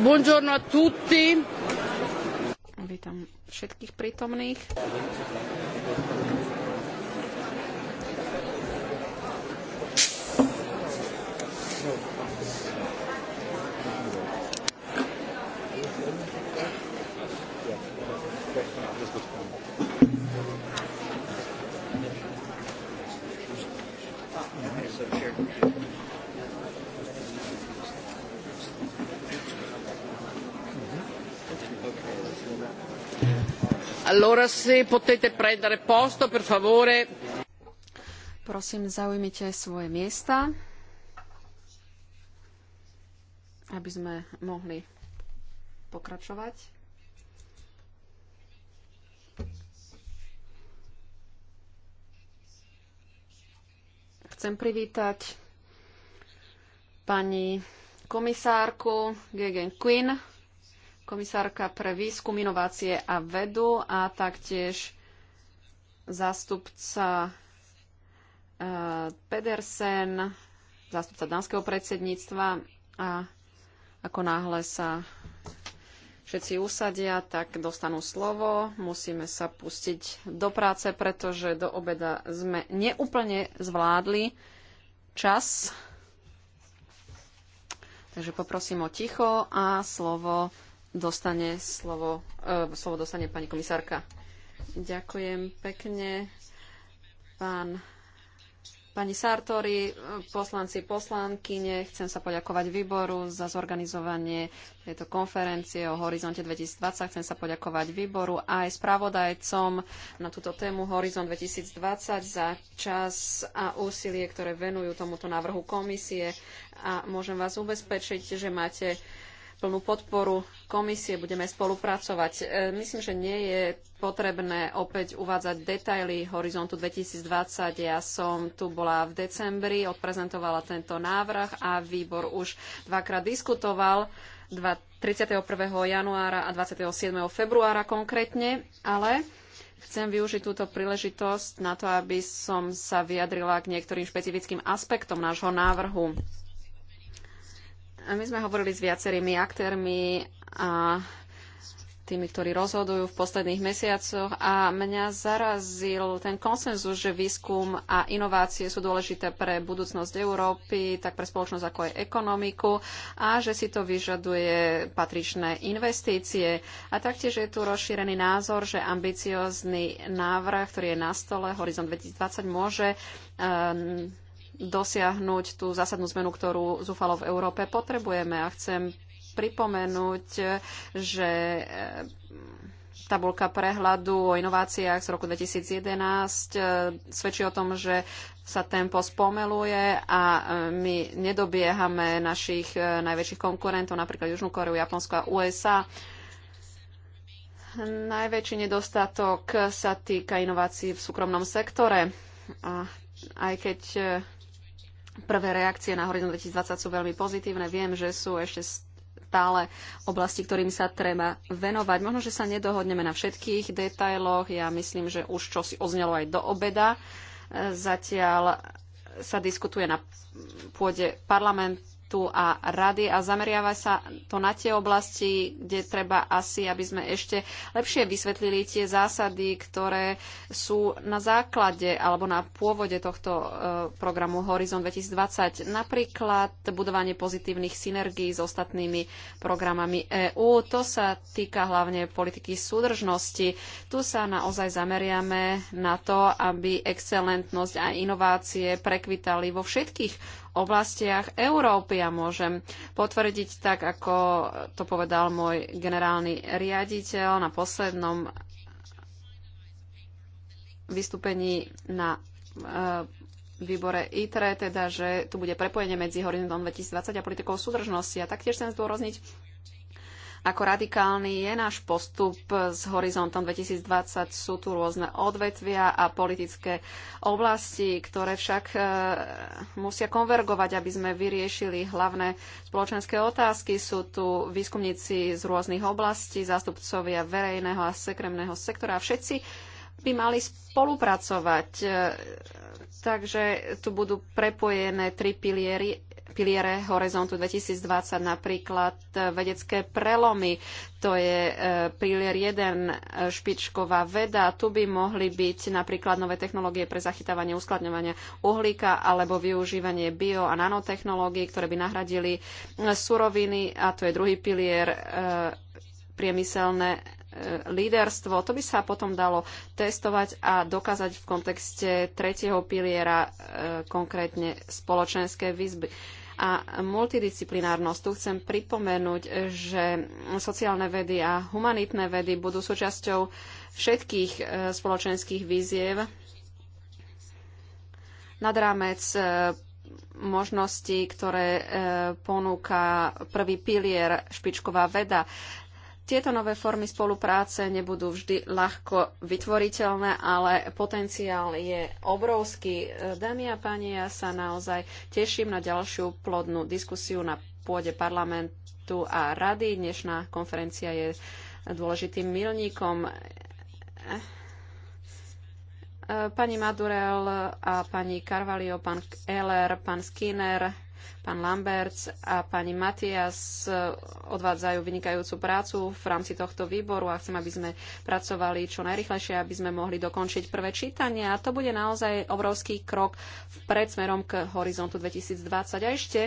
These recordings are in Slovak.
Buongiorno a tutti. Vítam všetkých prítomných. Prosím, zaujmite svoje miesta, aby sme mohli pokračovať. Chcem privítať pani komisárku Gegen Quinn komisárka pre výskum, inovácie a vedu a taktiež zástupca eh, Pedersen, zástupca dánskeho predsedníctva a ako náhle sa všetci usadia, tak dostanú slovo. Musíme sa pustiť do práce, pretože do obeda sme neúplne zvládli čas. Takže poprosím o ticho a slovo dostane slovo, e, slovo dostane pani komisárka. Ďakujem pekne. Pán, pani Sartori, e, poslanci, poslankyne, chcem sa poďakovať výboru za zorganizovanie tejto konferencie o Horizonte 2020. Chcem sa poďakovať výboru aj spravodajcom na túto tému Horizont 2020 za čas a úsilie, ktoré venujú tomuto návrhu komisie. A môžem vás ubezpečiť, že máte plnú podporu komisie, budeme spolupracovať. E, myslím, že nie je potrebné opäť uvádzať detaily Horizontu 2020. Ja som tu bola v decembri, odprezentovala tento návrh a výbor už dvakrát diskutoval, 31. januára a 27. februára konkrétne, ale chcem využiť túto príležitosť na to, aby som sa vyjadrila k niektorým špecifickým aspektom nášho návrhu. My sme hovorili s viacerými aktérmi a tými, ktorí rozhodujú v posledných mesiacoch a mňa zarazil ten konsenzus, že výskum a inovácie sú dôležité pre budúcnosť Európy, tak pre spoločnosť ako aj ekonomiku a že si to vyžaduje patričné investície. A taktiež je tu rozšírený názor, že ambiciózny návrh, ktorý je na stole, Horizon 2020, môže um, dosiahnuť tú zásadnú zmenu, ktorú zúfalo v Európe potrebujeme. A chcem pripomenúť, že eh, tabulka prehľadu o inováciách z roku 2011 eh, svedčí o tom, že sa tempo spomeluje a eh, my nedobiehame našich najväčších konkurentov, napríklad Južnú Koreu, Japonsko a USA. Najväčší nedostatok sa týka inovácií v súkromnom sektore. A aj keď Prvé reakcie na Horizon 2020 sú veľmi pozitívne. Viem, že sú ešte stále oblasti, ktorým sa treba venovať. Možno, že sa nedohodneme na všetkých detailoch. Ja myslím, že už čo si oznelo aj do obeda. E, zatiaľ sa diskutuje na pôde parlamentu parlamentu a rady a zameriava sa to na tie oblasti, kde treba asi, aby sme ešte lepšie vysvetlili tie zásady, ktoré sú na základe alebo na pôvode tohto e, programu Horizon 2020. Napríklad budovanie pozitívnych synergií s ostatnými programami EÚ. To sa týka hlavne politiky súdržnosti. Tu sa naozaj zameriame na to, aby excelentnosť a inovácie prekvitali vo všetkých oblastiach Európy. A môžem potvrdiť tak, ako to povedal môj generálny riaditeľ na poslednom eh, vystúpení na eh, výbore ITRE, teda, že tu bude prepojenie medzi Horizontom 2020 a politikou súdržnosti. A taktiež chcem zdôrazniť ako radikálny je náš postup s horizontom 2020. Sú tu rôzne odvetvia a politické oblasti, ktoré však e, musia konvergovať, aby sme vyriešili hlavné spoločenské otázky. Sú tu výskumníci z rôznych oblastí, zástupcovia verejného a sekremného sektora. Všetci by mali spolupracovať. E, takže tu budú prepojené tri piliery piliere Horizontu 2020, napríklad e, vedecké prelomy, to je e, pilier 1, e, špičková veda, tu by mohli byť napríklad nové technológie pre zachytávanie uskladňovania uhlíka alebo využívanie bio- a nanotechnológií, ktoré by nahradili suroviny a to je druhý pilier priemyselné líderstvo. To by sa potom dalo testovať a dokázať v kontexte tretieho piliera, konkrétne spoločenské výzby a multidisciplinárnosť. Tu chcem pripomenúť, že sociálne vedy a humanitné vedy budú súčasťou všetkých e, spoločenských víziev nad rámec e, možnosti, ktoré e, ponúka prvý pilier špičková veda. Tieto nové formy spolupráce nebudú vždy ľahko vytvoriteľné, ale potenciál je obrovský. Dámy a páni, ja sa naozaj teším na ďalšiu plodnú diskusiu na pôde parlamentu a rady. Dnešná konferencia je dôležitým milníkom. Pani Madurel a pani Carvalho, pán Eller, pán Skinner, Pán Lamberts a pani Matias eh, odvádzajú vynikajúcu prácu v rámci tohto výboru a chcem, aby sme pracovali čo najrychlejšie, aby sme mohli dokončiť prvé čítanie. A to bude naozaj obrovský krok vpred smerom k horizontu 2020. A ešte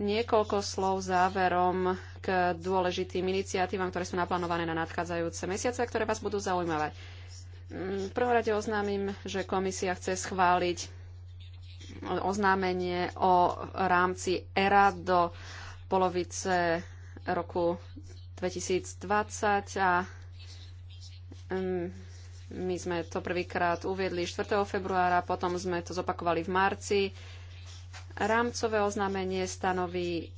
niekoľko slov záverom k dôležitým iniciatívam, ktoré sú naplánované na nadchádzajúce mesiace a ktoré vás budú zaujímavé. Mm, v prvom rade oznámim, že komisia chce schváliť oznámenie o rámci ERA do polovice roku 2020 a mm, my sme to prvýkrát uviedli 4. februára, potom sme to zopakovali v marci. Rámcové oznámenie stanoví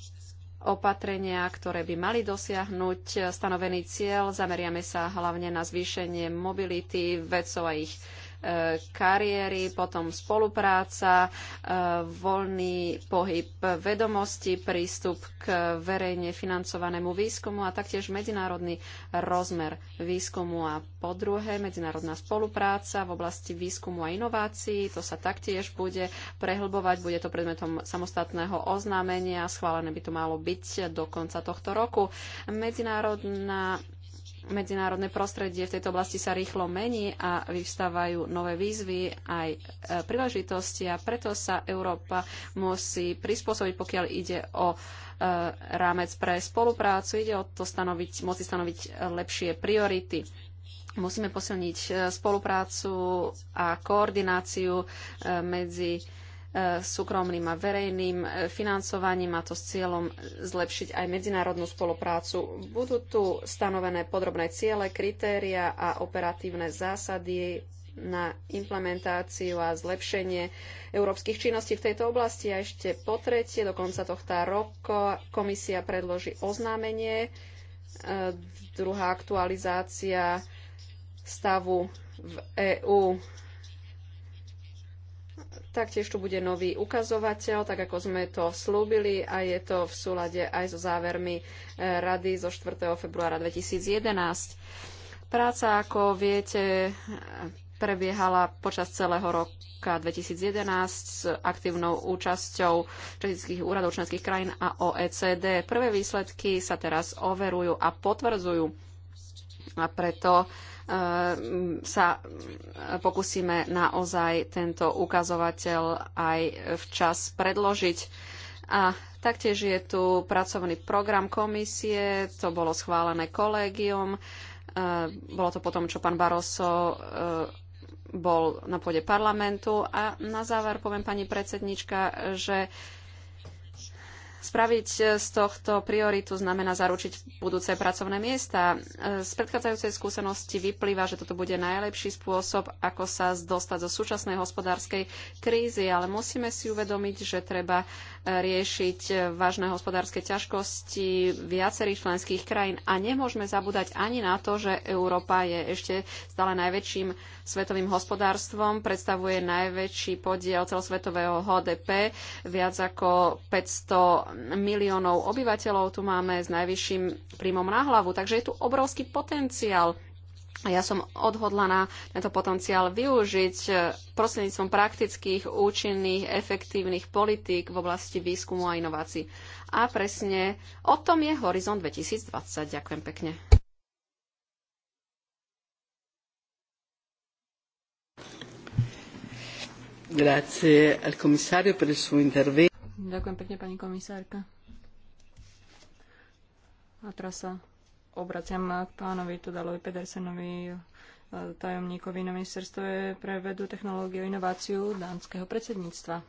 opatrenia, ktoré by mali dosiahnuť stanovený cieľ. Zameriame sa hlavne na zvýšenie mobility vedcov a ich kariéry, potom spolupráca, e, voľný pohyb vedomosti, prístup k verejne financovanému výskumu a taktiež medzinárodný rozmer výskumu a po druhé medzinárodná spolupráca v oblasti výskumu a inovácií. To sa taktiež bude prehlbovať, bude to predmetom samostatného oznámenia, schválené by to malo byť do konca tohto roku. Medzinárodná medzinárodné prostredie v tejto oblasti sa rýchlo mení a vyvstávajú nové výzvy aj e, príležitosti a preto sa Európa musí prispôsobiť, pokiaľ ide o e, rámec pre spoluprácu. Ide o to stanoviť, moci stanoviť e, lepšie priority. Musíme posilniť spoluprácu a koordináciu medzi súkromným a verejným e, financovaním a to s cieľom zlepšiť aj medzinárodnú spoluprácu. Budú tu stanovené podrobné ciele, kritéria a operatívne zásady na implementáciu a zlepšenie európskych činností v tejto oblasti. A ešte po tretie, do konca tohto roka komisia predloží oznámenie, e, druhá aktualizácia stavu v EÚ Taktiež tu bude nový ukazovateľ, tak ako sme to slúbili a je to v súlade aj so závermi eh, rady zo 4. februára 2011. Práca, ako viete, prebiehala počas celého roka 2011 s aktívnou účasťou členských úradov členských krajín a OECD. Prvé výsledky sa teraz overujú a potvrdzujú. A preto sa pokúsime naozaj tento ukazovateľ aj včas predložiť. A taktiež je tu pracovný program komisie, to bolo schválené kolégium, e, bolo to potom, čo pán Barroso e, bol na pôde parlamentu. A na záver poviem pani predsednička, že Spraviť e, z tohto prioritu znamená zaručiť budúce pracovné miesta. E, z predchádzajúcej skúsenosti vyplýva, že toto bude najlepší spôsob, ako sa dostať zo súčasnej hospodárskej krízy, ale musíme si uvedomiť, že treba riešiť vážne hospodárske ťažkosti viacerých členských krajín. A nemôžeme zabúdať ani na to, že Európa je ešte stále najväčším svetovým hospodárstvom, predstavuje najväčší podiel celosvetového HDP, viac ako 500 miliónov obyvateľov tu máme s najvyšším príjmom na hlavu. Takže je tu obrovský potenciál a ja som odhodlaná tento potenciál využiť eh, prostredníctvom praktických, účinných, efektívnych politík v oblasti výskumu a inovácií. A presne o tom je Horizont 2020. Ďakujem pekne. Grazie al commissario per il suo intervento. Ďakujem pekne, pani komisárka. A teraz sa obraciam k pánovi Tudalovi Pedersenovi, e, tajomníkovi na ministerstve pre vedu, technológiu a inováciu dánskeho predsedníctva.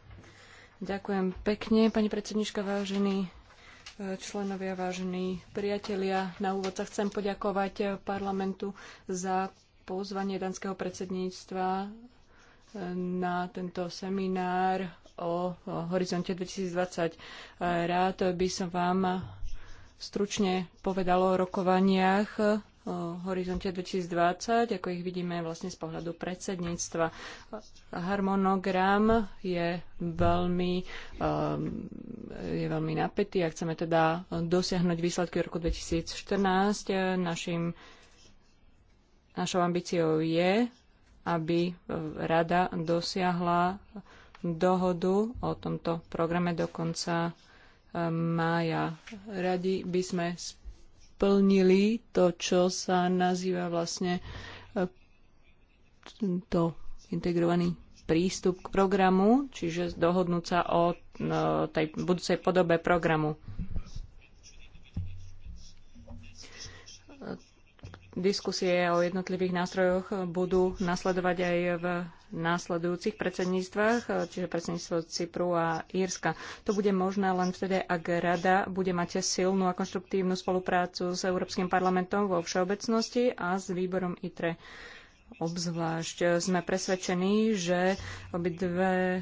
Ďakujem pekne, pani predsednička, vážení e, členovia, vážení priatelia. Na úvod sa chcem poďakovať parlamentu za pozvanie dánskeho predsedníctva e, na tento seminár o Horizonte 2020. Rád by som vám stručne povedalo o rokovaniach o horizonte 2020, ako ich vidíme vlastne z pohľadu predsedníctva. Harmonogram je veľmi, um, je veľmi napätý a chceme teda dosiahnuť výsledky roku 2014. Našim, našou ambíciou je, aby rada dosiahla dohodu o tomto programe do konca mája. Radi by sme splnili to, čo sa nazýva vlastne e, to integrovaný prístup k programu, čiže dohodnúť sa o e, tej budúcej podobe programu. Diskusie o jednotlivých nástrojoch budú nasledovať aj v následujúcich predsedníctvách, čiže predsedníctvo Cypru a Írska. To bude možné len vtedy, ak Rada bude mať silnú a konštruktívnu spoluprácu s Európskym parlamentom vo všeobecnosti a s výborom ITRE obzvlášť. E, sme presvedčení, že obidve e,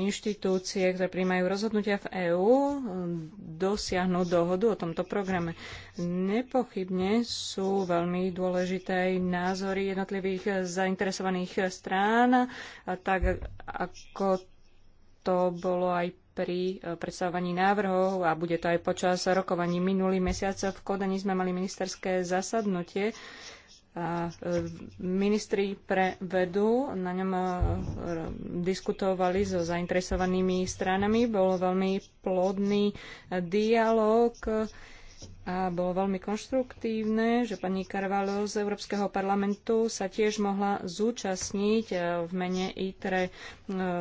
inštitúcie, ktoré príjmajú rozhodnutia v EÚ, e, dosiahnu dohodu o tomto programe. Nepochybne sú veľmi dôležité názory jednotlivých zainteresovaných strán, tak ako to bolo aj pri predstavovaní návrhov a bude to aj počas rokovaní. Minulý mesiac v Kodani sme mali ministerské zasadnutie, E, ministri pre vedu na ňom e, diskutovali so zainteresovanými stranami. Bol veľmi plodný e, dialog a bolo veľmi konštruktívne, že pani Carvalho z Európskeho parlamentu sa tiež mohla zúčastniť e, v mene ITRE. E,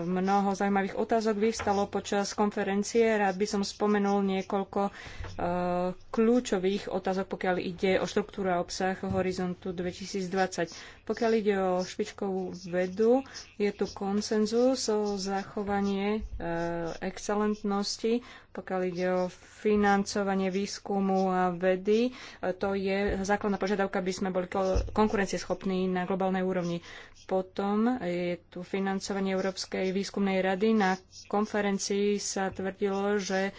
mnoho zaujímavých otázok vyvstalo počas konferencie. Rád by som spomenul niekoľko e, kľúčových otázok, pokiaľ ide o štruktúru a obsah Horizontu 2020. Pokiaľ ide o špičkovú vedu, je tu konsenzus o zachovanie excelentnosti pokiaľ ide o financovanie výskumu a vedy. To je základná požiadavka, aby sme boli konkurencieschopní na globálnej úrovni. Potom je tu financovanie Európskej výskumnej rady. Na konferencii sa tvrdilo, že eh,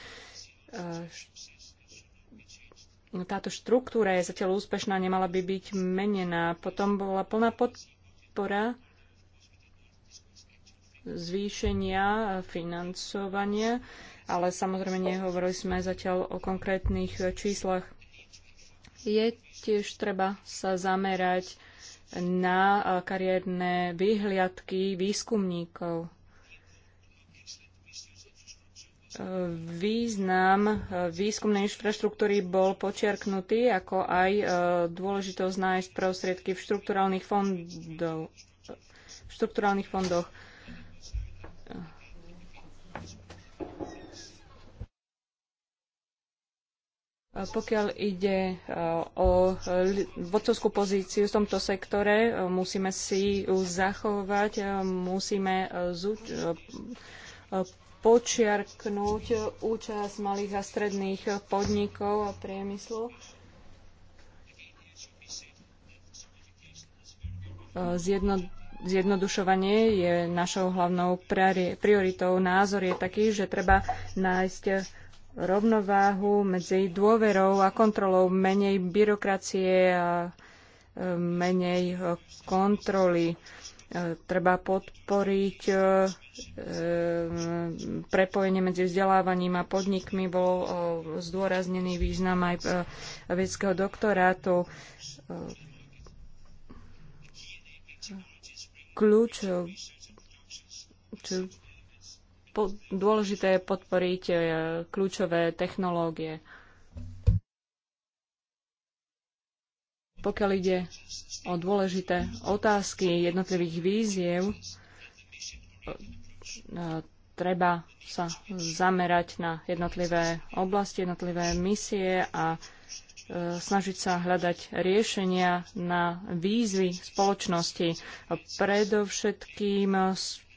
no, táto štruktúra je zatiaľ úspešná, nemala by byť menená. Potom bola plná podpora zvýšenia financovania ale samozrejme nehovorili sme zatiaľ o konkrétnych číslach. Je tiež treba sa zamerať na kariérne vyhliadky výskumníkov. Význam výskumnej infraštruktúry bol počiarknutý, ako aj dôležitosť nájsť prostriedky v štrukturálnych, fondov, v štrukturálnych fondoch. Pokiaľ ide e, o vodcovskú pozíciu v tomto sektore, e, musíme si ju zachovať, e, musíme počiarknúť účasť malých a stredných podnikov a priemyslu. Zjedno, zjednodušovanie je našou hlavnou prioritou. Názor je taký, že treba nájsť rovnováhu medzi dôverou a kontrolou, menej byrokracie a e, menej e, kontroly. E, treba podporiť prepojenie medzi vzdelávaním a podnikmi. Bol zdôraznený význam aj vedeckého doktorátu. Kľúč dôležité je podporiť e, kľúčové technológie. Pokiaľ ide o dôležité otázky jednotlivých víziev, e, treba sa zamerať na jednotlivé oblasti, jednotlivé misie a e, snažiť sa hľadať riešenia na výzvy spoločnosti. Predovšetkým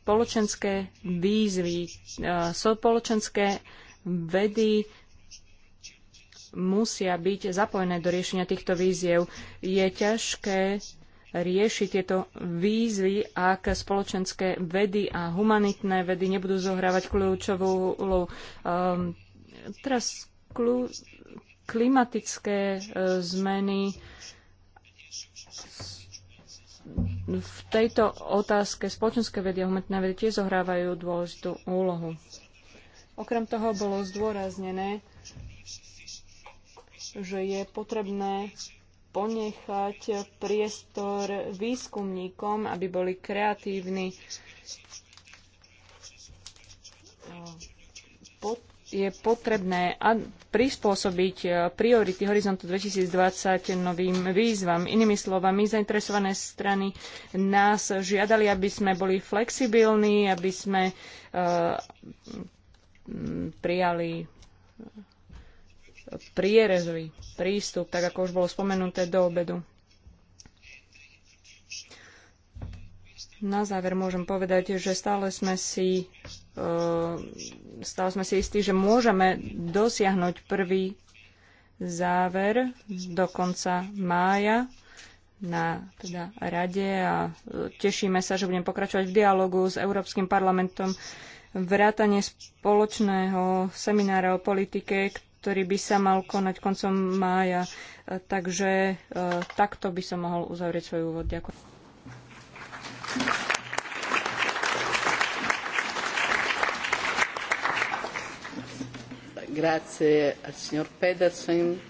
spoločenské výzvy, e, spoločenské vedy musia byť zapojené do riešenia týchto víziev. Je ťažké riešiť tieto výzvy, ak spoločenské vedy a humanitné vedy nebudú zohrávať kľúčovú úlohu. Um, teraz klu- klimatické uh, zmeny, v tejto otázke spoločenské vedy a humanitné vedy tiež zohrávajú dôležitú úlohu. Okrem toho bolo zdôraznené, že je potrebné ponechať priestor výskumníkom, aby boli kreatívni je potrebné prispôsobiť eh, priority Horizontu 2020 novým výzvam. Inými slovami, zainteresované strany nás žiadali, aby sme boli flexibilní, aby sme eh, prijali eh, prierezový prístup, tak ako už bolo spomenuté do obedu. Na záver môžem povedať, že stále sme si Ehm, stále sme si istí, že môžeme dosiahnuť prvý záver do konca mája na teda rade a e, tešíme sa, že budem pokračovať v dialogu s Európskym parlamentom vrátanie spoločného seminára o politike, ktorý by sa mal konať koncom mája. E, takže e, takto by som mohol uzavrieť svoj úvod. Ďakujem. Grazie al signor Pedersen.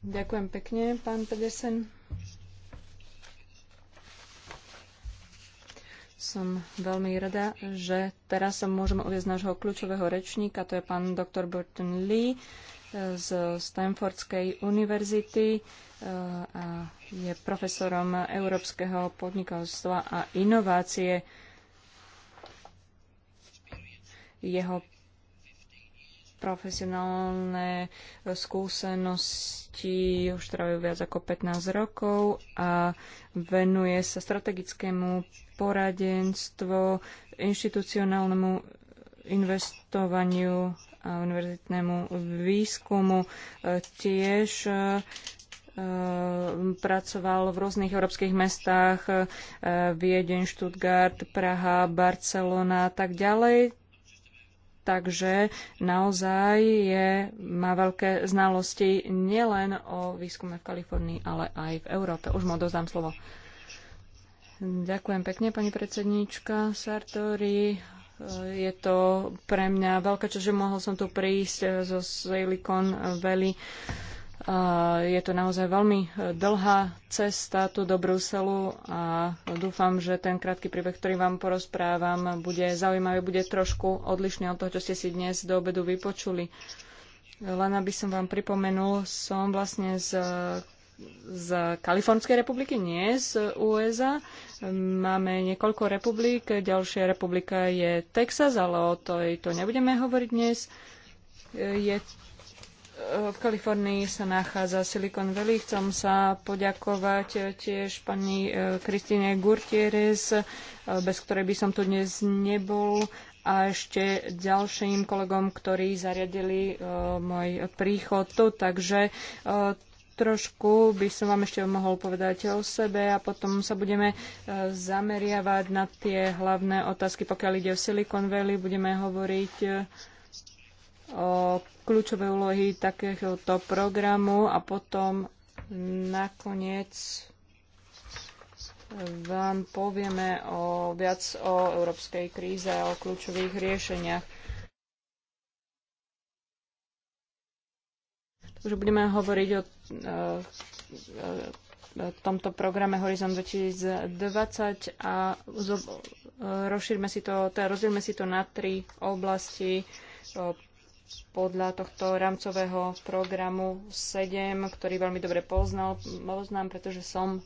Ďakujem pekne, pán Pedersen. Som veľmi rada, že teraz sa môžeme uvieť nášho kľúčového rečníka, to je pán doktor Burton Lee eh, z Stanfordskej univerzity eh, a je profesorom európskeho podnikovstva a inovácie. Jeho profesionálne skúsenosti, už trvajú viac ako 15 rokov a venuje sa strategickému poradenstvu, inštitucionálnemu investovaniu a univerzitnému výskumu. Tiež e, pracoval v rôznych európskych mestách, e, Viedeň, Stuttgart, Praha, Barcelona a tak ďalej takže naozaj je, má veľké znalosti nielen o výskume v Kalifornii, ale aj v Európe. Už mu dozdám slovo. Ďakujem pekne, pani predsedníčka Sartori. Je to pre mňa veľké čas, že mohol som tu prísť zo Silicon Valley je to naozaj veľmi e, dlhá cesta tu do Bruselu a dúfam, že ten krátky príbeh, ktorý vám porozprávam, bude zaujímavý, bude trošku odlišný od toho, čo ste si dnes do obedu vypočuli. Len aby som vám pripomenul, som vlastne z, z Kalifornskej republiky, nie z USA. Máme niekoľko republik. Ďalšia republika je Texas, ale o tej to nebudeme hovoriť dnes. E, je v Kalifornii sa nachádza Silicon Valley. Chcem sa poďakovať tiež pani Kristine e, Gurtieres, e, bez ktorej by som tu dnes nebol, a ešte ďalším kolegom, ktorí zariadili e, môj príchod tu. Takže trošku by som vám ešte mohol povedať o sebe a potom sa budeme zameriavať na tie hlavné otázky. Pokiaľ ide o Silicon Valley, budeme hovoriť o kľúčové úlohy takéhoto programu a potom nakoniec vám povieme o, viac o európskej kríze a o kľúčových riešeniach. Takže budeme hovoriť o, o, e, o e, tomto programe Horizon 2020 a e, rozšírme si to, teda rozdielme si to na tri oblasti podľa tohto rámcového programu 7, ktorý veľmi dobre poznal, poznám, pretože som e,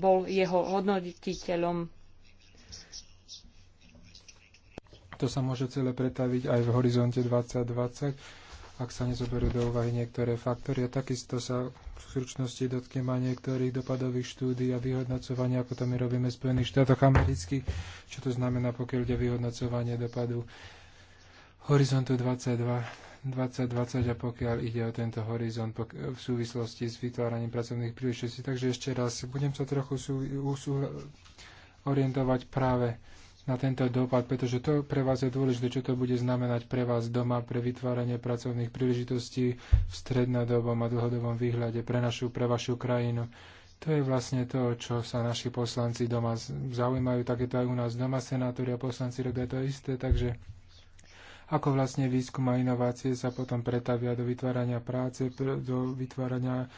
bol jeho hodnotiteľom. To sa môže celé pretaviť aj v horizonte 2020, ak sa nezoberú do úvahy niektoré faktory. A takisto sa v stručnosti dotknem niektorých dopadových štúdí a vyhodnocovania, ako to my robíme v Spojených štátoch amerických, čo to znamená, pokiaľ ide vyhodnocovanie dopadu horizontu 22, 2020 a pokiaľ ide o tento horizont v súvislosti s vytváraním pracovných príležitostí. Takže ešte raz, budem sa trochu sú, sú, orientovať práve na tento dopad, pretože to pre vás je dôležité, čo to bude znamenať pre vás doma, pre vytváranie pracovných príležitostí v strednodobom a dlhodobom výhľade pre našu, pre vašu krajinu. To je vlastne to, čo sa naši poslanci doma zaujímajú, tak je to aj u nás doma, senátori a poslanci robia to isté, takže ako vlastne výskum a inovácie sa potom pretavia do vytvárania práce, do vytvárania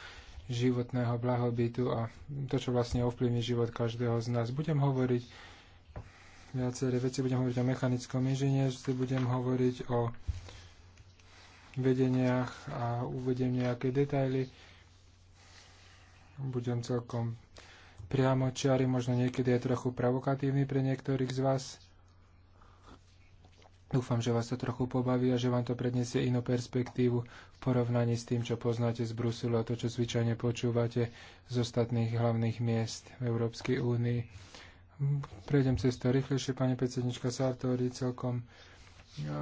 životného blahobytu a to, čo vlastne ovplyvní život každého z nás. Budem hovoriť viaceré veci, budem hovoriť o mechanickom inžinierstve, budem hovoriť o vedeniach a uvediem nejaké detaily. Budem celkom priamo čiari, možno niekedy aj trochu provokatívny pre niektorých z vás. Dúfam, že vás to trochu pobaví a že vám to predniesie inú perspektívu v porovnaní s tým, čo poznáte z Bruselu a to, čo zvyčajne počúvate z ostatných hlavných miest v Európskej únii. Prejdem cez to rýchlejšie. Pani predsednička Sartori celkom e,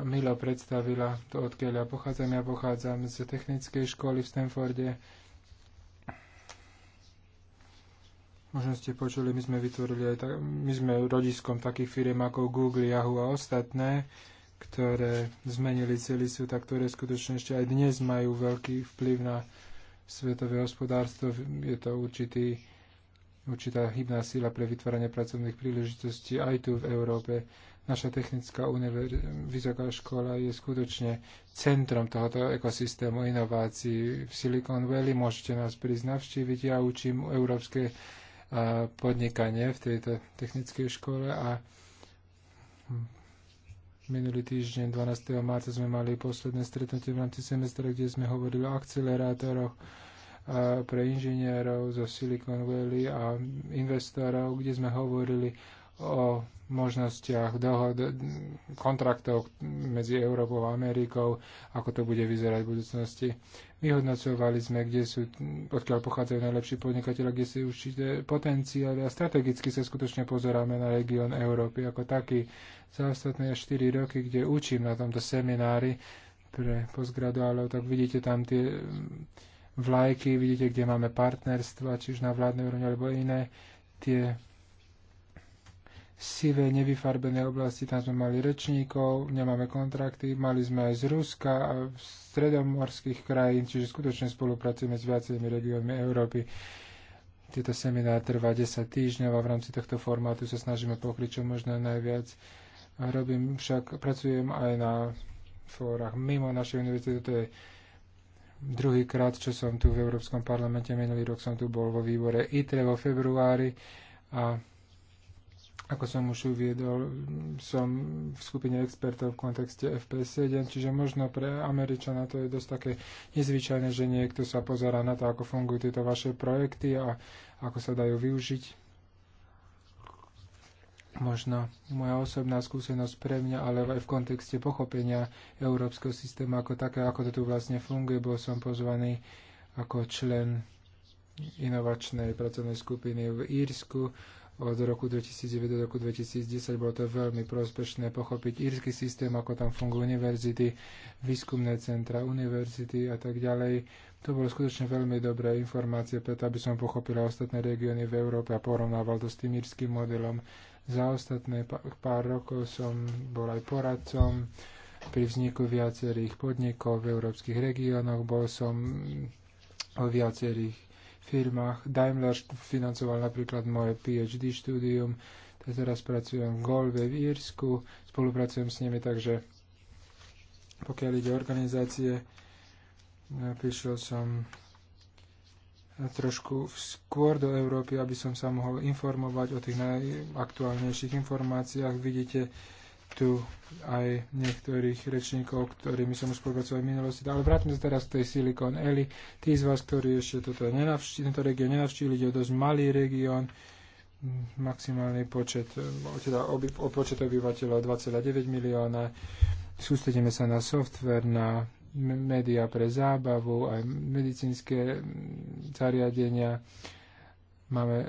milo predstavila to, odkiaľ ja pochádzam. Ja pochádzam z technickej školy v Stanforde. Možno ste počuli, my sme vytvorili aj tak, my sme rodiskom takých firiem ako Google, Yahoo a ostatné ktoré zmenili celý svet tak ktoré skutočne ešte aj dnes majú veľký vplyv na svetové hospodárstvo. Je to určitý, určitá hybná sila pre vytváranie pracovných príležitostí aj tu v Európe. Naša technická univer- vysoká škola je skutočne centrom tohoto ekosystému inovácií. V Silicon Valley môžete nás prísť navštíviť. Ja učím európske podnikanie v tejto technickej škole a Minulý týždeň 12. marca sme mali posledné stretnutie v rámci semestra, kde sme hovorili o akcelerátoroch pre inžinierov zo Silicon Valley a investorov, kde sme hovorili o možnostiach dohod, kontraktov medzi Európou a Amerikou, ako to bude vyzerať v budúcnosti. Vyhodnocovali sme, kde sú, odkiaľ pochádzajú najlepší podnikateľe, kde sú určité potenciály a strategicky sa skutočne pozeráme na región Európy ako taký. Za ostatné 4 roky, kde učím na tomto seminári pre postgraduálov, tak vidíte tam tie vlajky, vidíte, kde máme partnerstva, či už na vládnej úrovni alebo iné, tie sivé, nevyfarbené oblasti, tam sme mali rečníkov, nemáme kontrakty, mali sme aj z Ruska a stredomorských krajín, čiže skutočne spolupracujeme s viacerými regiónmi Európy. Tieto seminár trvá 10 týždňov a v rámci tohto formátu sa snažíme pokryť čo možno najviac. Robím však, pracujem aj na fórach mimo našej univerzity, to je druhý krát, čo som tu v Európskom parlamente, minulý rok som tu bol vo výbore ITRE vo februári a ako som už uviedol, som v skupine expertov v kontexte FP7, čiže možno pre Američana to je dosť také nezvyčajné, že niekto sa pozera na to, ako fungujú tieto vaše projekty a ako sa dajú využiť možno moja osobná skúsenosť pre mňa, ale aj v kontexte pochopenia európskeho systému ako také, ako to tu vlastne funguje. Bol som pozvaný ako člen inovačnej pracovnej skupiny v Írsku od roku 2009 do roku 2010. Bolo to veľmi prospešné pochopiť írsky systém, ako tam fungujú univerzity, výskumné centra, univerzity a tak ďalej. To bolo skutočne veľmi dobré informácie, preto aby som pochopila ostatné regióny v Európe a porovnával to s tým írským modelom. Za ostatné pár rokov som bol aj poradcom pri vzniku viacerých podnikov v európskych regiónoch. Bol som o viacerých firmách. Daimler financoval napríklad moje PhD štúdium, tak teraz pracujem v Golve v Írsku, spolupracujem s nimi, takže pokiaľ ide organizácie, napíšel som trošku skôr do Európy, aby som sa mohol informovať o tých najaktuálnejších informáciách. Vidíte, tu aj niektorých rečníkov, ktorými som už spolupracoval v minulosti. Ale vrátim sa teraz k tej Silicon Alley. Tí z vás, ktorí ešte toto nenavští, tento región nenavštívili, je dosť malý región, maximálny počet, teda oby, o počet obyvateľov 2,9 milióna. Sústredíme sa na software, na médiá pre zábavu, aj medicínske mm, zariadenia, Máme, e,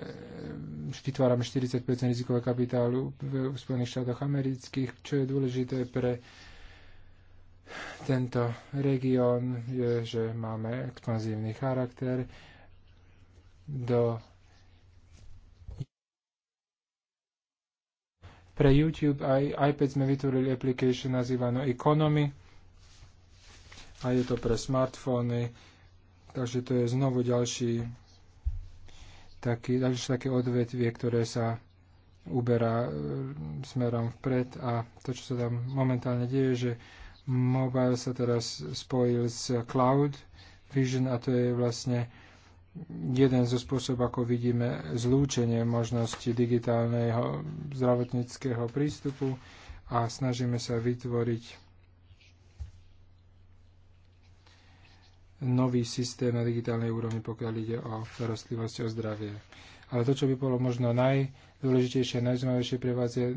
vytvárame 40 rizikového kapitálu v Spojených štátoch amerických, čo je dôležité pre tento región, je, že máme expanzívny charakter do Pre YouTube aj iPad sme vytvorili application nazývanú Economy a je to pre smartfóny, takže to je znovu ďalší taký, také odvetvie, ktoré sa uberá e, smerom vpred a to, čo sa tam momentálne deje, že mobile sa teraz spojil s cloud vision a to je vlastne jeden zo spôsob, ako vidíme zlúčenie možnosti digitálneho zdravotníckého prístupu a snažíme sa vytvoriť nový systém na digitálnej úrovni, pokiaľ ide o starostlivosť o zdravie. Ale to, čo by bolo možno najdôležitejšie a najzaujímavejšie pre vás je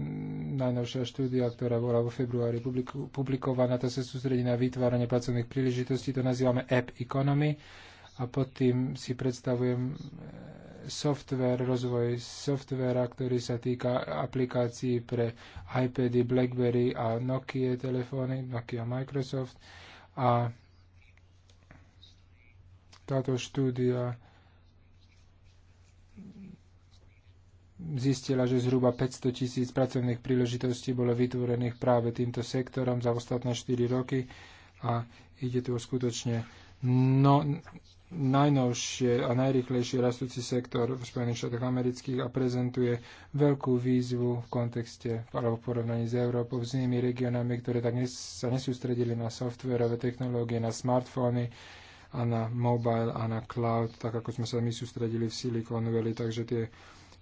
najnovšia štúdia, ktorá bola vo februári publikovaná. Tá sa sústredí na vytváranie pracovných príležitostí. To nazývame App Economy a pod tým si predstavujem eh, software, rozvoj softvera, ktorý sa týka aplikácií pre iPady, Blackberry a Nokia telefóny, Nokia Microsoft a táto štúdia zistila, že zhruba 500 tisíc pracovných príležitostí bolo vytvorených práve týmto sektorom za ostatné 4 roky a ide tu o skutočne no, najnovšie a najrychlejšie rastúci sektor v Spojených štátoch amerických a prezentuje veľkú výzvu v kontexte alebo v porovnaní s Európou, s inými regionami, ktoré tak nes- sa nesústredili na softverové technológie, na smartfóny, a na mobile a na cloud, tak ako sme sa my sústredili v Silicon Valley, takže tie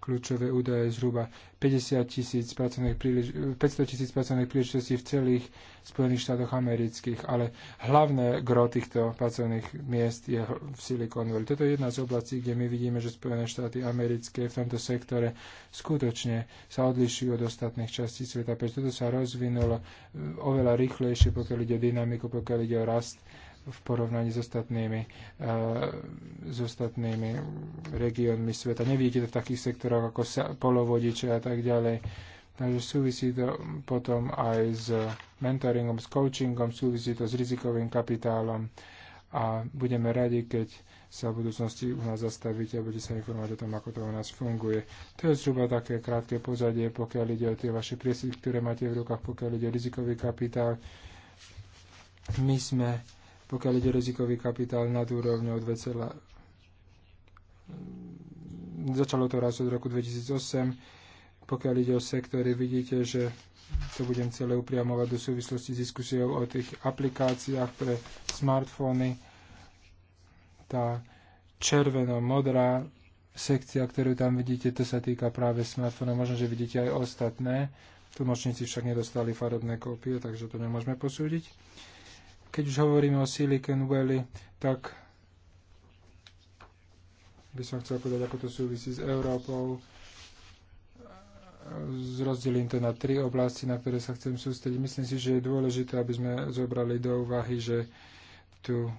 kľúčové údaje zhruba 50 tisíc pracovných prílež- 500 tisíc pracovných príležitostí v celých Spojených štátoch amerických, ale hlavné gro týchto pracovných miest je v Silicon Valley. Toto je jedna z oblastí, kde my vidíme, že Spojené štáty americké v tomto sektore skutočne sa odlišujú od ostatných častí sveta, pretože toto sa rozvinulo e, oveľa rýchlejšie, pokiaľ ide o dynamiku, pokiaľ ide o rast v porovnaní s ostatnými, eh, s ostatnými regiónmi sveta. Nevidíte to v takých sektoroch ako polovodiče a tak ďalej. Takže súvisí to potom aj s mentoringom, s coachingom, súvisí to s rizikovým kapitálom a budeme radi, keď sa v budúcnosti u nás zastavíte a budete sa informovať o tom, ako to u nás funguje. To je zhruba také krátke pozadie, pokiaľ ide o tie vaše priestory, ktoré máte v rukách, pokiaľ ide o rizikový kapitál. My sme pokiaľ ide rizikový kapitál nad úrovňou 2, začalo to raz od roku 2008. Pokiaľ ide o sektory, vidíte, že to budem celé upriamovať do súvislosti s diskusiou o tých aplikáciách pre smartfóny. Tá červeno-modrá sekcia, ktorú tam vidíte, to sa týka práve smartfónov. Možno, že vidíte aj ostatné. Tlmočníci však nedostali farobné kópie, takže to nemôžeme posúdiť. Keď už hovoríme o Silicon Valley, tak by som chcel povedať, ako to súvisí s Európou. Zrozdelím to na tri oblasti, na ktoré sa chcem sústrediť. Myslím si, že je dôležité, aby sme zobrali do úvahy, že tu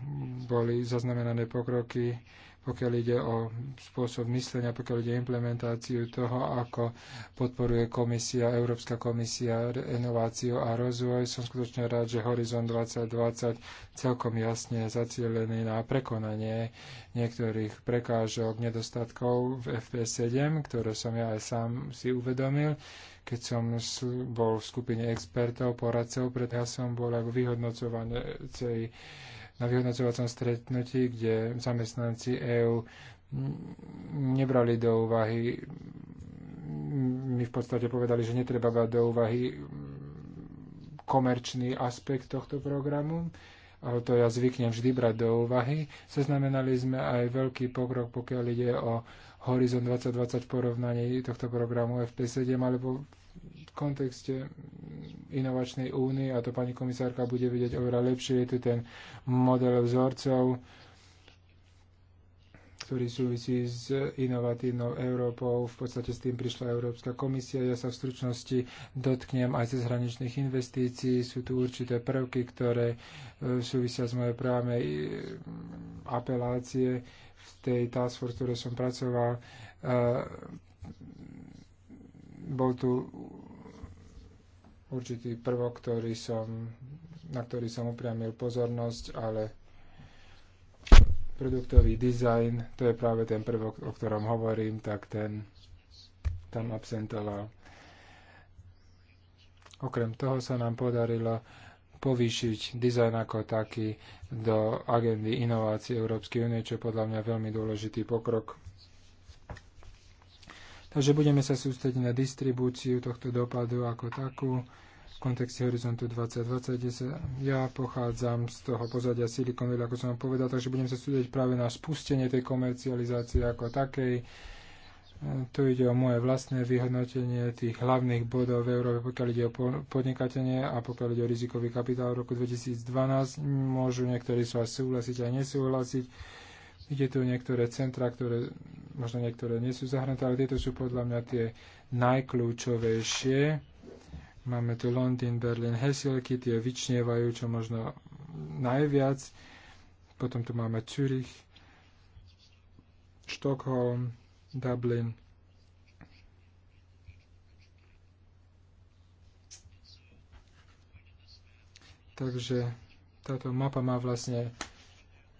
boli zaznamenané pokroky pokiaľ ide o spôsob myslenia, pokiaľ ide o implementáciu toho, ako podporuje komisia, Európska komisia inováciu a rozvoj. Som skutočne rád, že Horizon 2020 celkom jasne je zacielený na prekonanie niektorých prekážok, nedostatkov v FP7, ktoré som ja aj sám si uvedomil keď som bol v skupine expertov, poradcov, pred ja som bol ako cej na vyhodnocovacom stretnutí, kde zamestnanci EÚ nebrali do úvahy, my v podstate povedali, že netreba brať do úvahy komerčný aspekt tohto programu, ale to ja zvyknem vždy brať do úvahy. Zaznamenali sme aj veľký pokrok, pokiaľ ide o Horizon 2020 v porovnaní tohto programu FP7 alebo kontexte inovačnej únie, a to pani komisárka bude vidieť oveľa lepšie, je tu ten model vzorcov, ktorý súvisí s inovatívnou Európou. V podstate s tým prišla Európska komisia. Ja sa v stručnosti dotknem aj hraničných investícií. Sú tu určité prvky, ktoré e, súvisia s mojej právnej e, apelácie v tej task force, ktoré som pracoval. E, bol tu určitý prvok, ktorý som, na ktorý som upriamil pozornosť, ale produktový dizajn, to je práve ten prvok, o ktorom hovorím, tak ten tam absentoval. Okrem toho sa nám podarilo povýšiť dizajn ako taký do agendy inovácie Európskej únie, čo je podľa mňa veľmi dôležitý pokrok Takže budeme sa sústrediť na distribúciu tohto dopadu ako takú v kontexte Horizontu 2020. Ja pochádzam z toho pozadia Silicon Valley, ako som vám povedal, takže budem sa sústrediť práve na spustenie tej komercializácie ako takej. E, tu ide o moje vlastné vyhodnotenie tých hlavných bodov v Európe, pokiaľ ide o podnikatenie a pokiaľ ide o rizikový kapitál v roku 2012. Môžu niektorí sa súhlasiť a nesúhlasiť Ide tu niektoré centra, ktoré možno niektoré nie sú zahrnuté, ale tieto sú podľa mňa tie najkľúčovejšie. Máme tu Londýn, Berlin Hesilky, tie vyčnievajú čo možno najviac. Potom tu máme Zürich, Stockholm, Dublin. Takže táto mapa má vlastne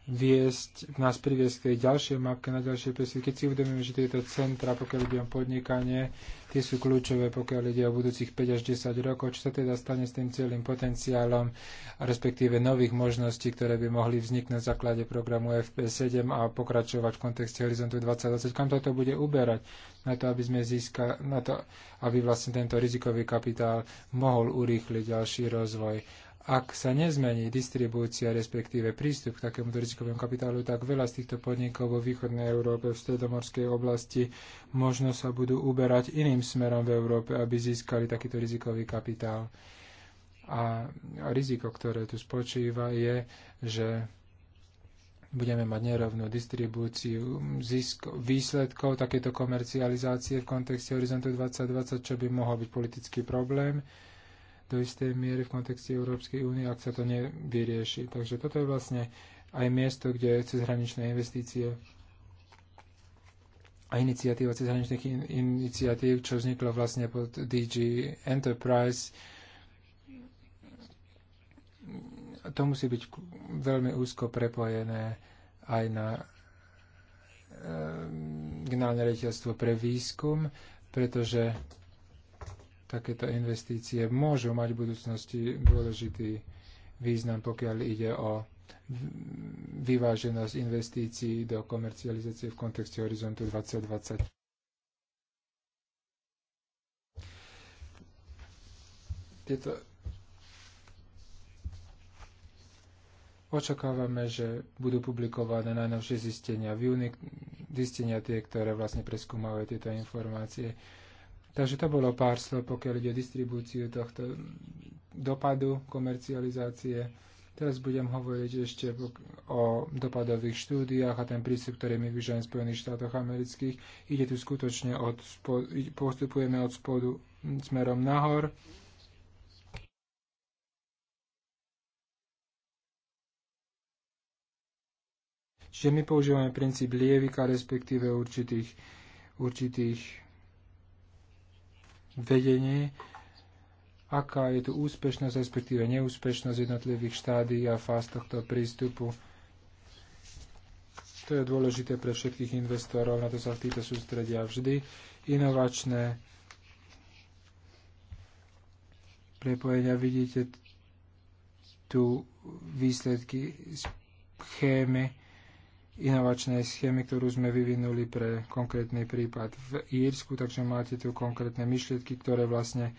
viesť, nás priviesť k tej ďalšej mapke, na ďalšej pesky, Keď si uvedomíme, že tieto centra, pokiaľ ide o podnikanie, tie sú kľúčové, pokiaľ ide o budúcich 5 až 10 rokov, čo sa teda stane s tým celým potenciálom, respektíve nových možností, ktoré by mohli vzniknúť na základe programu FP7 a pokračovať v kontexte Horizontu 2020. Kam toto bude uberať? Na to, aby sme získali, na to, aby vlastne tento rizikový kapitál mohol urýchliť ďalší rozvoj ak sa nezmení distribúcia, respektíve prístup k takémuto rizikovému kapitálu, tak veľa z týchto podnikov vo východnej Európe, v stredomorskej oblasti, možno sa budú uberať iným smerom v Európe, aby získali takýto rizikový kapitál. A riziko, ktoré tu spočíva, je, že budeme mať nerovnú distribúciu zisk, výsledkov takéto komercializácie v kontexte Horizontu 2020, čo by mohol byť politický problém do istej miery v kontexte Európskej únie, ak sa to nevyrieši. Takže toto je vlastne aj miesto, kde cezhraničné investície a iniciatíva cezhraničných in, iniciatív, čo vzniklo vlastne pod DG Enterprise, to musí byť veľmi úzko prepojené aj na e, generálne riaditeľstvo pre výskum, pretože takéto investície môžu mať v budúcnosti dôležitý význam, pokiaľ ide o vyváženosť investícií do komercializácie v kontexte horizontu 2020. Tieto Očakávame, že budú publikované najnovšie zistenia v júni, zistenia tie, ktoré vlastne preskúmajú tieto informácie. Takže to bolo pár slov, pokiaľ ide o distribúciu tohto dopadu komercializácie. Teraz budem hovoriť ešte o dopadových štúdiách a ten prístup, ktorý my vyžadujeme v Spojených štátoch amerických. Ide tu skutočne od spodu, postupujeme od spodu smerom nahor. Čiže my používame princíp lievika, respektíve určitých, určitých vedenie, aká je tu úspešnosť, respektíve neúspešnosť jednotlivých štádí a fáz tohto prístupu. To je dôležité pre všetkých investorov, na to sa títo sústredia vždy. Inovačné prepojenia vidíte tu výsledky schémy inovačnej schémy, ktorú sme vyvinuli pre konkrétny prípad v Írsku, takže máte tu konkrétne myšlietky, ktoré vlastne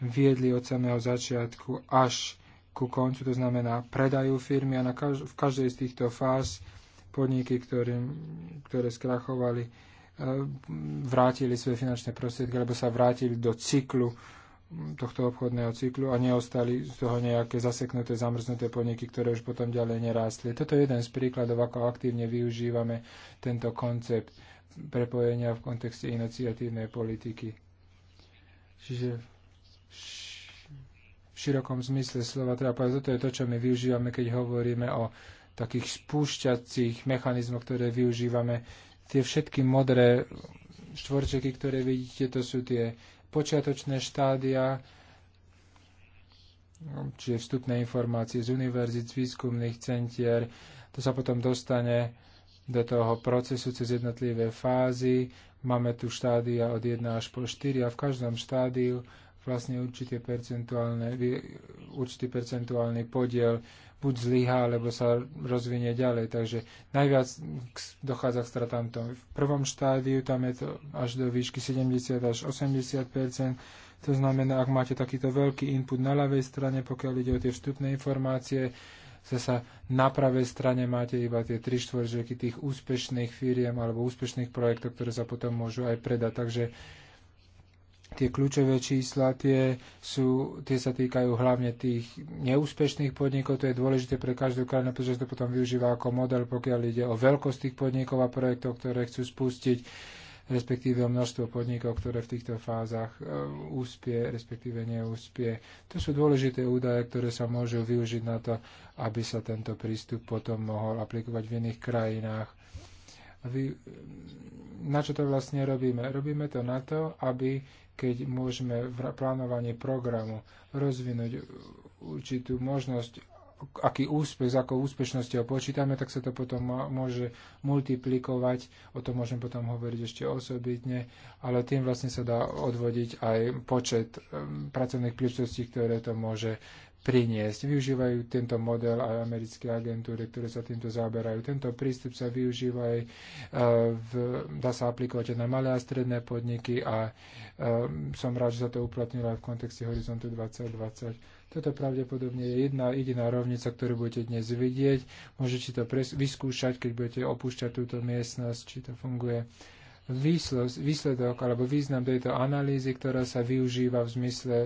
viedli od samého začiatku až ku koncu, to znamená predajú firmy a na kaž- v každej z týchto fáz podniky, ktoré, ktoré skrachovali, e, vrátili svoje finančné prostriedky, alebo sa vrátili do cyklu tohto obchodného cyklu a neostali z toho nejaké zaseknuté, zamrznuté podniky, ktoré už potom ďalej nerástli. Toto je jeden z príkladov, ako aktívne využívame tento koncept prepojenia v kontexte iniciatívnej politiky. Čiže v širokom zmysle slova treba povedať, toto je to, čo my využívame, keď hovoríme o takých spúšťacích mechanizmoch, ktoré využívame. Tie všetky modré štvorčeky, ktoré vidíte, to sú tie počiatočné štádia, čiže vstupné informácie z univerzit, z výskumných centier. To sa potom dostane do toho procesu cez jednotlivé fázy. Máme tu štádia od 1 až po 4 a v každom štádiu vlastne určitý percentuálny podiel buď zlyhá, alebo sa rozvinie ďalej. Takže najviac dochádza k stratám to. V prvom štádiu tam je to až do výšky 70 až 80 To znamená, ak máte takýto veľký input na ľavej strane, pokiaľ ide o tie vstupné informácie, sa na pravej strane máte iba tie tri štvoržeky tých úspešných firiem alebo úspešných projektov, ktoré sa potom môžu aj predať. Takže Tie kľúčové čísla, tie, sú, tie sa týkajú hlavne tých neúspešných podnikov, to je dôležité pre každú krajinu, pretože to potom využíva ako model, pokiaľ ide o veľkosť tých podnikov a projektov, ktoré chcú spustiť respektíve množstvo podnikov, ktoré v týchto fázach e, úspie, respektíve neúspie. To sú dôležité údaje, ktoré sa môžu využiť na to, aby sa tento prístup potom mohol aplikovať v iných krajinách. Vy, na čo to vlastne robíme? Robíme to na to, aby keď môžeme v plánovaní programu rozvinúť určitú možnosť, aký úspech, s akou úspešnosťou počítame, tak sa to potom môže multiplikovať, o tom môžem potom hovoriť ešte osobitne, ale tým vlastne sa dá odvodiť aj počet pracovných príležitostí, ktoré to môže priniesť. Využívajú tento model aj americké agentúry, ktoré sa týmto zaoberajú. Tento prístup sa využíva aj, e, v, dá sa aplikovať aj na malé a stredné podniky a e, som rád, že sa to uplatnilo aj v kontexte Horizontu 2020. Toto pravdepodobne je jedna jediná rovnica, ktorú budete dnes vidieť. Môžete to pres- vyskúšať, keď budete opúšťať túto miestnosť, či to funguje. výsledok alebo význam tejto analýzy, ktorá sa využíva v zmysle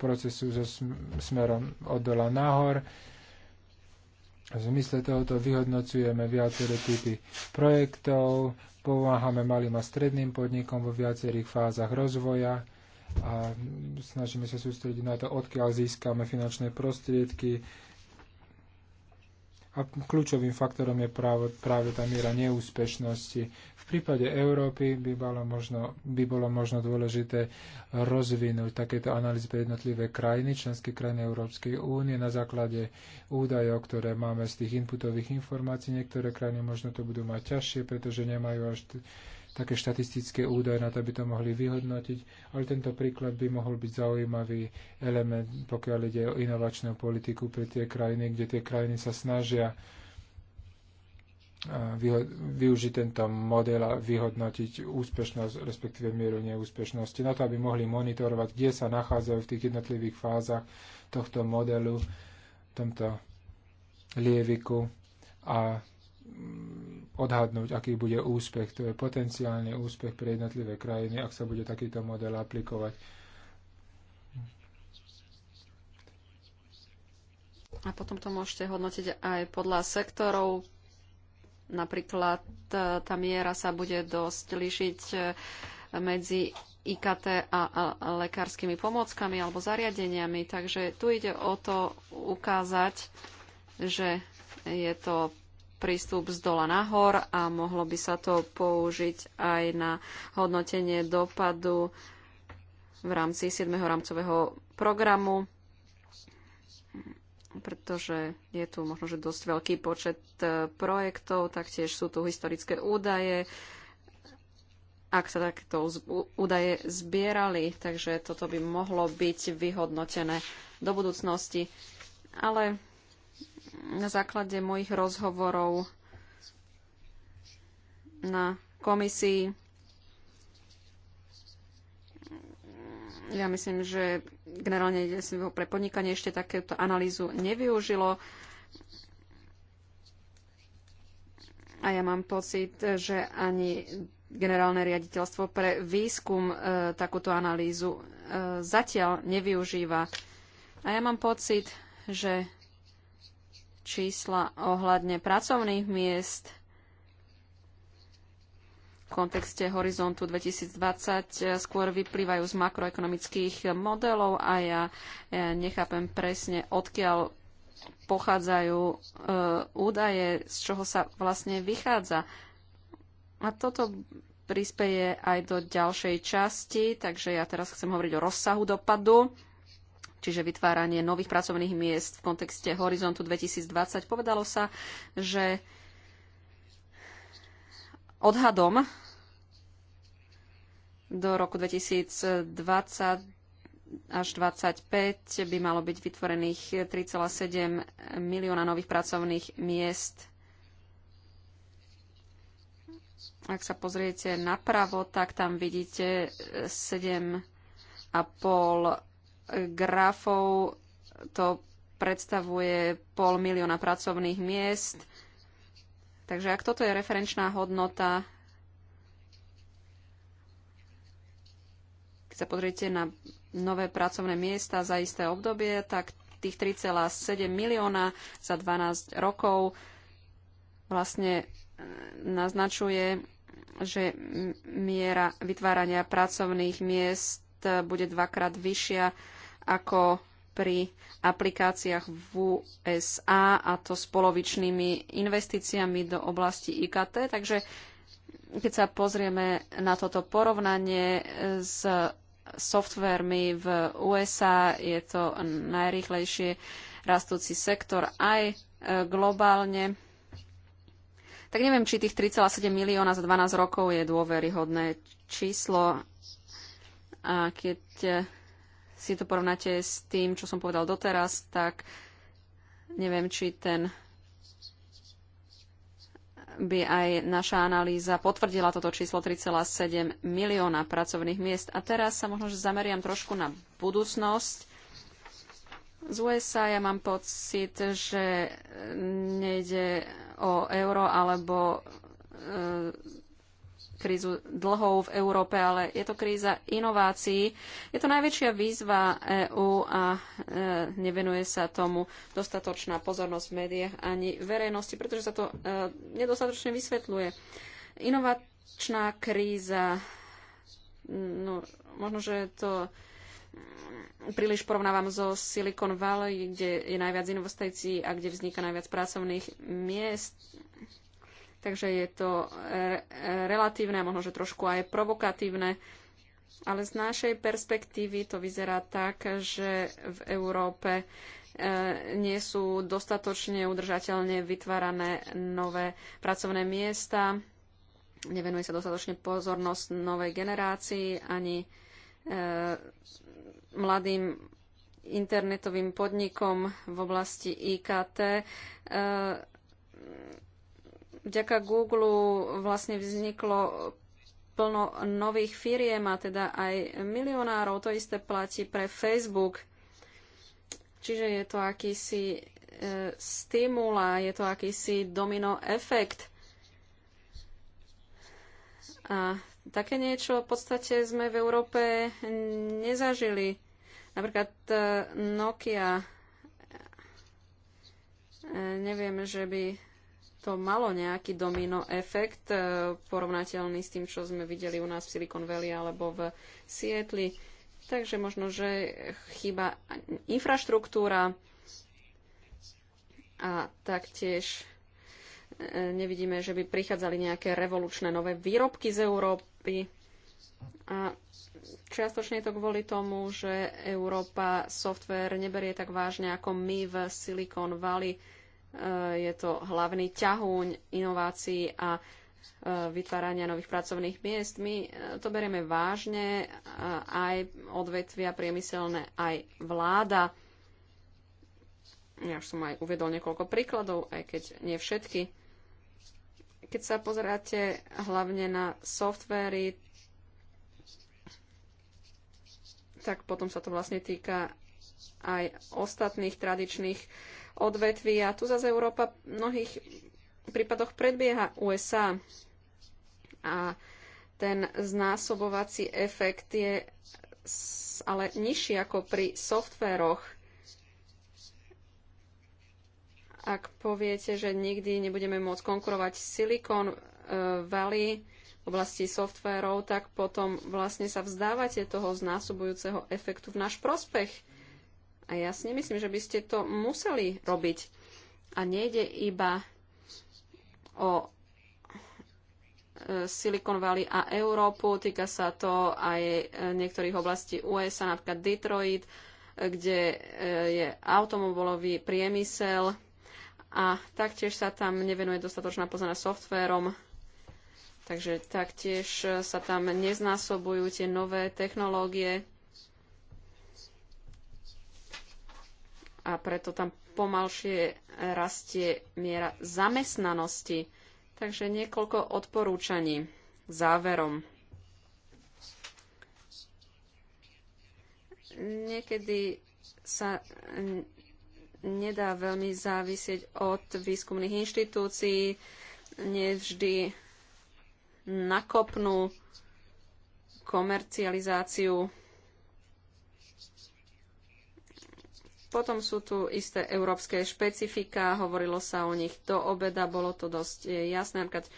procesu so smerom od dola nahor. V zmysle tohoto vyhodnocujeme viaceré typy projektov, pomáhame malým a stredným podnikom vo viacerých fázach rozvoja a snažíme sa sústrediť na to, odkiaľ získame finančné prostriedky, a kľúčovým faktorom je práve, práve tá miera neúspešnosti. V prípade Európy by bolo možno, by bolo možno dôležité rozvinúť takéto analýzy pre jednotlivé krajiny, členské krajiny Európskej únie na základe údajov, ktoré máme z tých inputových informácií. Niektoré krajiny možno to budú mať ťažšie, pretože nemajú až také štatistické údaje na to, aby to mohli vyhodnotiť, ale tento príklad by mohol byť zaujímavý element, pokiaľ ide o inovačnú politiku pre tie krajiny, kde tie krajiny sa snažia využiť tento model a vyhodnotiť úspešnosť, respektíve mieru neúspešnosti, na to, aby mohli monitorovať, kde sa nachádzajú v tých jednotlivých fázach tohto modelu, tomto lieviku a odhadnúť, aký bude úspech. To je potenciálny úspech pre jednotlivé krajiny, ak sa bude takýto model aplikovať. A potom to môžete hodnotiť aj podľa sektorov. Napríklad e, tá miera sa bude dosť lišiť e, medzi IKT a, lekárskymi pomôckami alebo zariadeniami. Takže tu ide o to ukázať, že je to prístup z dola nahor a mohlo by sa to použiť aj na hodnotenie dopadu v rámci 7. rámcového programu, pretože je tu možno, že dosť veľký počet e, projektov, taktiež sú tu historické údaje, ak sa takto údaje zbierali, takže toto by mohlo byť vyhodnotené do budúcnosti. Ale na základe mojich rozhovorov na komisii ja myslím, že generálne dedičstvo pre podnikanie ešte takéto analýzu nevyužilo. A ja mám pocit, že ani generálne riaditeľstvo pre výskum e, takúto analýzu e, zatiaľ nevyužíva. A ja mám pocit, že čísla ohľadne pracovných miest v kontexte horizontu 2020 skôr vyplývajú z makroekonomických modelov a ja, ja nechápem presne, odkiaľ pochádzajú e, údaje, z čoho sa vlastne vychádza. A toto prispeje aj do ďalšej časti, takže ja teraz chcem hovoriť o rozsahu dopadu čiže vytváranie nových pracovných miest v kontexte Horizontu 2020. Povedalo sa, že odhadom do roku 2020 až 25 by malo byť vytvorených 3,7 milióna nových pracovných miest. Ak sa pozriete napravo, tak tam vidíte 7,5 grafov to predstavuje pol milióna pracovných miest. Takže ak toto je referenčná hodnota, keď sa pozriete na nové pracovné miesta za isté obdobie, tak tých 3,7 milióna za 12 rokov vlastne e, naznačuje, že miera vytvárania pracovných miest e, bude dvakrát vyššia ako pri aplikáciách v USA a to s polovičnými investíciami do oblasti IKT. Takže keď sa pozrieme na toto porovnanie s softvermi v USA, je to najrychlejšie rastúci sektor aj e, globálne. Tak neviem, či tých 3,7 milióna za 12 rokov je dôveryhodné číslo. A keď e, si to porovnáte s tým, čo som povedal doteraz, tak neviem, či ten by aj naša analýza potvrdila toto číslo 3,7 milióna pracovných miest. A teraz sa možno že zameriam trošku na budúcnosť. Z USA ja mám pocit, že nejde o euro alebo e, krízu dlhov v Európe, ale je to kríza inovácií. Je to najväčšia výzva EÚ a e, nevenuje sa tomu dostatočná pozornosť v médiách ani verejnosti, pretože sa to e, nedostatočne vysvetľuje. Inovačná kríza, no, možno, že to mm, príliš porovnávam so Silicon Valley, kde je najviac investícií a kde vzniká najviac pracovných miest. Takže je to re relatívne a možno, že trošku aj provokatívne. Ale z našej perspektívy to vyzerá tak, že v Európe e, nie sú dostatočne udržateľne vytvárané nové pracovné miesta, nevenuje sa dostatočne pozornosť novej generácii ani e, mladým internetovým podnikom v oblasti IKT. E, vďaka Google vlastne vzniklo plno nových firiem a teda aj milionárov. To isté platí pre Facebook. Čiže je to akýsi e, stimul a je to akýsi domino efekt. A také niečo v podstate sme v Európe nezažili. Napríklad e, Nokia. E, neviem, že by to malo nejaký domino efekt e, porovnateľný s tým, čo sme videli u nás v Silicon Valley alebo v Sietli. Takže možno, že chýba infraštruktúra a taktiež e, nevidíme, že by prichádzali nejaké revolučné nové výrobky z Európy. A čiastočne je to kvôli tomu, že Európa software neberie tak vážne ako my v Silicon Valley Eh, je to hlavný ťahuň inovácií a eh, vytvárania nových pracovných miest. My eh, to berieme vážne, aj odvetvia priemyselné, aj vláda. Ja už som aj uvedol niekoľko príkladov, aj keď nie všetky. Keď sa pozeráte hlavne na softvery, tak potom sa to vlastne týka aj ostatných tradičných odvetví a tu zase Európa v mnohých prípadoch predbieha USA. A ten znásobovací efekt je ale nižší ako pri softvéroch. Ak poviete, že nikdy nebudeme môcť konkurovať Silicon eh, Valley v oblasti softvérov, tak potom vlastne sa vzdávate toho znásobujúceho efektu v náš prospech. A ja si nemyslím, že by ste to museli robiť. A nejde iba o e, Silicon Valley a Európu, týka sa to aj e, niektorých oblastí USA, napríklad Detroit, kde e, je automobilový priemysel a taktiež sa tam nevenuje dostatočná pozornosť softvérom, takže taktiež sa tam neznásobujú tie nové technológie. a preto tam pomalšie rastie miera zamestnanosti. Takže niekoľko odporúčaní záverom. Niekedy sa nedá veľmi závisieť od výskumných inštitúcií, nevždy nakopnú komercializáciu Potom sú tu isté európske špecifika, hovorilo sa o nich do obeda, bolo to dosť eh, jasné. Napríklad eh,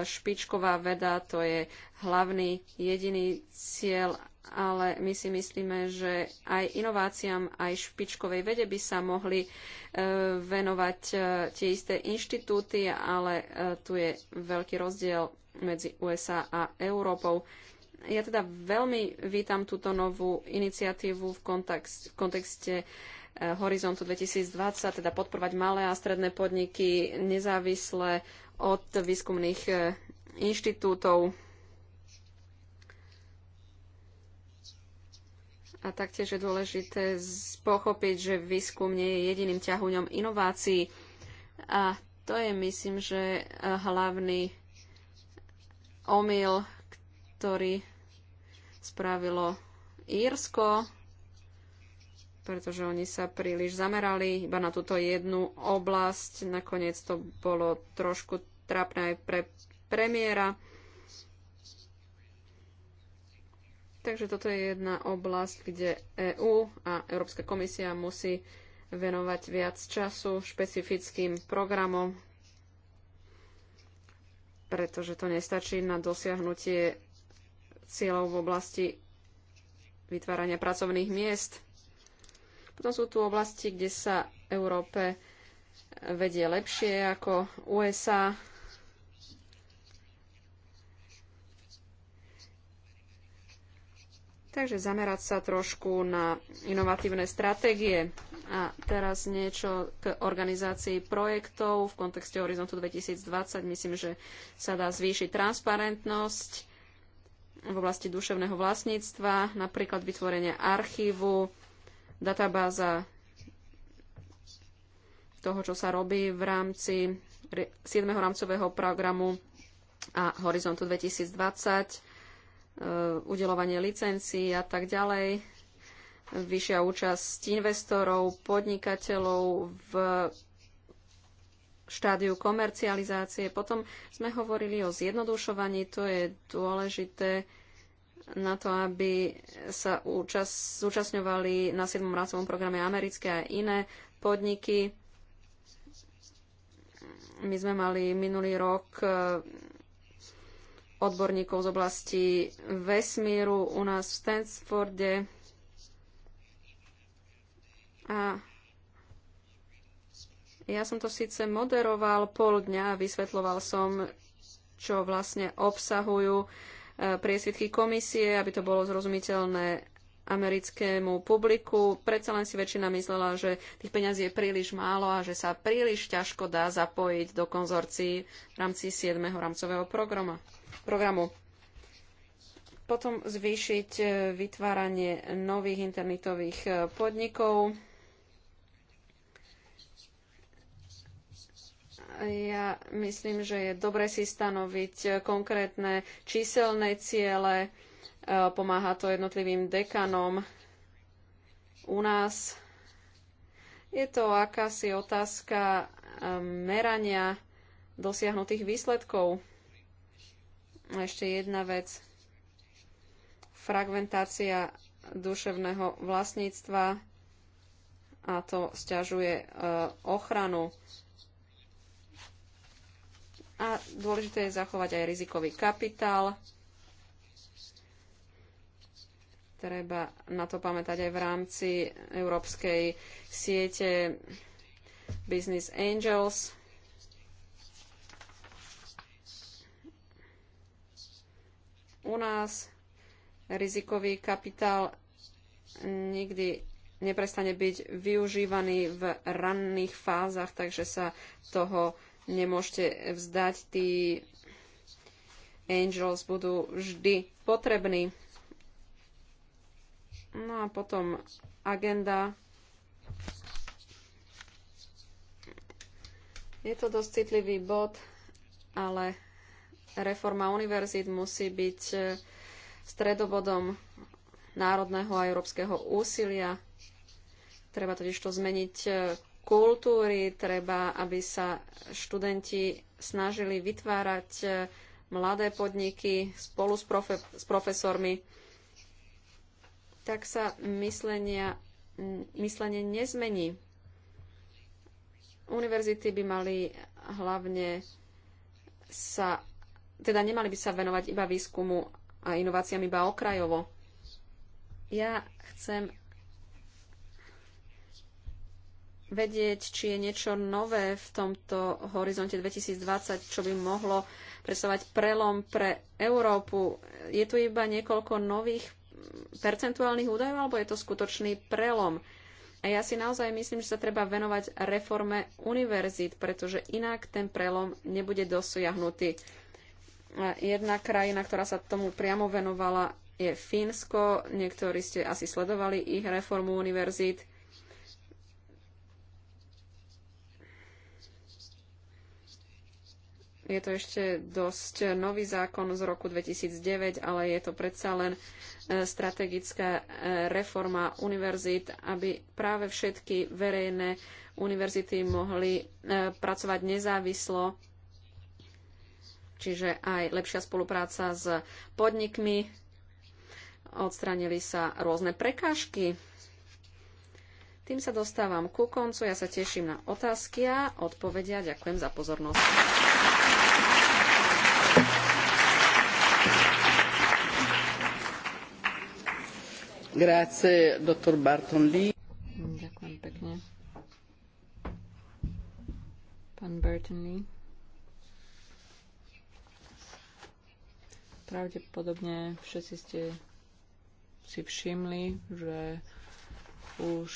špičková veda, to je hlavný jediný cieľ, ale my si myslíme, že aj inováciám, aj špičkovej vede by sa mohli eh, venovať tie isté inštitúty, ale tu je veľký rozdiel medzi USA a Európou. Ja teda veľmi vítam túto novú iniciatívu v kontexte Eh, horizontu 2020, teda podporovať malé a stredné podniky nezávisle od výskumných eh, inštitútov. A taktiež je dôležité pochopiť, že výskum nie je jediným ťahuňom inovácií. A to je, myslím, že eh, hlavný omyl, ktorý spravilo Írsko pretože oni sa príliš zamerali iba na túto jednu oblasť. Nakoniec to bolo trošku trápne aj pre premiéra. Takže toto je jedna oblasť, kde EÚ a Európska komisia musí venovať viac času špecifickým programom, pretože to nestačí na dosiahnutie cieľov v oblasti vytvárania pracovných miest. Potom sú tu oblasti, kde sa Európe vedie lepšie ako USA. Takže zamerať sa trošku na inovatívne stratégie. A teraz niečo k organizácii projektov v kontexte Horizontu 2020. Myslím, že sa dá zvýšiť transparentnosť v oblasti duševného vlastníctva, napríklad vytvorenie archívu, databáza toho, čo sa robí v rámci 7. rámcového programu a Horizontu 2020, e, udelovanie licencií a tak ďalej, vyššia účasť investorov, podnikateľov v štádiu komercializácie. Potom sme hovorili o zjednodušovaní, to je dôležité na to, aby sa účas, zúčastňovali na 7. rácovom programe americké a iné podniky. My sme mali minulý rok e, odborníkov z oblasti vesmíru u nás v Stanforde. A ja som to síce moderoval pol dňa, vysvetloval som, čo vlastne obsahujú uh, priesvitky komisie, aby to bolo zrozumiteľné americkému publiku. Predsa len si väčšina myslela, že tých peňazí je príliš málo a že sa príliš ťažko dá zapojiť do konzorcií v rámci 7. rámcového programa, programu. Potom zvýšiť e, vytváranie nových internetových e, podnikov Ja myslím, že je dobre si stanoviť konkrétne číselné ciele. E, pomáha to jednotlivým dekanom. U nás je to akási otázka e, merania dosiahnutých výsledkov. A ešte jedna vec. Fragmentácia duševného vlastníctva a to sťažuje e, ochranu a dôležité je zachovať aj rizikový kapitál. Treba na to pamätať aj v rámci európskej siete Business Angels. U nás rizikový kapitál nikdy neprestane byť využívaný v ranných fázach, takže sa toho nemôžete vzdať. Tí Angels budú vždy potrební. No a potom agenda. Je to dosť citlivý bod, ale reforma univerzít musí byť e, stredobodom národného a európskeho úsilia. Treba totiž to zmeniť e, kultúry, treba, aby sa študenti snažili vytvárať eh, mladé podniky spolu s, profe- s profesormi, tak sa myslenia, myslenie nezmení. Univerzity by mali hlavne sa, teda nemali by sa venovať iba výskumu a inováciám iba okrajovo. Ja chcem vedieť, či je niečo nové v tomto horizonte 2020, čo by mohlo predstavovať prelom pre Európu. Je tu iba niekoľko nových percentuálnych údajov, alebo je to skutočný prelom? A ja si naozaj myslím, že sa treba venovať reforme univerzít, pretože inak ten prelom nebude dosiahnutý. Jedna krajina, ktorá sa tomu priamo venovala, je Fínsko. Niektorí ste asi sledovali ich reformu univerzít Je to ešte dosť nový zákon z roku 2009, ale je to predsa len e, strategická e, reforma univerzít, aby práve všetky verejné univerzity mohli e, pracovať nezávislo, čiže aj lepšia spolupráca s podnikmi, odstranili sa rôzne prekážky. Tým sa dostávam ku koncu. Ja sa teším na otázky a odpovedia. Ďakujem za pozornosť. Grazie, dottor Barton Lee. Ďakujem pekne. Pán Barton Lee. Pravdepodobne všetci ste si všimli, že už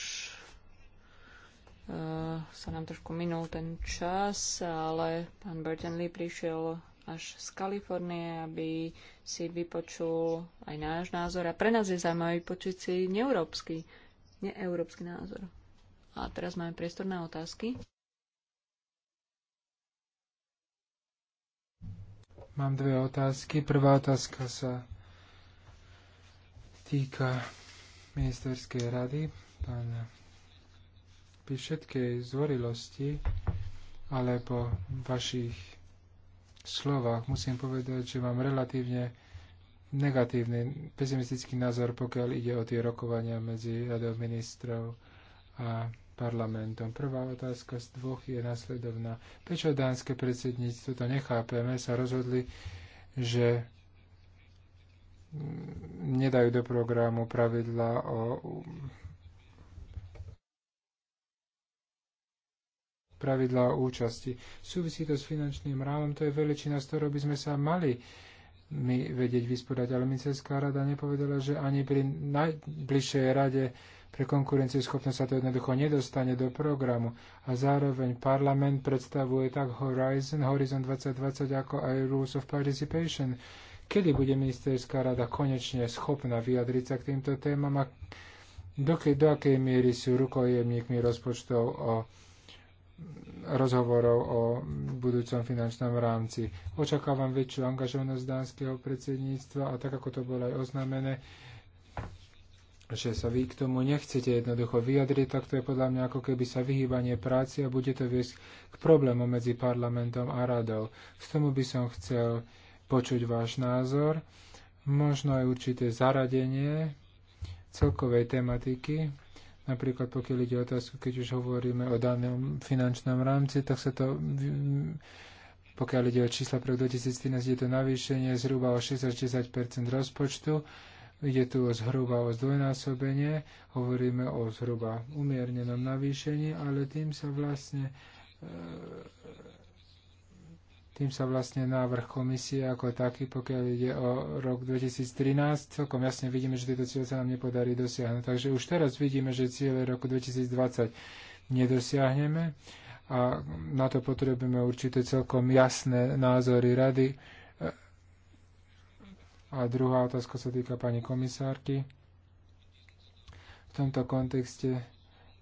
uh, sa nám trošku minul ten čas, ale pán Burton Lee prišiel až z Kalifornie, aby si vypočul aj náš názor. A pre nás je zaujímavý počuť si neeurópsky, neeurópsky názor. A teraz máme priestor na otázky. Mám dve otázky. Prvá otázka sa týka ministerskej rady, pána pri všetkej zvorilosti alebo vašich slovách musím povedať, že mám relatívne negatívny, pesimistický názor, pokiaľ ide o tie rokovania medzi radou ministrov a parlamentom. Prvá otázka z dvoch je nasledovná. Prečo dánske predsedníctvo, to nechápeme, sa rozhodli, že nedajú do programu pravidla o pravidlá účasti. Súvisí to s finančným rámom, to je veličina, z ktorou by sme sa mali my vedieť vyspodať. Ale ministerská rada nepovedala, že ani pri najbližšej rade pre konkurencieschopnosť sa to jednoducho nedostane do programu. A zároveň parlament predstavuje tak Horizon, Horizon 2020 ako aj Rules of Participation. Kedy bude ministerská rada konečne schopná vyjadriť sa k týmto témam a do, do akej miery sú rukojemníkmi rozpočtov o rozhovorov o budúcom finančnom rámci. Očakávam väčšiu angažovanosť dánskeho predsedníctva a tak, ako to bolo aj oznámené, že sa vy k tomu nechcete jednoducho vyjadriť, tak to je podľa mňa ako keby sa vyhýbanie práci a bude to viesť k problému medzi parlamentom a radou. K tomu by som chcel počuť váš názor, možno aj určité zaradenie celkovej tematiky Napríklad pokiaľ ide otázku, keď už hovoríme o danom finančnom rámci, tak sa to, pokiaľ ide o čísla pre 2013, je to navýšenie zhruba o 60-60 rozpočtu. Ide tu o zhruba o zdvojnásobenie, hovoríme o zhruba umiernenom navýšení, ale tým sa vlastne e, tým sa vlastne návrh komisie ako taký, pokiaľ ide o rok 2013, celkom jasne vidíme, že tieto cieľe sa nám nepodarí dosiahnuť. Takže už teraz vidíme, že cieľe roku 2020 nedosiahneme a na to potrebujeme určité celkom jasné názory rady. A druhá otázka sa týka pani komisárky. V tomto kontexte,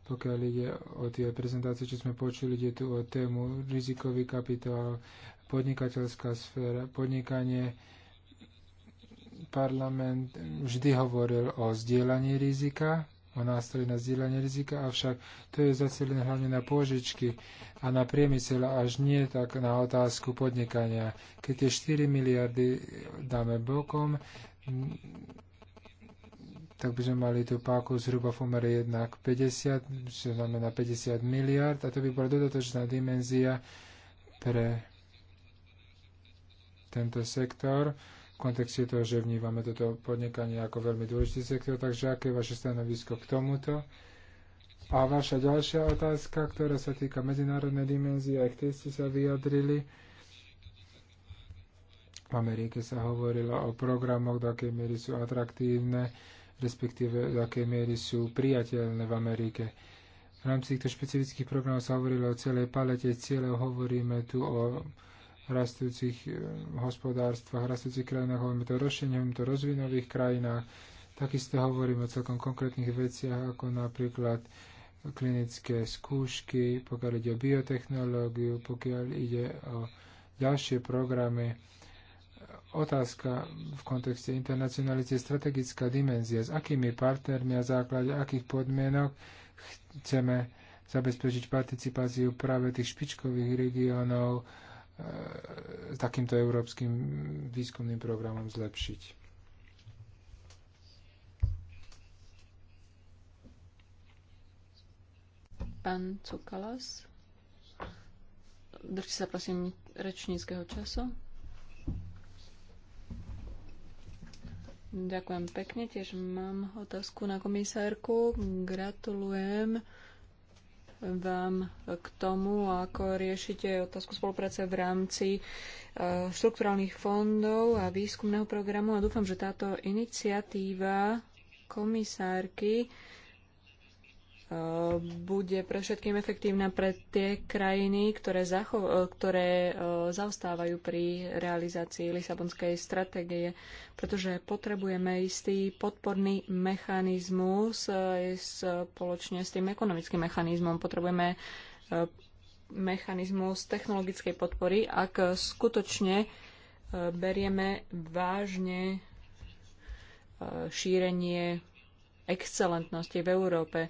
pokiaľ ide o tie prezentácie, čo sme počuli, ide tu o tému rizikový kapitál, podnikateľská sféra, podnikanie, parlament vždy hovoril o zdieľaní rizika, o nástroji na zdieľanie rizika, avšak to je zacelené hlavne na pôžičky a na priemysel, až nie tak na otázku podnikania. Keď tie 4 miliardy dáme bokom, tak by sme mali tú páku zhruba v umere 1 k 50, čo znamená 50 miliard a to by bola dodatočná dimenzia pre tento sektor v kontexte toho, že vnímame toto podnikanie ako veľmi dôležitý sektor, takže aké je vaše stanovisko k tomuto? A vaša ďalšia otázka, ktorá sa týka medzinárodnej dimenzie, aj k tej ste sa vyjadrili. V Amerike sa hovorilo o programoch, do akej miery sú atraktívne, respektíve do akej miery sú priateľné v Amerike. V rámci týchto špecifických programov sa hovorilo o celej palete cieľov, hovoríme tu o rastúcich eh, hospodárstvach, rastúcich krajinách, hovoríme to o hovoríme to o rozvinových krajinách. Takisto hovoríme o celkom konkrétnych veciach, ako napríklad klinické skúšky, pokiaľ ide o biotechnológiu, pokiaľ ide o ďalšie programy. Otázka v kontexte internacionality je strategická dimenzia. S akými partnermi a základe akých podmienok chceme zabezpečiť participáciu práve tých špičkových regiónov, E, takýmto európskym výskumným programom zlepšiť. Pán Cukalas, držte sa prosím rečníckého času. Ďakujem pekne, tiež mám otázku na komisárku. Gratulujem vám k tomu, ako riešite otázku spolupráce v rámci e, štrukturálnych fondov a výskumného programu a dúfam, že táto iniciatíva komisárky bude pre všetkým efektívna pre tie krajiny, ktoré, zacho- e, ktoré e, zaostávajú pri realizácii Lisabonskej stratégie, pretože potrebujeme istý podporný mechanizmus e, spoločne s tým ekonomickým mechanizmom. Potrebujeme mechanizmus technologickej podpory, ak skutočne berieme vážne šírenie excelentnosti v Európe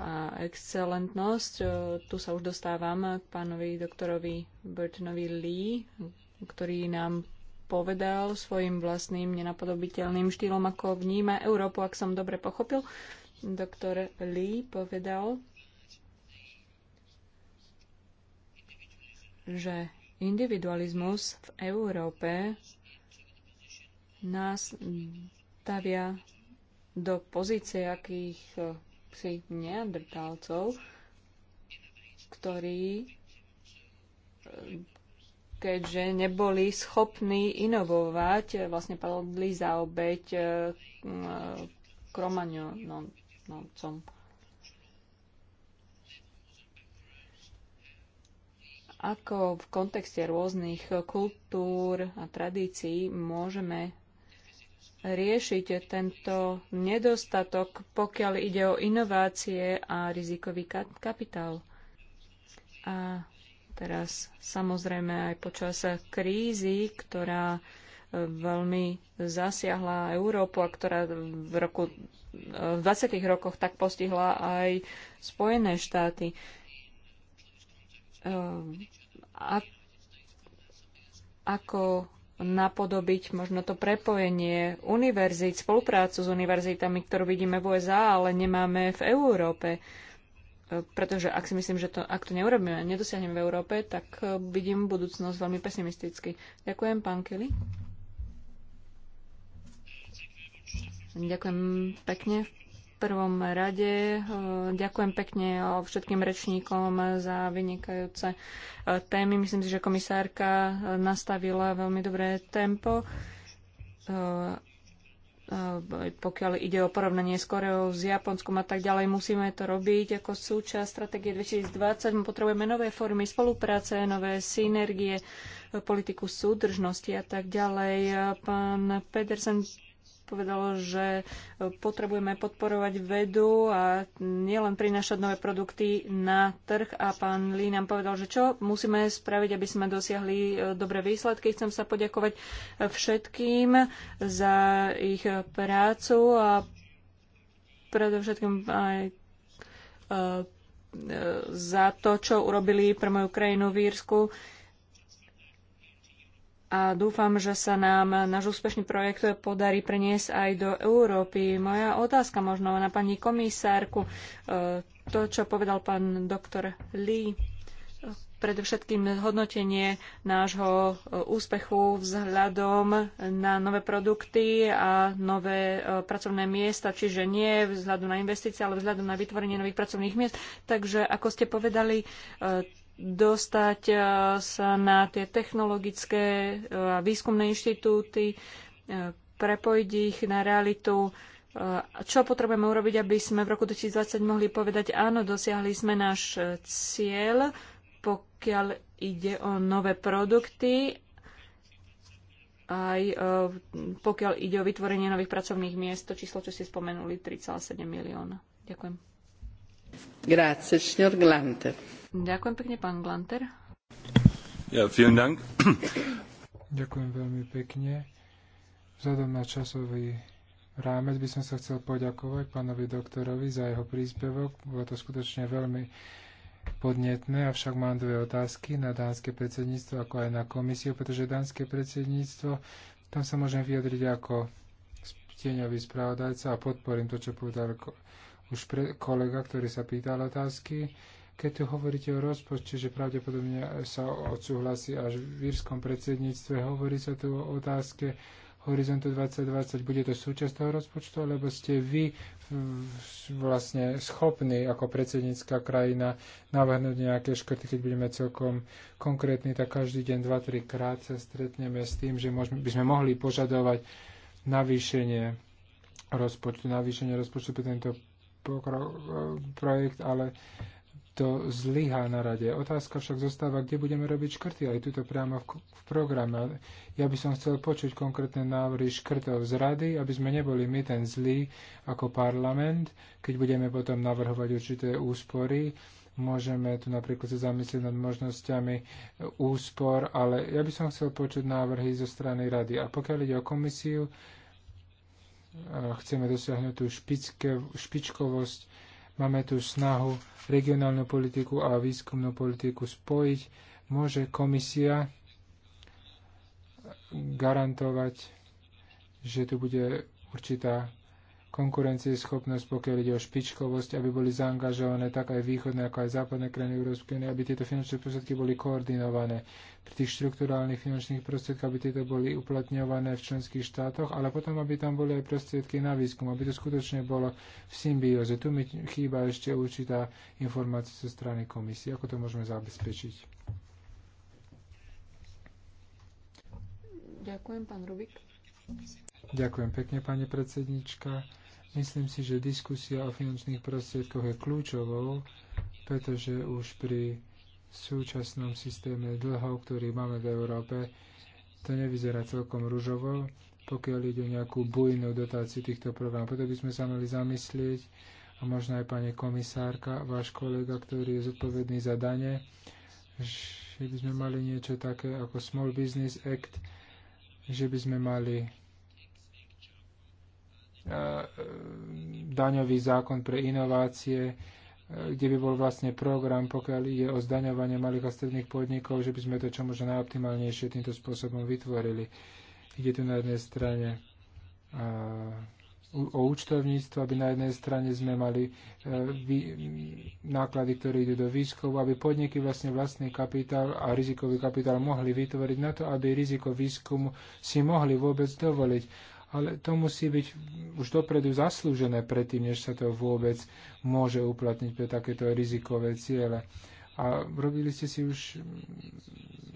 a, excelentnosť. E, tu sa už dostávam k pánovi doktorovi Burtonovi Lee, ktorý nám povedal svojim vlastným nenapodobiteľným štýlom, ako vníma Európu, ak som dobre pochopil. Doktor Lee povedal, že individualizmus v Európe nás stavia do pozície, akých si neandertálcov, ktorí keďže neboli schopní inovovať, vlastne padli za obeď eh, kromaňonomcom. Ako v kontexte rôznych kultúr a tradícií môžeme riešiť tento nedostatok, pokiaľ ide o inovácie a rizikový kapitál. A teraz samozrejme aj počas krízy, ktorá e, veľmi zasiahla Európu a ktorá v, roku, e, v 20. rokoch tak postihla aj Spojené štáty. E, a ako napodobiť možno to prepojenie univerzít, spoluprácu s univerzitami, ktorú vidíme v USA, ale nemáme v Európe. E, pretože ak si myslím, že to, ak to neurobíme a nedosiahneme v Európe, tak e, vidím budúcnosť veľmi pesimisticky. Ďakujem, pán Kelly. Ďakujem pekne. V prvom rade e, ďakujem pekne všetkým rečníkom za vynikajúce e, témy. Myslím si, že komisárka e, nastavila veľmi dobré tempo. Pokiaľ ide o porovnanie s Koreou, s Japonskom a tak ďalej, musíme to robiť ako súčasť stratégie 2020. My potrebujeme nové formy spolupráce, nové synergie, politiku súdržnosti a tak ďalej. Pán Pedersen povedalo, že e, potrebujeme podporovať vedu a nielen prinášať nové produkty na trh. A pán Lí nám povedal, že čo musíme spraviť, aby sme dosiahli e, dobré výsledky. Chcem sa poďakovať e, všetkým za ich prácu a predovšetkým aj za to, čo urobili pre moju krajinu v a dúfam, že sa nám náš úspešný projekt podarí preniesť aj do Európy. Moja otázka možno na pani komisárku, e, to, čo povedal pán doktor Lee, e, predovšetkým hodnotenie nášho e, úspechu vzhľadom na nové produkty a nové pracovné miesta, čiže nie vzhľadom na investície, ale vzhľadom na vytvorenie nových pracovných miest. Takže, ako ste povedali, dostať eh, sa na tie technologické eh, a výskumné inštitúty, eh, prepojiť ich na realitu. Čo potrebujeme urobiť, aby sme v roku 2020 mohli povedať, áno, dosiahli sme náš cieľ, pokiaľ ide o nové produkty, aj pokiaľ ide o vytvorenie nových pracovných miest, to číslo, čo ste spomenuli, 3,7 milióna. Ďakujem. Grazie, signor Glante. Ďakujem pekne, pán Glanter. Ja, vielen Dank. Ďakujem veľmi pekne. Vzhľadom na časový rámec by som sa chcel poďakovať pánovi doktorovi za jeho príspevok. Bolo to skutočne veľmi podnetné, avšak mám dve otázky na dánske predsedníctvo ako aj na komisiu, pretože dánske predsedníctvo, tam sa môžem vyjadriť ako tieňový spravodajca a podporím to, čo povedal už pre, kolega, ktorý sa pýtal otázky. Keď tu hovoríte o rozpočte, že pravdepodobne sa odsúhlasí až v írskom predsedníctve, hovorí sa tu o otázke Horizontu 2020. Bude to súčasť toho rozpočtu, alebo ste vy vlastne schopní ako predsednícká krajina navrhnúť nejaké škrty, keď budeme celkom konkrétni, tak každý deň 2-3 krát sa stretneme s tým, že by sme mohli požadovať navýšenie rozpočtu, navýšenie rozpočtu pre tento e, projekt, ale to zlyhá na rade. Otázka však zostáva, kde budeme robiť škrty, aj tuto priamo v, v programe. Ja by som chcel počuť konkrétne návrhy škrtov z rady, aby sme neboli my ten zlý ako parlament, keď budeme potom navrhovať určité úspory. Môžeme tu napríklad sa zamyslieť nad možnosťami úspor, ale ja by som chcel počuť návrhy zo strany rady. A pokiaľ ide o komisiu, chceme dosiahnuť tú špičkovosť Máme tu snahu regionálnu politiku a výskumnú politiku spojiť. Môže komisia garantovať, že tu bude určitá konkurencieschopnosť, pokiaľ ide o špičkovosť, aby boli zaangažované tak aj východné, ako aj západné krajiny Európskej únie, aby tieto finančné prostriedky boli koordinované. Pri tých štruktúrálnych finančných prostriedkoch, aby tieto boli uplatňované v členských štátoch, ale potom, aby tam boli aj prostriedky na výskum, aby to skutočne bolo v symbióze. Tu mi chýba ešte určitá informácia zo strany komisie, ako to môžeme zabezpečiť. Ďakujem, pán Rubik. Ďakujem pekne, pani predsednička. Myslím si, že diskusia o finančných prostriedkoch je kľúčovou, pretože už pri súčasnom systéme dlhov, ktorý máme v Európe, to nevyzerá celkom ružovo, pokiaľ ide o nejakú bujnú dotáciu týchto programov. Preto by sme sa mali zamyslieť, a možno aj pani komisárka, váš kolega, ktorý je zodpovedný za dane, že by sme mali niečo také ako Small Business Act, že by sme mali E, daňový zákon pre inovácie, e, kde by bol vlastne program, pokiaľ ide o zdaňovanie malých a stredných podnikov, že by sme to čo možno najoptimálnejšie týmto spôsobom vytvorili. Ide tu na jednej strane o účtovníctvo, aby na jednej strane sme mali e, náklady, ktoré idú do výskumu, aby podniky vlastne vlastný kapitál a rizikový kapitál mohli vytvoriť na to, aby riziko výskumu si mohli vôbec dovoliť ale to musí byť už dopredu zaslúžené predtým, než sa to vôbec môže uplatniť pre takéto rizikové ciele. A robili ste si už,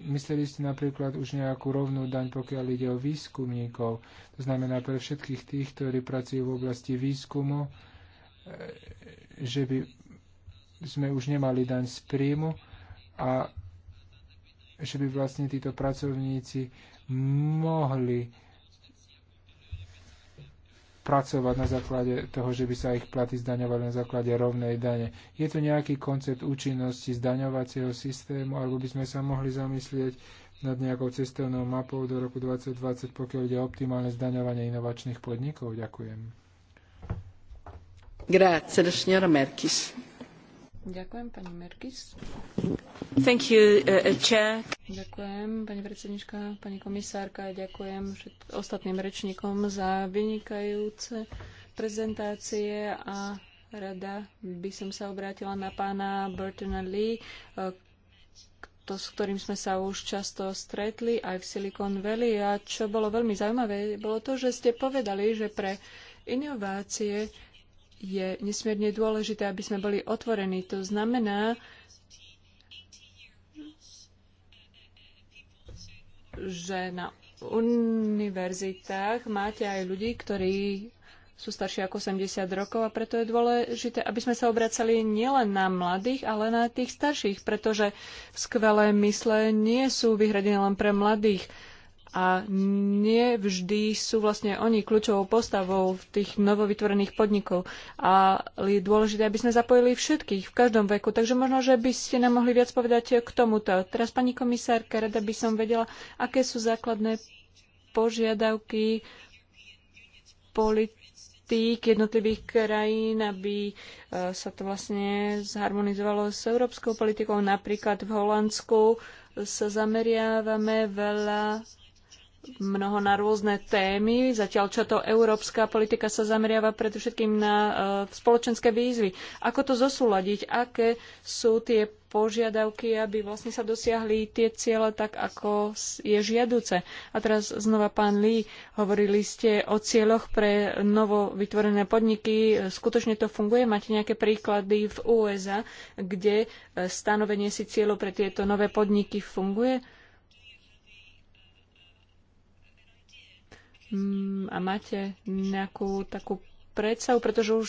mysleli ste napríklad už nejakú rovnú daň, pokiaľ ide o výskumníkov. To znamená pre všetkých tých, ktorí pracujú v oblasti výskumu, e, že by sme už nemali daň z príjmu a že by vlastne títo pracovníci mohli pracovať na základe toho, že by sa ich platy zdaňovali na základe rovnej dane. Je to nejaký koncept účinnosti zdaňovacieho systému, alebo by sme sa mohli zamyslieť nad nejakou cestovnou mapou do roku 2020, pokiaľ ide o optimálne zdaňovanie inovačných podnikov? Ďakujem. Grazie, Merkis. Ďakujem, pani Merkis. Uh, uh, ďakujem, pani predsednička, pani komisárka, ďakujem ostatným rečníkom za vynikajúce prezentácie a rada by som sa obrátila na pána Burtona Lee, eh, to, s ktorým sme sa už často stretli aj v Silicon Valley. A čo bolo veľmi zaujímavé, bolo to, že ste povedali, že pre inovácie je nesmierne dôležité, aby sme boli otvorení. To znamená, že na univerzitách máte aj ľudí, ktorí sú starší ako 80 rokov a preto je dôležité, aby sme sa obracali nielen na mladých, ale na tých starších, pretože skvelé mysle nie sú vyhradené len pre mladých a nevždy sú vlastne oni kľúčovou postavou v tých novovytvorených podnikov. A je dôležité, aby sme zapojili všetkých v každom veku. Takže možno, že by ste nám mohli viac povedať k tomuto. Teraz, pani komisárka, rada by som vedela, aké sú základné požiadavky politík jednotlivých krajín, aby e, sa to vlastne zharmonizovalo s európskou politikou. Napríklad v Holandsku sa zameriavame veľa mnoho na rôzne témy, zatiaľ čo to európska politika sa zameriava predovšetkým na e, spoločenské výzvy. Ako to zosúladiť? Aké sú tie požiadavky, aby vlastne sa dosiahli tie ciele tak, ako je žiaduce? A teraz znova pán Lí, hovorili ste o cieľoch pre novo vytvorené podniky. E, skutočne to funguje? Máte nejaké príklady v USA, kde e, stanovenie si cieľov pre tieto nové podniky funguje? Mm, a máte nejakú takú predstavu, pretože už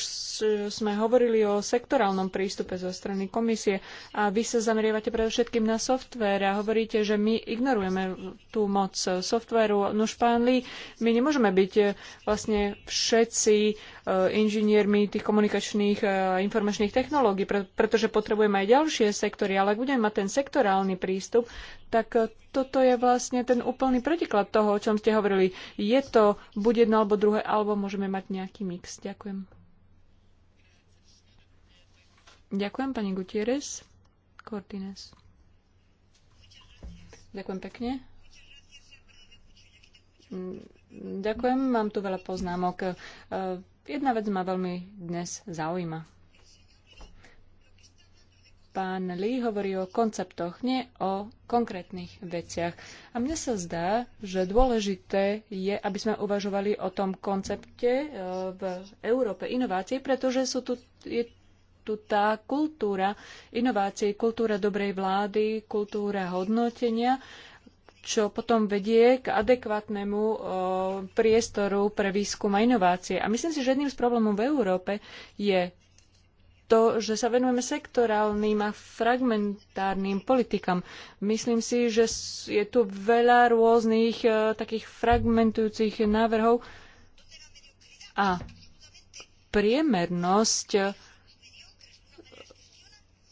sme hovorili o sektorálnom prístupe zo strany komisie a vy sa zameriavate predovšetkým na software a hovoríte, že my ignorujeme tú moc softvéru. No pán Lee, my nemôžeme byť e, vlastne všetci Eh, inžiniermi tých komunikačných a eh, informačných technológií, pretože potrebujeme aj ďalšie sektory, ale ak budeme mať ten sektorálny prístup, tak eh, toto je vlastne ten úplný protiklad toho, o čom ste hovorili. Je to buď jedno alebo druhé, alebo môžeme mať nejaký mix. Ďakujem. Ďakujem, pani Gutierrez. Cortines. Ďakujem pekne. Mm, ďakujem, mám tu veľa poznámok. Jedna vec ma veľmi dnes zaujíma. Pán Lee hovorí o konceptoch, nie o konkrétnych veciach. A mne sa zdá, že dôležité je, aby sme uvažovali o tom koncepte e, v Európe inovácií, pretože sú tu, je tu tá kultúra inovácií, kultúra dobrej vlády, kultúra hodnotenia, čo potom vedie k adekvátnemu priestoru pre výskum a inovácie. A myslím si, že jedným z problémov v Európe je to, že sa venujeme sektorálnym a fragmentárnym politikám. Myslím si, že je tu veľa rôznych e, takých fragmentujúcich návrhov a priemernosť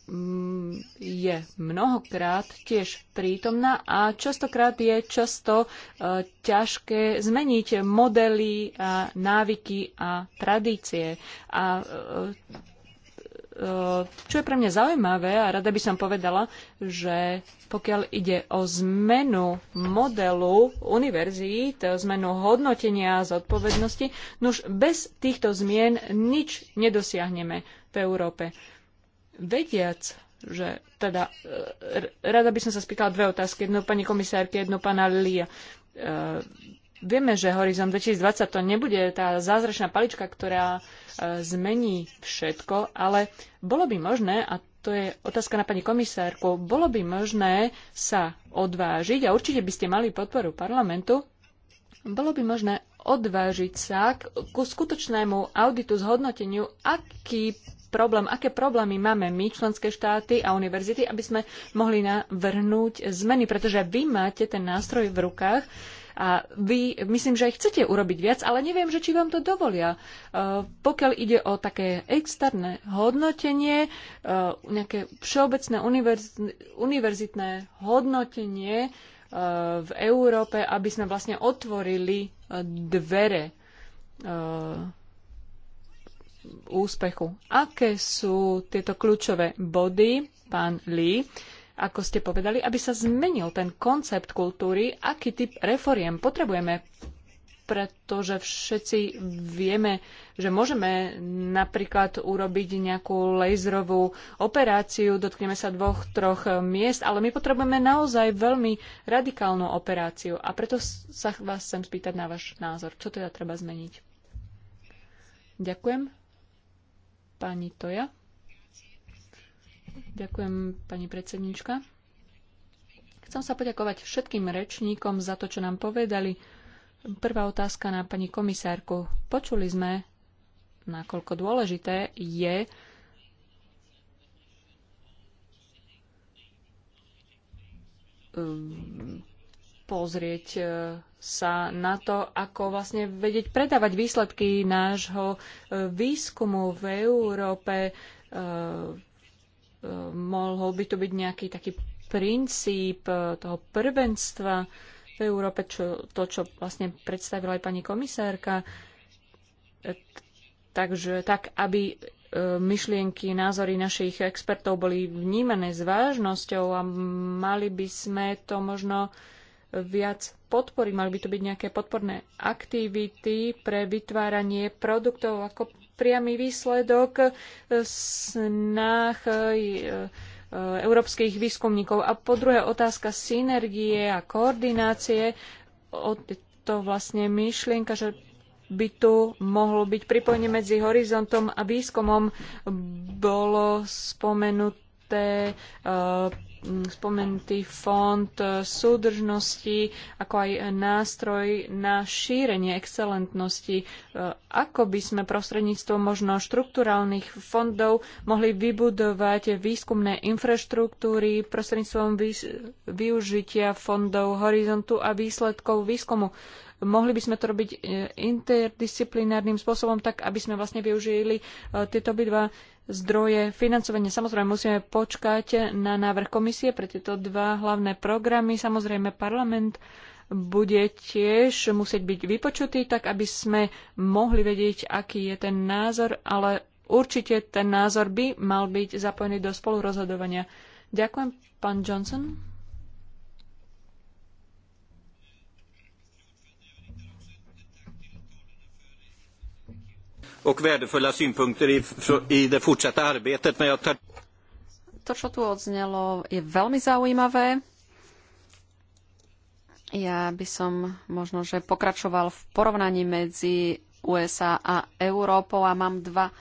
Mm, je mnohokrát tiež prítomná a častokrát je často e, ťažké zmeniť modely a návyky a tradície. A e, e čo je pre mňa zaujímavé a rada by som povedala, že pokiaľ ide o zmenu modelu to zmenu hodnotenia a zodpovednosti, nuž bez týchto zmien nič nedosiahneme v Európe. Vediac, že teda, e, rada by som sa spýtala dve otázky, Jednu pani komisárky, jedno pána Lia. E, vieme, že Horizon 2020 to nebude tá zázračná palička, ktorá e, zmení všetko, ale bolo by možné, a to je otázka na pani komisárku, bolo by možné sa odvážiť, a určite by ste mali podporu parlamentu, bolo by možné odvážiť sa ku skutočnému auditu, zhodnoteniu, aký problém, aké problémy máme my, členské štáty a univerzity, aby sme mohli navrhnúť zmeny, pretože vy máte ten nástroj v rukách a vy, myslím, že aj chcete urobiť viac, ale neviem, že či vám to dovolia. E, pokiaľ ide o také externé hodnotenie, e, nejaké všeobecné univerzitné hodnotenie e, v Európe, aby sme vlastne otvorili dvere úspechu. Aké sú tieto kľúčové body, pán Lee, ako ste povedali, aby sa zmenil ten koncept kultúry, aký typ reforiem potrebujeme, pretože všetci vieme, že môžeme napríklad urobiť nejakú laserovú operáciu, dotkneme sa dvoch, troch miest, ale my potrebujeme naozaj veľmi radikálnu operáciu. A preto sa vás chcem spýtať na váš názor. Čo teda treba zmeniť? Ďakujem. Pani Toja. Ďakujem, pani predsednička. Chcem sa poďakovať všetkým rečníkom za to, čo nám povedali. Prvá otázka na pani komisárku. Počuli sme, nakoľko dôležité je pozrieť e, sa na to, ako vlastne vedieť predávať výsledky nášho e, výskumu v Európe. E, mohol by tu byť nejaký taký princíp toho prvenstva v Európe, čo, to, čo vlastne predstavila aj pani komisárka. Takže tak, aby myšlienky, názory našich expertov boli vnímané s vážnosťou a mali by sme to možno viac podpory. Mali by tu byť nejaké podporné aktivity pre vytváranie produktov ako priamy výsledok e, snách e, e, európskych výskumníkov. A po druhé otázka synergie a koordinácie. je to vlastne myšlienka, že by tu mohlo byť pripojenie medzi horizontom a výskumom. Bolo spomenuté Mm, spomenutý fond e, súdržnosti, ako aj nástroj na šírenie excelentnosti. E, ako by sme prostredníctvom možno štrukturálnych fondov mohli vybudovať výskumné infraštruktúry prostredníctvom využitia fondov horizontu a výsledkov výskumu? Mohli by sme to robiť e, interdisciplinárnym spôsobom, tak aby sme vlastne využili e, tieto obidva zdroje financovania. Samozrejme, musíme počkať na návrh komisie pre tieto dva hlavné programy. Samozrejme, parlament bude tiež musieť byť vypočutý, tak aby sme mohli vedieť, aký je ten názor, ale určite ten názor by mal byť zapojený do spolurozhodovania. Ďakujem, pán Johnson. och värdefulla synpunkter i, i det fortsatta arbetet. Men jag tar... To, čo tu odznelo, je veľmi zaujímavé. Ja by som možno, že pokračoval v porovnaní medzi USA a Európou a mám dva,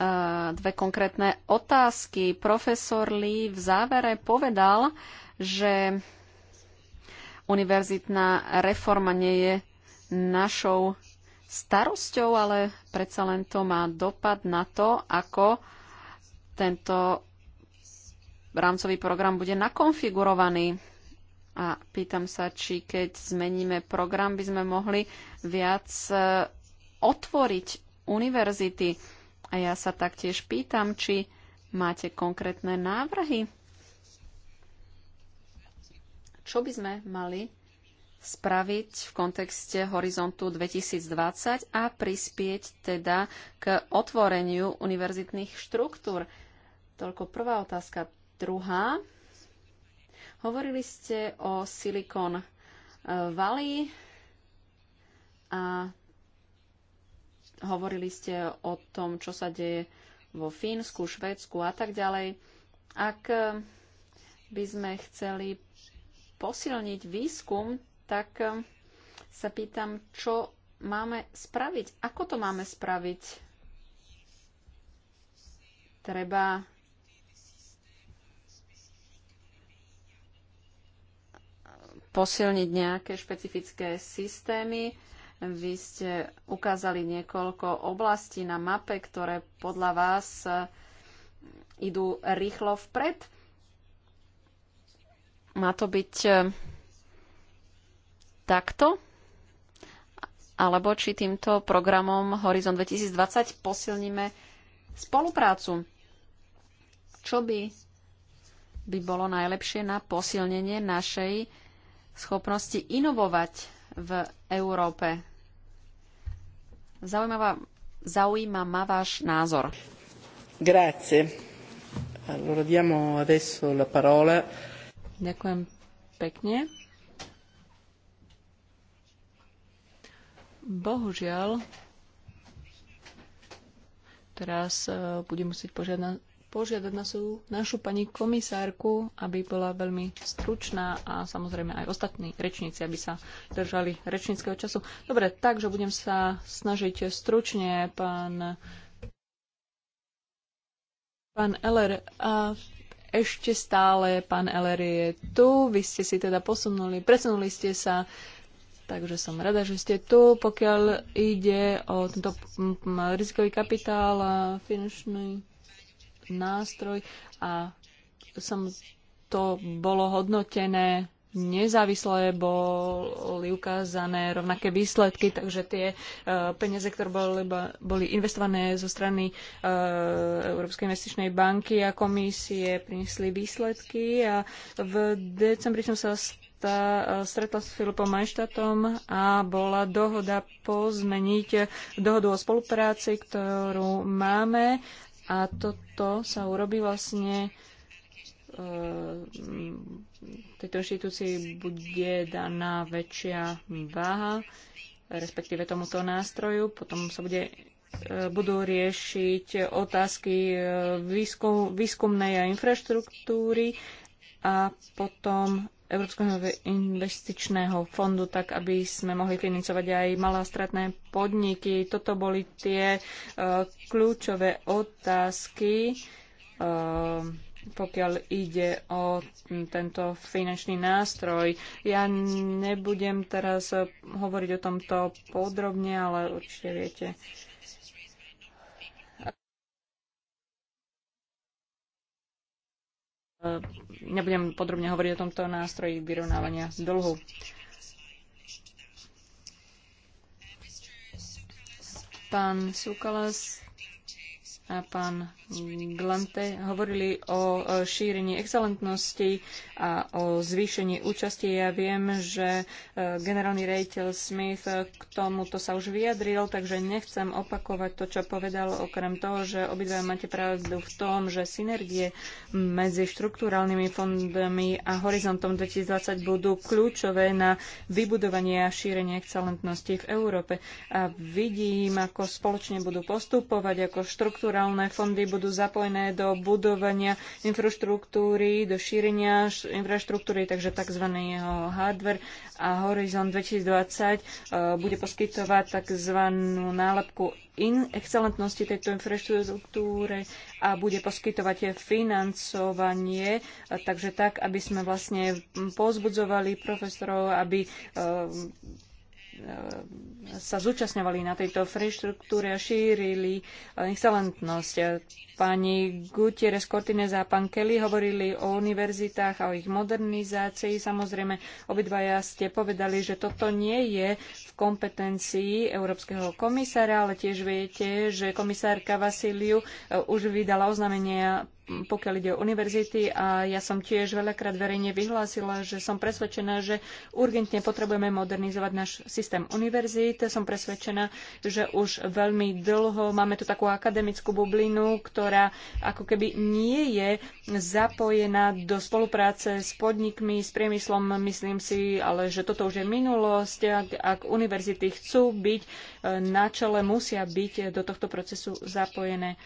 eh, dve konkrétne otázky. Profesor Lee v závere povedal, že univerzitná reforma nie je našou starosťou, ale predsa len to má dopad na to, ako tento rámcový program bude nakonfigurovaný. A pýtam sa, či keď zmeníme program, by sme mohli viac e, otvoriť univerzity. A ja sa taktiež pýtam, či máte konkrétne návrhy. Čo by sme mali spraviť v kontexte horizontu 2020 a prispieť teda k otvoreniu univerzitných štruktúr. Toľko prvá otázka. Druhá. Hovorili ste o Silicon eh, Valley a hovorili ste o tom, čo sa deje vo Fínsku, Švédsku a tak ďalej. Ak by sme chceli posilniť výskum, tak eh, sa pýtam, čo máme spraviť? Ako to máme spraviť? Treba posilniť nejaké špecifické systémy. Vy ste ukázali niekoľko oblastí na mape, ktoré podľa vás eh, idú rýchlo vpred. Má to byť eh, takto, alebo či týmto programom Horizon 2020 posilníme spoluprácu. Čo by, by bolo najlepšie na posilnenie našej schopnosti inovovať v Európe? Zaujímavá, zaujíma ma váš názor. Grazie. Allora diamo adesso la parola. Ďakujem pekne. Bohužiaľ, teraz e, budem musieť požiadať, požiadať našu, našu pani komisárku, aby bola veľmi stručná a samozrejme aj ostatní rečníci, aby sa držali rečníckého času. Dobre, takže budem sa snažiť stručne, pán, pán Eller. A ešte stále pán Eller je tu, vy ste si teda posunuli, presunuli ste sa Takže som rada, že ste tu. Pokiaľ ide o tento rizikový kapitál a finančný nástroj a som to bolo hodnotené nezávisle boli ukázané rovnaké výsledky, takže tie e, peniaze, ktoré boli, boli investované zo strany e, Európskej investičnej banky a komisie, priniesli výsledky a v decembri som sa sa e, stretla s Filipom Majštatom a bola dohoda pozmeniť dohodu o spolupráci, ktorú máme a toto sa urobí vlastne e, tejto inštitúcii bude daná väčšia váha, respektíve tomuto nástroju. Potom sa bude e, budú riešiť otázky výskum, výskumnej a infraštruktúry a potom Európskeho investičného fondu, tak aby sme mohli financovať aj malé a stredné podniky. Toto boli tie uh, kľúčové otázky, uh, pokiaľ ide o tento finančný nástroj. Ja nebudem teraz hovoriť o tomto podrobne, ale určite viete E, nebudem podrobne hovoriť o tomto nástroji vyrovnávania z dlhu. Pán Sukalas a pán Glante hovorili o šírení excelentnosti a o zvýšení účasti. Ja viem, že e, generálny rejiteľ Smith k tomuto sa už vyjadril, takže nechcem opakovať to, čo povedal, okrem toho, že obidva máte pravdu v tom, že synergie medzi štruktúralnými fondami a Horizontom 2020 budú kľúčové na vybudovanie a šírenie excelentnosti v Európe. A vidím, ako spoločne budú postupovať, ako štruktúra štrukturálne fondy budú zapojené do budovania infraštruktúry, do šírenia infraštruktúry, takže tzv. jeho hardware a Horizon 2020 eh, bude poskytovať tzv. nálepku in excelentnosti tejto infraštruktúry a bude poskytovať financovanie, eh, takže tak, aby sme vlastne hm, pozbudzovali profesorov, aby eh, sa zúčastňovali na tejto freštruktúre a šírili eh, excelentnosť. Pani Gutierrez Cortines a pán Kelly hovorili o univerzitách a o ich modernizácii. Samozrejme, obidvaja ste povedali, že toto nie je kompetencií Európskeho komisára, ale tiež viete, že komisárka Vasiliu e, už vydala oznámenia pokiaľ ide o univerzity a ja som tiež veľakrát verejne vyhlásila, že som presvedčená, že urgentne potrebujeme modernizovať náš systém univerzít. Som presvedčená, že už veľmi dlho máme tu takú akademickú bublinu, ktorá ako keby nie je zapojená do spolupráce s podnikmi, s priemyslom, myslím si, ale že toto už je minulosť. Ak, ak univerzity univerzity chcú byť e, na čele, musia byť e, do tohto procesu zapojené.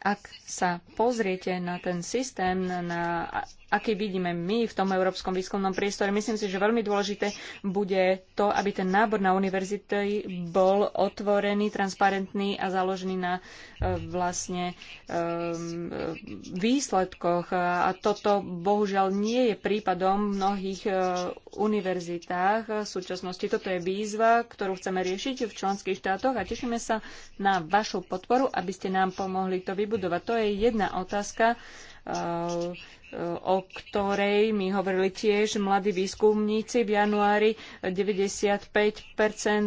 Ak sa pozriete na ten systém, na aký vidíme my v tom európskom výskumnom priestore. Myslím si, že veľmi dôležité bude to, aby ten nábor na univerzity bol otvorený, transparentný a založený na e, vlastne e, výsledkoch. A toto bohužiaľ nie je prípadom v mnohých e, univerzitách v súčasnosti. Toto je výzva, ktorú chceme riešiť v členských štátoch a tešíme sa na vašu podporu, aby ste nám pomohli to vybudovať. To je jedna otázka, o ktorej mi hovorili tiež mladí výskumníci v januári. 95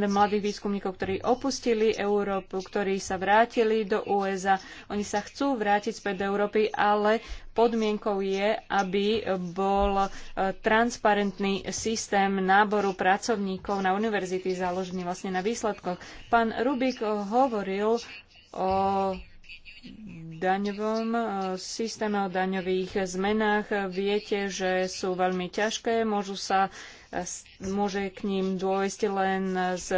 mladých výskumníkov, ktorí opustili Európu, ktorí sa vrátili do USA, oni sa chcú vrátiť späť do Európy, ale podmienkou je, aby bol e, transparentný systém náboru pracovníkov na univerzity založený vlastne na výsledkoch. Pán Rubik hovoril o daňovom e, systéme, o daňových zmenách. Viete, že sú veľmi ťažké, môžu sa môže k ním dôjsť len z,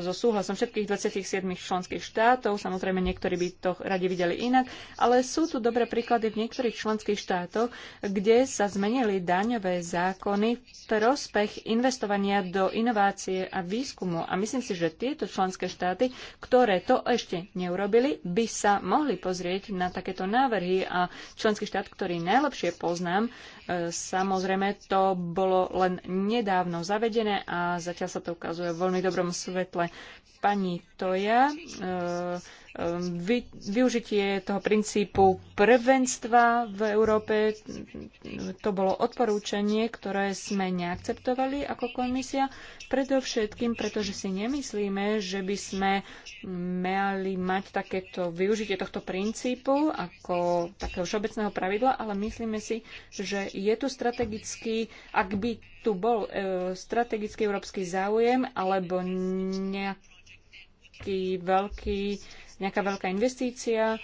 so súhlasom všetkých 27 členských štátov. Samozrejme, niektorí by to radi videli inak, ale sú tu dobré príklady v niektorých členských štátoch, kde sa zmenili daňové zákony v prospech investovania do inovácie a výskumu. A myslím si, že tieto členské štáty, ktoré to ešte neurobili, by sa mohli pozrieť na takéto návrhy a členský štát, ktorý najlepšie poznám, e, samozrejme to bolo len nedávno nedávno zavedené a zatiaľ sa to ukazuje v veľmi dobrom svetle. Pani Toja e, Ehm, vy, využitie toho princípu prvenstva v Európe, to bolo odporúčanie, ktoré sme neakceptovali ako komisia, predovšetkým, pretože si nemyslíme, že by sme mali mať takéto využitie tohto princípu ako takého všeobecného pravidla, ale myslíme si, že je tu strategický, ak by tu bol e, strategický európsky záujem alebo nejaký veľký nejaká veľká investícia,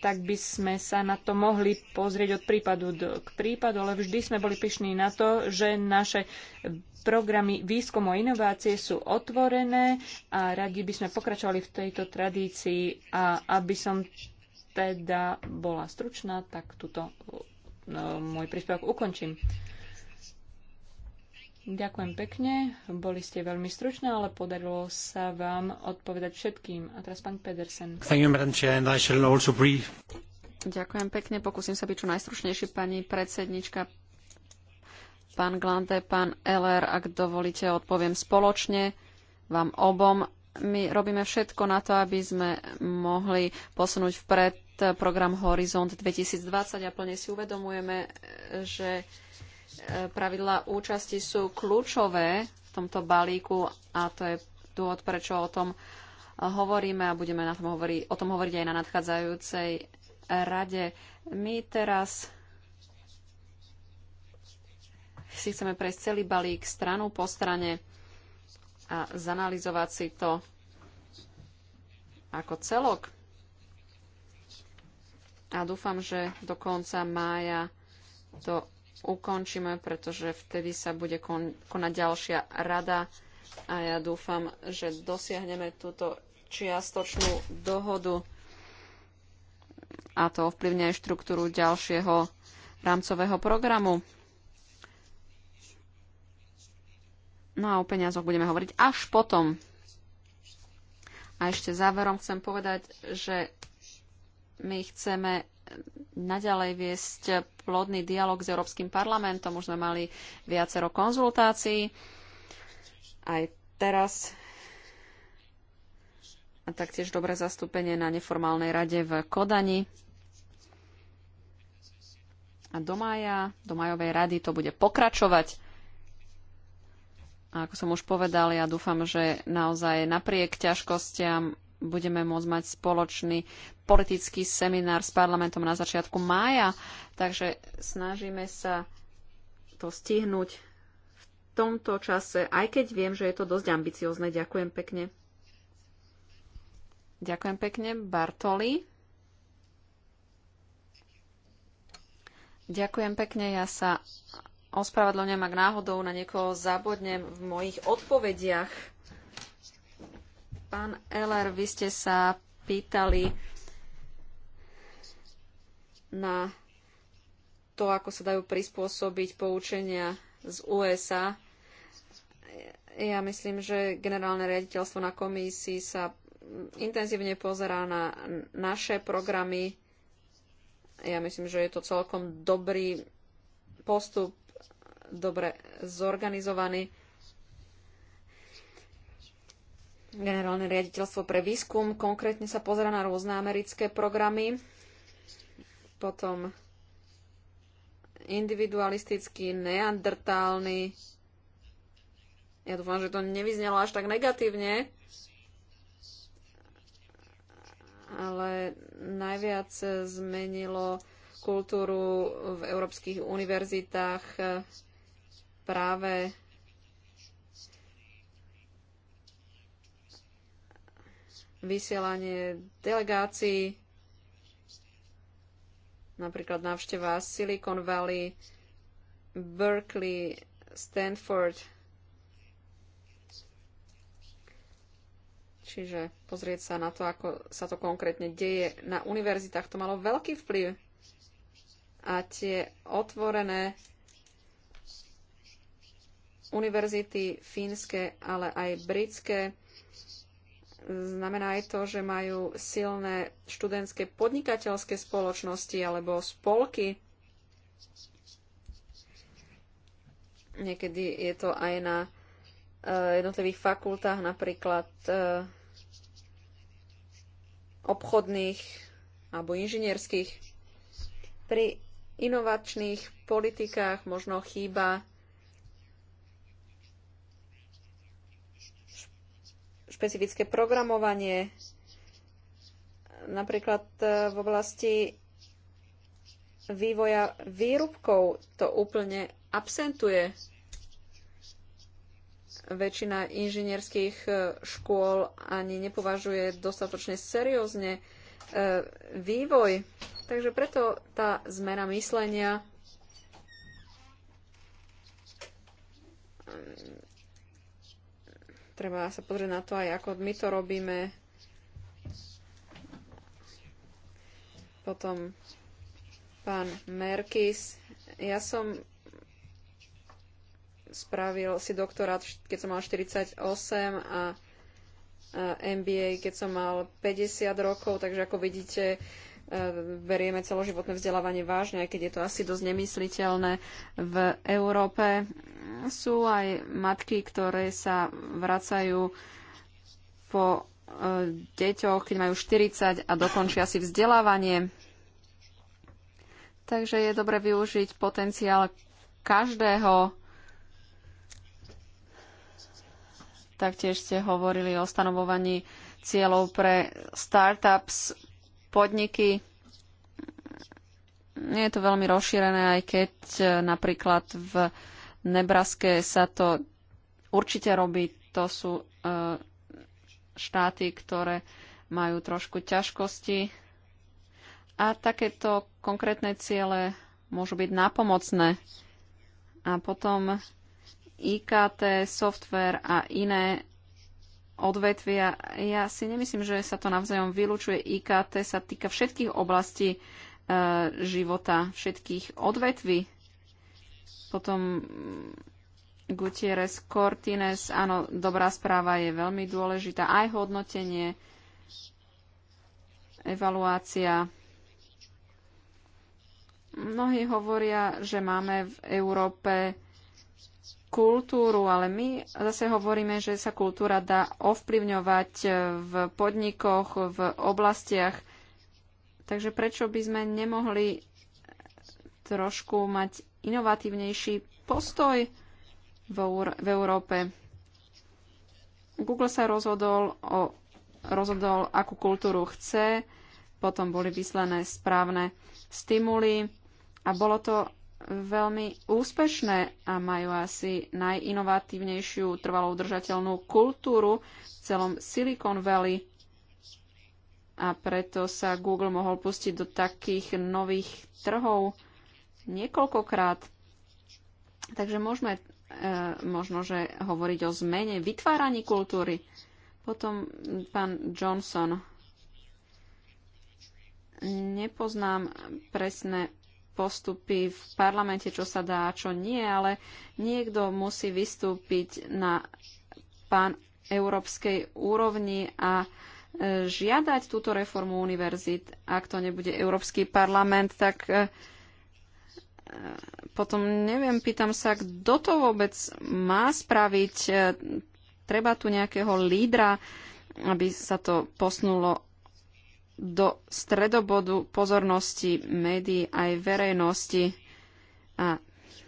tak by sme sa na to mohli pozrieť od prípadu k prípadu, ale vždy sme boli pyšní na to, že naše programy výskumu a inovácie sú otvorené a radi by sme pokračovali v tejto tradícii a aby som teda bola stručná, tak túto no, môj príspevok ukončím. Ďakujem pekne. Boli ste veľmi stručné, ale podarilo sa vám odpovedať všetkým. A teraz pán Pedersen. Ďakujem pekne. Pokúsim sa byť čo najstručnejší, pani predsednička. Pán Glante, pán Eller, ak dovolíte, odpoviem spoločne vám obom. My robíme všetko na to, aby sme mohli posunúť vpred program Horizont 2020 a plne si uvedomujeme, že E, pravidlá účasti sú kľúčové v tomto balíku a to je dôvod, prečo o tom hovoríme a budeme na tom hovori- o tom hovoriť aj na nadchádzajúcej rade. My teraz si chceme prejsť celý balík stranu po strane a zanalizovať si to ako celok. A dúfam, že do konca mája to ukončíme, pretože vtedy sa bude kon, konať ďalšia rada a ja dúfam, že dosiahneme túto čiastočnú dohodu a to ovplyvňuje štruktúru ďalšieho rámcového programu. No a o peniazoch budeme hovoriť až potom. A ešte záverom chcem povedať, že my chceme naďalej viesť plodný dialog s Európskym parlamentom. Už sme mali viacero konzultácií. Aj teraz a taktiež dobré zastúpenie na neformálnej rade v Kodani. A do maja, do majovej rady to bude pokračovať. A ako som už povedal, ja dúfam, že naozaj napriek ťažkostiam budeme môcť mať spoločný politický seminár s parlamentom na začiatku mája, takže snažíme sa to stihnúť v tomto čase, aj keď viem, že je to dosť ambiciozne. Ďakujem pekne. Ďakujem pekne, Bartoli. Ďakujem pekne, ja sa ospravedlňujem, ak náhodou na niekoho zabodnem v mojich odpovediach Pán Eller, vy ste sa pýtali na to, ako sa dajú prispôsobiť poučenia z USA. Ja myslím, že generálne riaditeľstvo na komisii sa intenzívne pozerá na naše programy. Ja myslím, že je to celkom dobrý postup, dobre zorganizovaný. Generálne riaditeľstvo pre výskum konkrétne sa pozera na rôzne americké programy, potom individualistický, neandertálny. Ja dúfam, že to nevyznelo až tak negatívne, ale najviac zmenilo kultúru v európskych univerzitách práve vysielanie delegácií, napríklad návšteva Silicon Valley, Berkeley, Stanford. Čiže pozrieť sa na to, ako sa to konkrétne deje na univerzitách, to malo veľký vplyv. A tie otvorené univerzity fínske, ale aj britské, Znamená aj to, že majú silné študentské podnikateľské spoločnosti alebo spolky. Niekedy je to aj na e, jednotlivých fakultách, napríklad e, obchodných alebo inžinierských. Pri inovačných politikách možno chýba špecifické programovanie, napríklad e, v oblasti vývoja výrubkov to úplne absentuje. Väčšina inžinierských e, škôl ani nepovažuje dostatočne seriózne e, vývoj. Takže preto tá zmena myslenia Treba sa pozrieť na to aj, ako my to robíme. Potom pán Merkis. Ja som spravil si doktorát, keď som mal 48 a MBA, keď som mal 50 rokov, takže ako vidíte, E, berieme celoživotné vzdelávanie vážne, aj keď je to asi dosť nemysliteľné v Európe. Sú aj matky, ktoré sa vracajú po e, deťoch, keď majú 40 a dokončia si vzdelávanie. Takže je dobre využiť potenciál každého. Taktiež ste hovorili o stanovovaní cieľov pre startups podniky. Nie je to veľmi rozšírené, aj keď e, napríklad v Nebraske sa to určite robí. To sú e, štáty, ktoré majú trošku ťažkosti a takéto konkrétne ciele môžu byť napomocné. A potom IKT, software a iné odvetvia. Ja si nemyslím, že sa to navzájom vylúčuje. IKT sa týka všetkých oblastí e, života, všetkých odvetví. Potom mm, Gutierrez, Cortines, áno, dobrá správa je veľmi dôležitá. Aj hodnotenie, evaluácia. Mnohí hovoria, že máme v Európe kultúru, ale my zase hovoríme, že sa kultúra dá ovplyvňovať v podnikoch, v oblastiach. Takže prečo by sme nemohli trošku mať inovatívnejší postoj v, Európe? Google sa rozhodol, o, rozhodol, akú kultúru chce, potom boli vyslané správne stimuly a bolo to veľmi úspešné a majú asi najinovatívnejšiu trvalo udržateľnú kultúru v celom Silicon Valley. A preto sa Google mohol pustiť do takých nových trhov niekoľkokrát. Takže môžeme e, možno, že hovoriť o zmene, vytváraní kultúry. Potom pán Johnson. Nepoznám presné postupy v parlamente, čo sa dá a čo nie, ale niekto musí vystúpiť na pán európskej úrovni a e, žiadať túto reformu univerzit, Ak to nebude Európsky parlament, tak e, e, potom neviem, pýtam sa, kto to vôbec má spraviť. Treba tu nejakého lídra, aby sa to posnulo do stredobodu pozornosti médií aj verejnosti a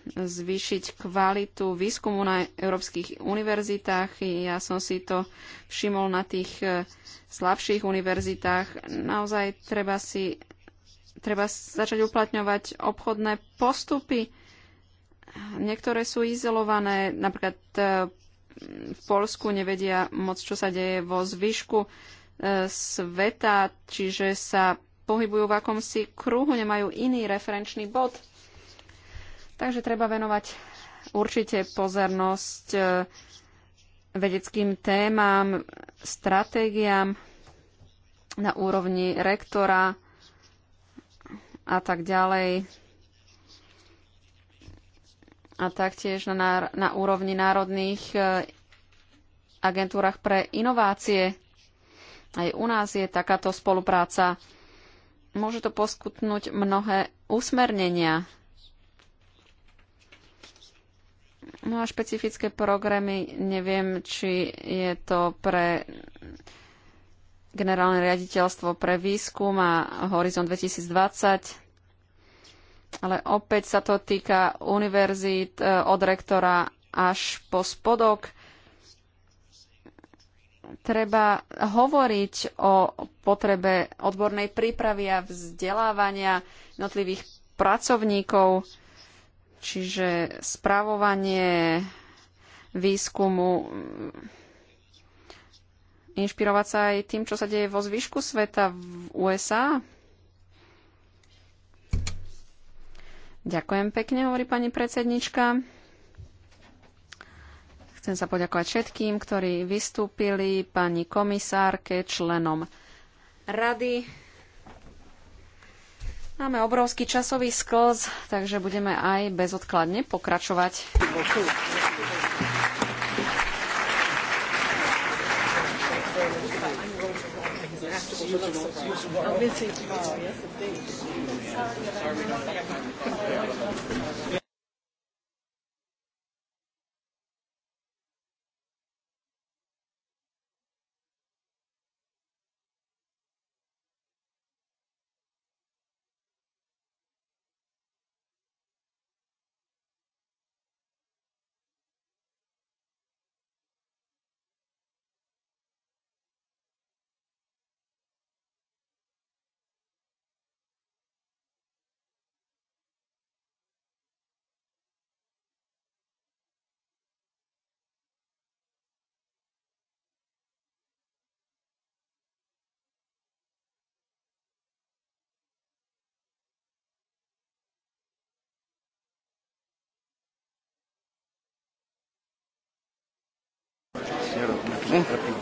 zvýšiť kvalitu výskumu na európskych univerzitách. Ja som si to všimol na tých e, slabších univerzitách. Naozaj treba si treba začať uplatňovať obchodné postupy. Niektoré sú izolované, napríklad e, v Polsku nevedia moc, čo sa deje vo zvyšku E, sveta, čiže sa pohybujú v akomsi kruhu, nemajú iný referenčný bod. Takže treba venovať určite pozornosť e, vedeckým témam, stratégiám na úrovni rektora a tak ďalej. A taktiež na, na úrovni národných e, agentúrach pre inovácie aj u nás je takáto spolupráca. Môže to poskutnúť mnohé usmernenia. No a špecifické programy, neviem, či je to pre generálne riaditeľstvo pre výskum a Horizon 2020. Ale opäť sa to týka univerzít eh, od rektora až po spodok treba hovoriť o potrebe odbornej prípravy a vzdelávania jednotlivých pracovníkov, čiže spravovanie výskumu, mm, inšpirovať sa aj tým, čo sa deje vo zvyšku sveta v USA. Ďakujem pekne, hovorí pani predsednička. Chcem sa poďakovať všetkým, ktorí vystúpili, pani komisárke, členom rady. Máme obrovský časový sklz, takže budeme aj bezodkladne pokračovať. Obviously yes Hm?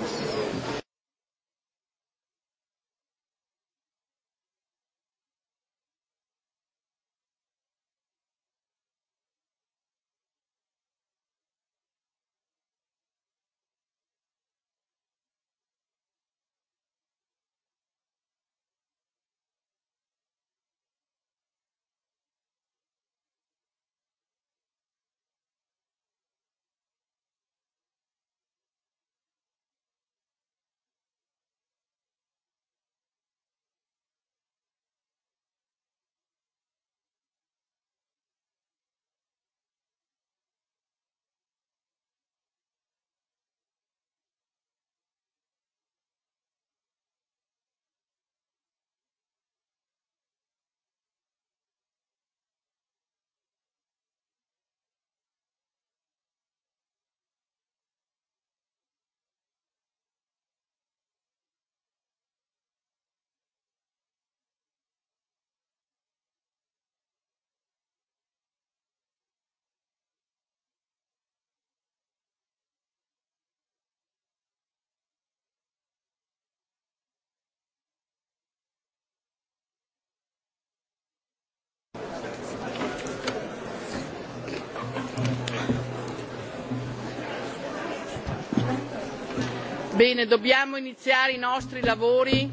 Bene, dobbiamo iniziare i nostri lavori.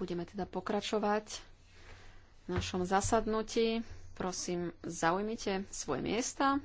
Budeme teda pokračovať v našom zasadnutí. Prosím, zaujmite svoje miesta.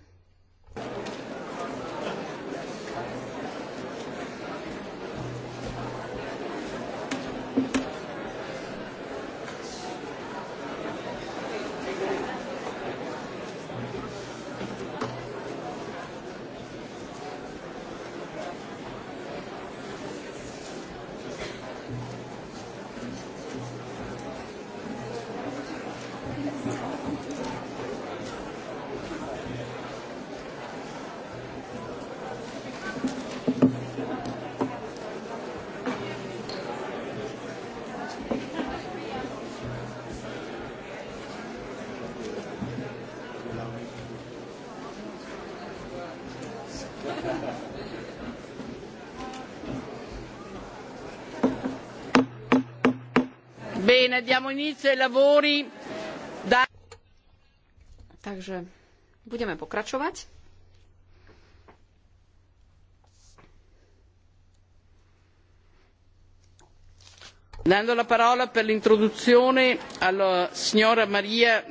Bene, diamo inizio ai lavori. Da... Takže budeme pokračovať. Dando la parola per l'introduzione alla signora Maria.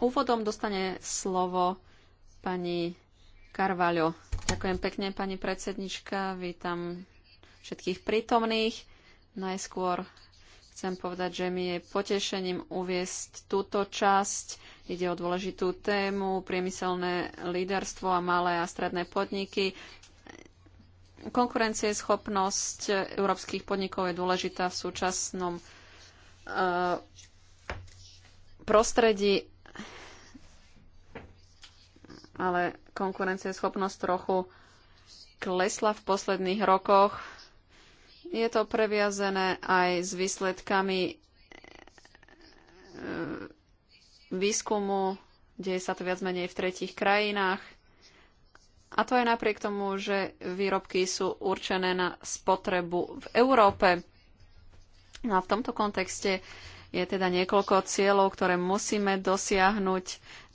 Úvodom dostane slovo pani Carvalho. Ďakujem pekne, pani predsednička. Vítam všetkých prítomných. Najskôr Chcem povedať, že mi je potešením uviesť túto časť. Ide o dôležitú tému, priemyselné líderstvo a malé a stredné podniky. Konkurencieschopnosť európskych podnikov je dôležitá v súčasnom uh, prostredí, ale konkurencieschopnosť trochu klesla v posledných rokoch je to previazené aj s výsledkami e, výskumu, deje sa to viac menej v tretich krajinách. A to aj napriek tomu, že výrobky sú určené na spotrebu v Európe. No a v tomto kontexte je teda niekoľko cieľov, ktoré musíme dosiahnuť,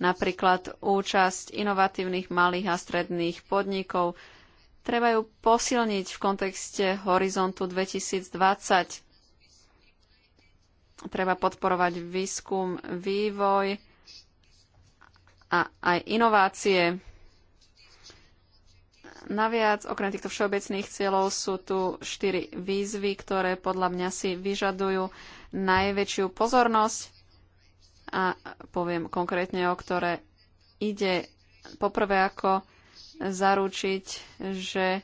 napríklad účasť inovatívnych malých a stredných podnikov, Treba ju posilniť v kontexte horizontu 2020. Treba podporovať výskum, vývoj a aj inovácie. Naviac, okrem týchto všeobecných cieľov, sú tu štyri výzvy, ktoré podľa mňa si vyžadujú najväčšiu pozornosť a poviem konkrétne, o ktoré ide. Poprvé, ako zaručiť, že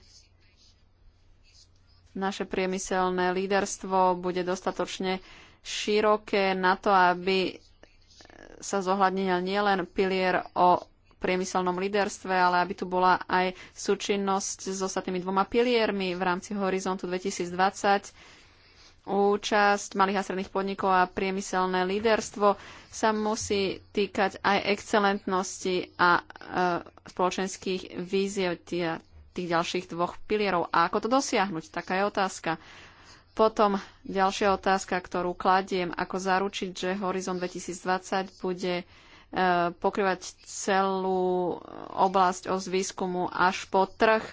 naše priemyselné líderstvo bude dostatočne široké na to, aby sa zohľadnil nielen pilier o priemyselnom líderstve, ale aby tu bola aj súčinnosť s ostatnými dvoma piliermi v rámci Horizontu 2020 účasť malých a stredných podnikov a priemyselné líderstvo sa musí týkať aj excelentnosti a e, spoločenských víziev tých, tých ďalších dvoch pilierov. A ako to dosiahnuť? Taká je otázka. Potom ďalšia otázka, ktorú kladiem, ako zaručiť, že Horizon 2020 bude e, pokrývať celú e, oblasť od výskumu až po trh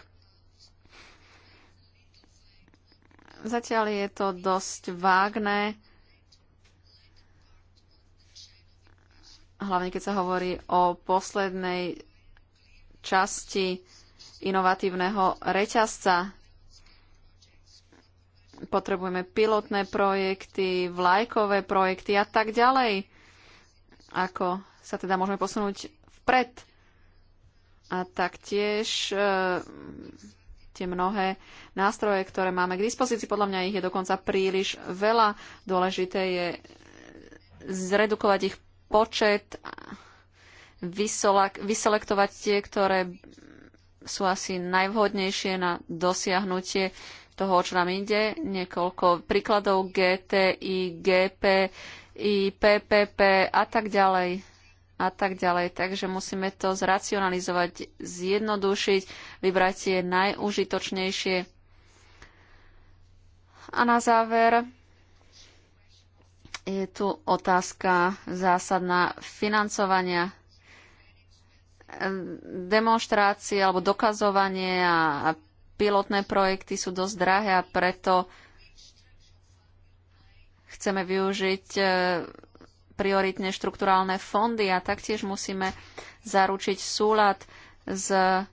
Zatiaľ je to dosť vágné, hlavne keď sa hovorí o poslednej časti inovatívneho reťazca. Potrebujeme pilotné projekty, vlajkové projekty a tak ďalej. Ako sa teda môžeme posunúť vpred. A taktiež e tie mnohé nástroje, ktoré máme k dispozícii. Podľa mňa ich je dokonca príliš veľa. Dôležité je zredukovať ich počet, vyselektovať tie, ktoré sú asi najvhodnejšie na dosiahnutie toho, o čo nám ide. Niekoľko príkladov GTI, GP, i PPP a tak ďalej a tak ďalej. Takže musíme to zracionalizovať, zjednodušiť, vybrať tie najúžitočnejšie. A na záver je tu otázka zásadná financovania demonstrácie alebo dokazovanie a pilotné projekty sú dosť drahé a preto chceme využiť e, prioritne štrukturálne fondy a taktiež musíme zaručiť súlad s e,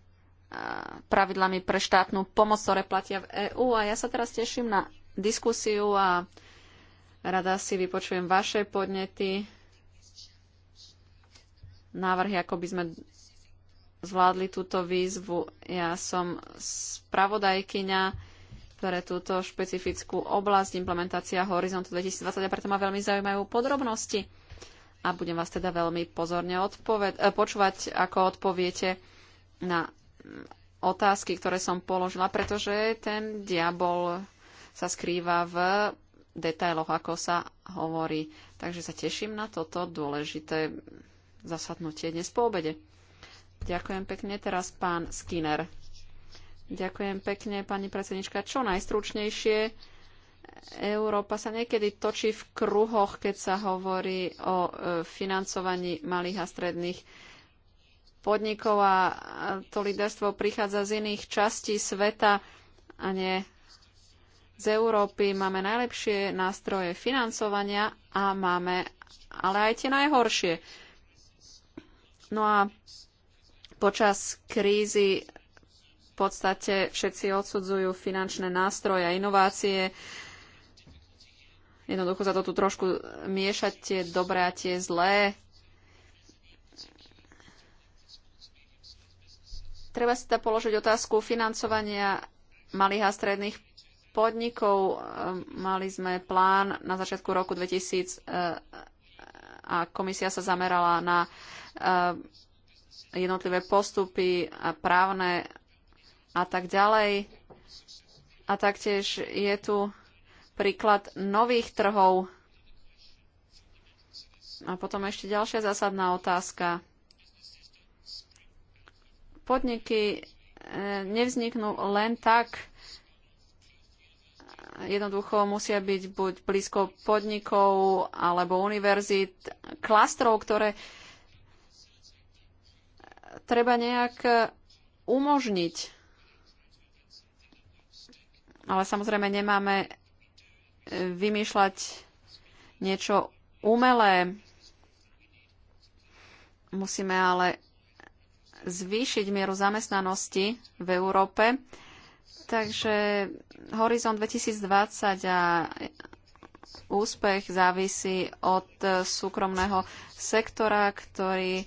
pravidlami pre štátnu pomoc, ktoré platia v EÚ. A ja sa teraz teším na diskusiu a rada si vypočujem vaše podnety, návrhy, ako by sme zvládli túto výzvu. Ja som spravodajkyňa pre túto špecifickú oblasť implementácia Horizontu 2020 a preto ma veľmi zaujímajú podrobnosti a budem vás teda veľmi pozorne odpoved- e, počúvať, ako odpoviete na mm, otázky, ktoré som položila, pretože ten diabol sa skrýva v detailoch, ako sa hovorí. Takže sa teším na toto dôležité zasadnutie dnes po obede. Ďakujem pekne teraz pán Skinner. Ďakujem pekne, pani predsednička. Čo najstručnejšie Európa sa niekedy točí v kruhoch, keď sa hovorí o e, financovaní malých a stredných podnikov a to líderstvo prichádza z iných častí sveta a nie z Európy. Máme najlepšie nástroje financovania a máme ale aj tie najhoršie. No a počas krízy v podstate všetci odsudzujú finančné nástroje a inovácie, Jednoducho sa to tu trošku miešať tie dobré a tie zlé. Treba si tam teda položiť otázku financovania malých a stredných podnikov. Mali sme plán na začiatku roku 2000 e, a komisia sa zamerala na e, jednotlivé postupy a právne a tak ďalej. A taktiež je tu príklad nových trhov. A potom ešte ďalšia zásadná otázka. Podniky e, nevzniknú len tak. Jednoducho musia byť buď blízko podnikov alebo univerzít, klastrov, ktoré treba nejak umožniť. Ale samozrejme nemáme vymýšľať niečo umelé. Musíme ale zvýšiť mieru zamestnanosti v Európe. Takže Horizon 2020 a úspech závisí od súkromného sektora, ktorý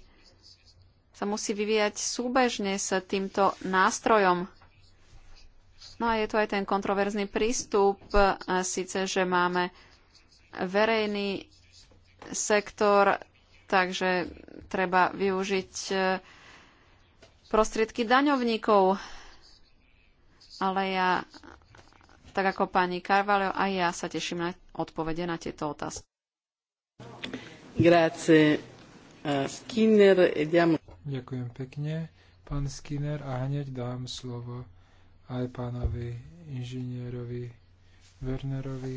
sa musí vyvíjať súbežne s týmto nástrojom. No a je tu aj ten kontroverzný prístup, síce, že máme verejný sektor, takže treba využiť e, prostriedky daňovníkov. Ale ja, tak ako pani Carvalho, aj ja sa teším na odpovede na tieto otázky. Grazie. E, Skinner, e, diamo... Ďakujem pekne, pán Skinner, a hneď dám slovo aj pánovi inžinierovi Wernerovi,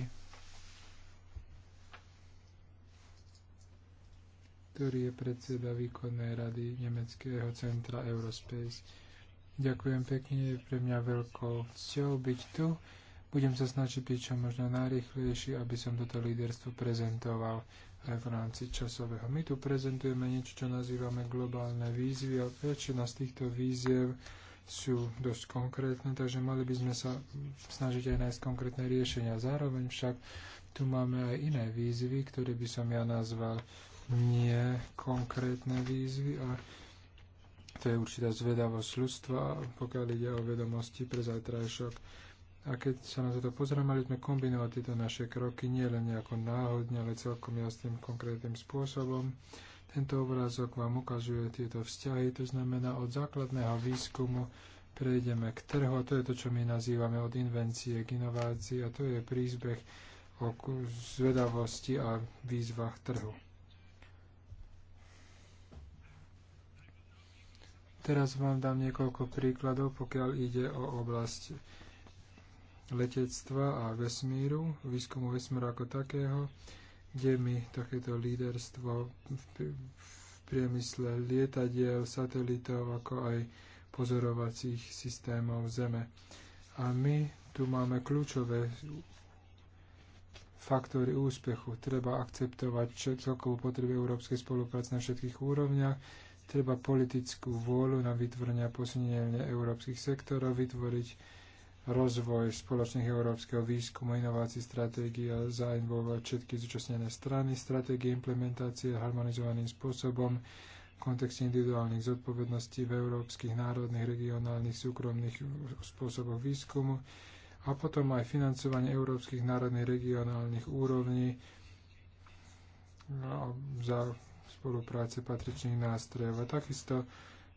ktorý je predseda výkonnej rady Nemeckého centra Eurospace. Ďakujem pekne, je pre mňa veľkou cťou byť tu. Budem sa snažiť byť čo možno najrychlejší, aby som toto líderstvo prezentoval aj v rámci časového. My tu prezentujeme niečo, čo nazývame globálne výzvy a väčšina z týchto výziev sú dosť konkrétne, takže mali by sme sa snažiť aj nájsť konkrétne riešenia. Zároveň však tu máme aj iné výzvy, ktoré by som ja nazval nie konkrétne výzvy a to je určitá zvedavosť ľudstva, pokiaľ ide o vedomosti pre zajtrajšok. A keď sa na toto pozrieme, mali sme kombinovať tieto naše kroky nielen nejako náhodne, ale celkom jasným konkrétnym spôsobom. Tento obrázok vám ukazuje tieto vzťahy, to znamená od základného výskumu prejdeme k trhu, to je to, čo my nazývame od invencie k inovácii a to je prízbeh o zvedavosti a výzvach trhu. Teraz vám dám niekoľko príkladov, pokiaľ ide o oblasť letectva a vesmíru, výskumu vesmíru ako takého kde my takéto líderstvo v priemysle lietadiel, satelitov, ako aj pozorovacích systémov Zeme. A my tu máme kľúčové faktory úspechu. Treba akceptovať celkovú potrebu európskej spolupráce na všetkých úrovniach, treba politickú vôľu na vytvorenie a posunenie európskych sektorov, vytvoriť rozvoj spoločných európskeho výskumu, inovácií, stratégií a zainvolovať všetky zúčastnené strany, stratégie implementácie harmonizovaným spôsobom v kontexte individuálnych zodpovedností v európskych, národných, regionálnych, súkromných spôsoboch výskumu a potom aj financovanie európskych, národných, regionálnych úrovní no, za spolupráce patričných nástrojov. A takisto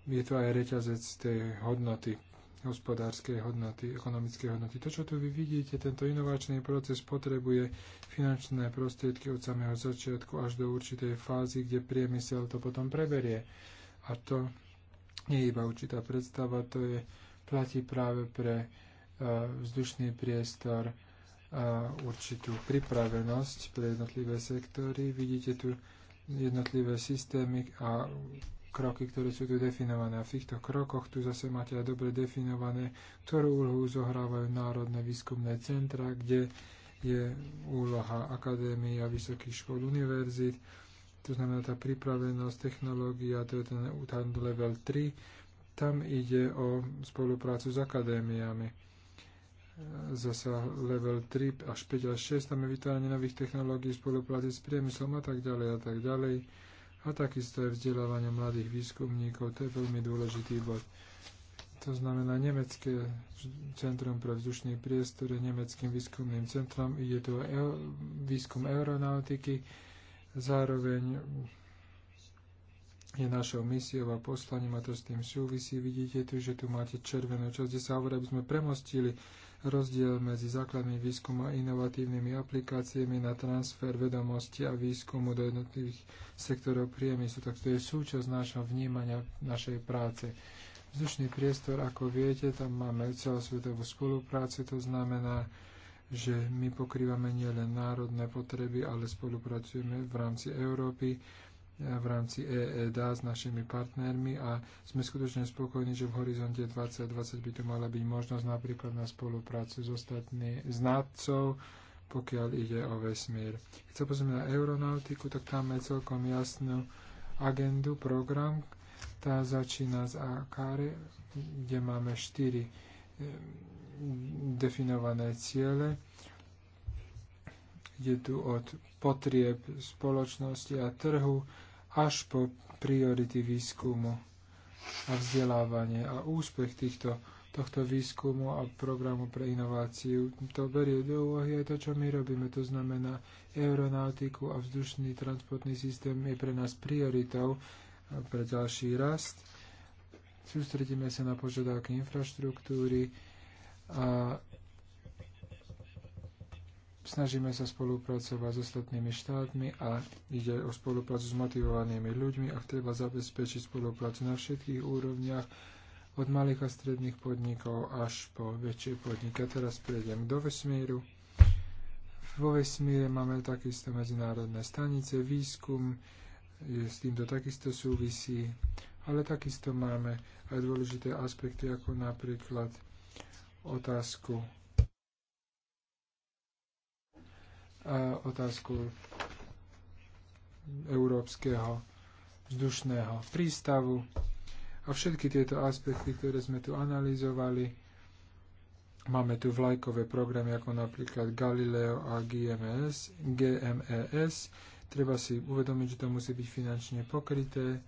je to aj reťazec tej hodnoty hospodárskej hodnoty, ekonomickej hodnoty. To, čo tu vy vidíte, tento inovačný proces potrebuje finančné prostriedky od samého začiatku až do určitej fázy, kde priemysel to potom preberie. A to nie je iba určitá predstava, to je, platí práve pre uh, vzdušný priestor uh, určitú pripravenosť pre jednotlivé sektory. Vidíte tu jednotlivé systémy a kroky, ktoré sú tu definované. A v týchto krokoch tu zase máte aj dobre definované, ktorú úlohu zohrávajú národné výskumné centra, kde je úloha akadémie a vysokých škôl univerzít. To znamená tá pripravenosť, technológia, to je ten, level 3. Tam ide o spoluprácu s akadémiami zasa level 3 až 5 až 6, tam je vytváranie nových technológií, spolupráci s priemyslom a tak ďalej a tak ďalej a takisto aj vzdelávanie mladých výskumníkov. To je veľmi dôležitý bod. To znamená Nemecké centrum pre vzdušný priestor je nemeckým výskumným centrom. Ide tu e- výskum aeronautiky. Zároveň je našou misiou a poslaním a to s tým súvisí. Vidíte tu, že tu máte červenú časť, kde sa hovorí, aby sme premostili rozdiel medzi základným výskumom a inovatívnymi aplikáciami na transfer vedomosti a výskumu do jednotlivých sektorov priemyslu. Tak to je súčasť nášho vnímania našej práce. Vzdušný priestor, ako viete, tam máme celosvetovú spoluprácu, to znamená, že my pokrývame nielen národné potreby, ale spolupracujeme v rámci Európy E, v rámci EEDA s našimi partnermi a sme skutočne spokojní, že v horizonte 2020 by tu mala byť možnosť napríklad na spoluprácu s ostatnými znácov, pokiaľ ide o vesmír. Keď sa pozrieme na aeronautiku, tak tam je celkom jasnú agendu, program. Tá začína z AKARE, kde máme štyri e, definované ciele. Ide tu od potrieb spoločnosti a trhu až po priority výskumu a vzdelávanie a úspech týchto, tohto výskumu a programu pre inováciu. To berie do úvahy aj to, čo my robíme. To znamená, aeronautiku a vzdušný transportný systém je pre nás prioritou pre ďalší rast. Sústredíme sa na požiadavky infraštruktúry a Snažíme sa spolupracovať s ostatnými štátmi a ide o spoluprácu s motivovanými ľuďmi a treba zabezpečiť spoluprácu na všetkých úrovniach, od malých a stredných podnikov až po väčšie podniky. A teraz prejdem do vesmíru. Vo vesmíre máme takisto medzinárodné stanice, výskum je s týmto takisto súvisí, ale takisto máme aj dôležité aspekty, ako napríklad otázku otázku európskeho vzdušného prístavu a všetky tieto aspekty, ktoré sme tu analyzovali. Máme tu vlajkové programy ako napríklad Galileo a GMS, GMES. Treba si uvedomiť, že to musí byť finančne pokryté.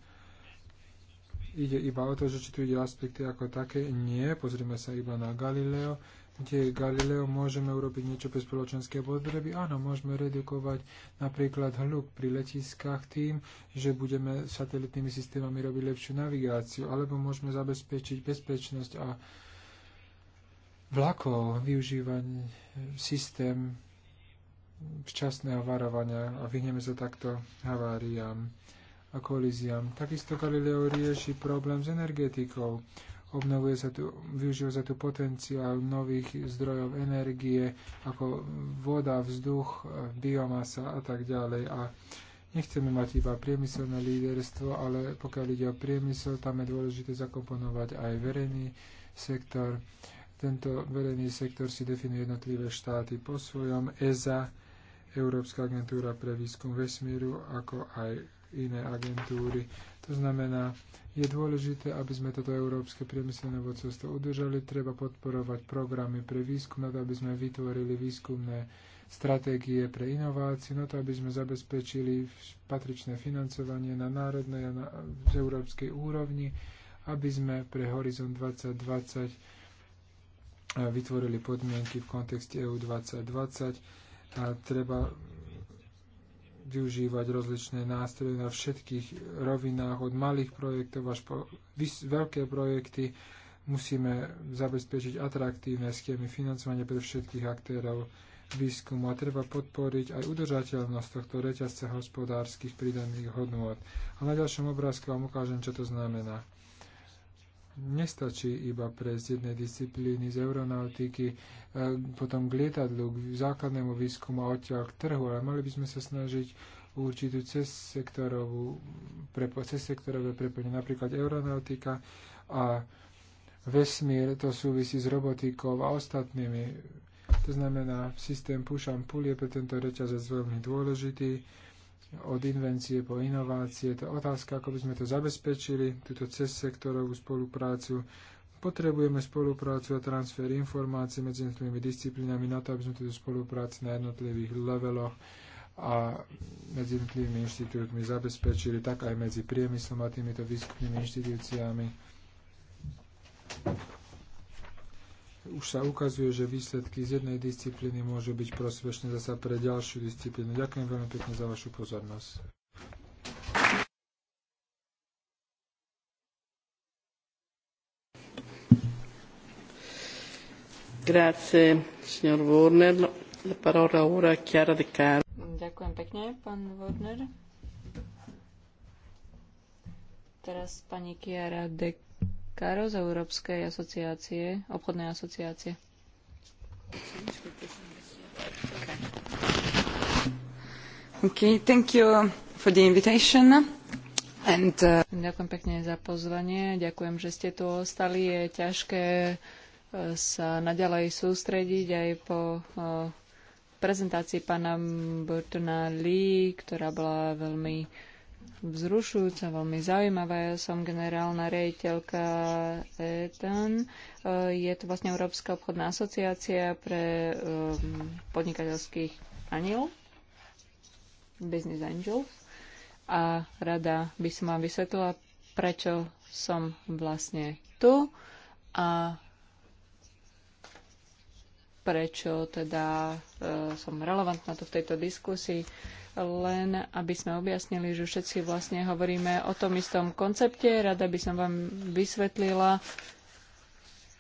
Ide iba o to, že či tu ide aspekty ako také. Nie, pozrieme sa iba na Galileo kde Galileo môžeme urobiť niečo pre spoločenské potreby. Áno, môžeme redukovať napríklad hluk pri letiskách tým, že budeme satelitnými systémami robiť lepšiu navigáciu, alebo môžeme zabezpečiť bezpečnosť a vlakov, využívať systém včasného varovania a vyhneme sa takto haváriám a kolíziám. Takisto Galileo rieši problém s energetikou obnovuje sa tu, využíva sa tu potenciál nových zdrojov energie, ako voda, vzduch, biomasa a tak ďalej. A nechceme mať iba priemyselné líderstvo, ale pokiaľ ide o priemysel, tam je dôležité zakomponovať aj verejný sektor. Tento verejný sektor si definuje jednotlivé štáty po svojom ESA, Európska agentúra pre výskum vesmíru, ako aj iné agentúry to znamená, je dôležité, aby sme toto európske priemyselné vodcovstvo udržali. Treba podporovať programy pre výskum, na to, aby sme vytvorili výskumné stratégie pre inovácie, na to, aby sme zabezpečili patričné financovanie na národnej a na z európskej úrovni, aby sme pre Horizon 2020 eh, vytvorili podmienky v kontexte EU 2020 a treba využívať rozličné nástroje na všetkých rovinách, od malých projektov až po veľké projekty. Musíme zabezpečiť atraktívne schémy financovania pre všetkých aktérov výskumu a treba podporiť aj udržateľnosť tohto reťazca hospodárskych pridaných hodnôt. A na ďalšom obrázku vám ukážem, čo to znamená nestačí iba prejsť z jednej disciplíny z aeronautiky e, potom k lietadlu, k základnému výskumu a odtiaľ k trhu, ale mali by sme sa snažiť určitú cez, prepo, cez prepojenie, napríklad aeronautika a vesmír, to súvisí s robotikou a ostatnými. To znamená, systém push and pull je pre tento reťazec veľmi dôležitý od invencie po inovácie. To je otázka, ako by sme to zabezpečili, túto cezsektorovú spoluprácu. Potrebujeme spoluprácu a transfer informácií medzi jednotlivými disciplínami na to, aby sme túto spoluprácu na jednotlivých leveloch a medzi jednotlivými inštitútmi zabezpečili, tak aj medzi priemyslom a týmito výskumnými inštitúciami už sa ukazuje, že výsledky z jednej disciplíny môžu byť prospešné zasa pre ďalšiu disciplínu. Ďakujem veľmi pekne za vašu pozornosť. Grazie, signor Warner. La parola ora Chiara De Caro. Ďakujem pekne, pán Warner. Teraz pani Chiara De Karo z Európskej asociácie, obchodnej asociácie. Okay, thank you for the invitation. And, uh... Ďakujem pekne za pozvanie. Ďakujem, že ste tu ostali. Je ťažké uh, sa naďalej sústrediť aj po uh, prezentácii pána Burtona Lee, ktorá bola veľmi vzrušujúca, veľmi zaujímavá. Ja som generálna rejiteľka ETAN. Eh, je to vlastne Európska obchodná asociácia pre eh, podnikateľských anil, business angels. A rada by som vám vysvetlila, prečo som vlastne tu a prečo teda eh, som relevantná tu v tejto diskusii len aby sme objasnili, že všetci vlastne hovoríme o tom istom koncepte. Rada by som vám vysvetlila,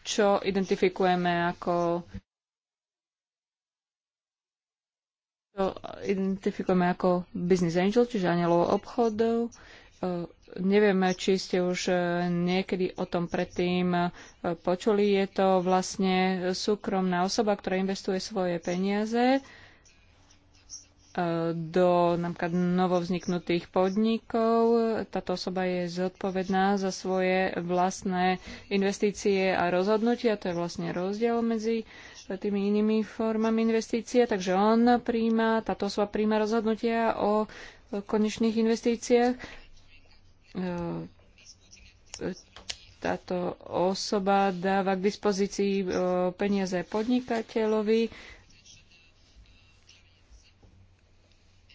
čo identifikujeme ako čo identifikujeme ako business angel, čiže anielov obchodov. E, neviem, či ste už e, niekedy o tom predtým e, počuli. Je to vlastne súkromná osoba, ktorá investuje svoje peniaze E, do napríklad novovzniknutých podnikov. Táto osoba je zodpovedná za svoje vlastné investície a rozhodnutia. To je vlastne rozdiel medzi tými inými formami investície. Takže on príjma, táto osoba príjma rozhodnutia o konečných investíciách. E, táto osoba dáva k dispozícii e, peniaze podnikateľovi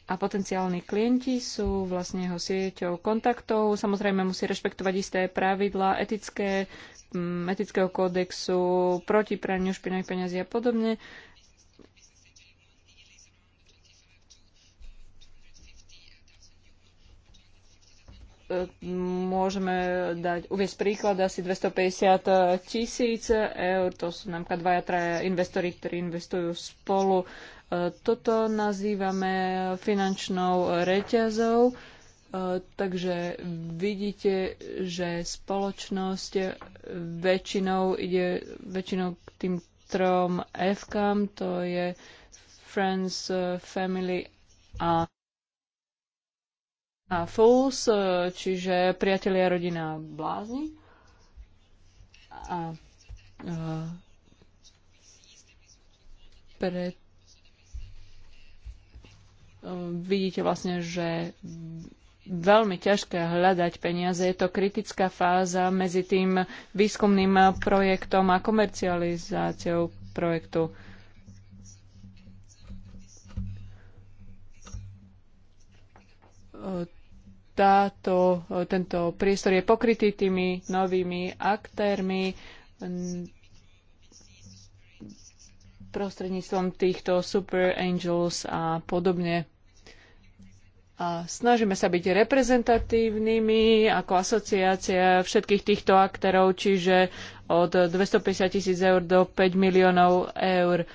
a potenciálni klienti sú vlastne jeho sieťou kontaktov. Samozrejme musí rešpektovať isté pravidlá etické, mm, etického kódexu, proti praniu špinavých peňazí a podobne. môžeme dať, uviesť príklad asi 250 tisíc eur, to sú nám dvaja, traja investori, ktorí investujú spolu toto nazývame finančnou reťazou, e, takže vidíte, že spoločnosť väčšinou ide väčšinou k tým trom f to je Friends, Family a a fools, e, čiže priatelia, rodina, blázni. A, a e, preto vidíte vlastne, že veľmi ťažké hľadať peniaze. Je to kritická fáza medzi tým výskumným projektom a komercializáciou projektu. Táto, tento priestor je pokrytý tými novými aktérmi prostredníctvom týchto super angels a podobne a snažíme sa byť reprezentatívnymi ako asociácia všetkých týchto aktérov, čiže od 250 tisíc eur do 5 miliónov eur.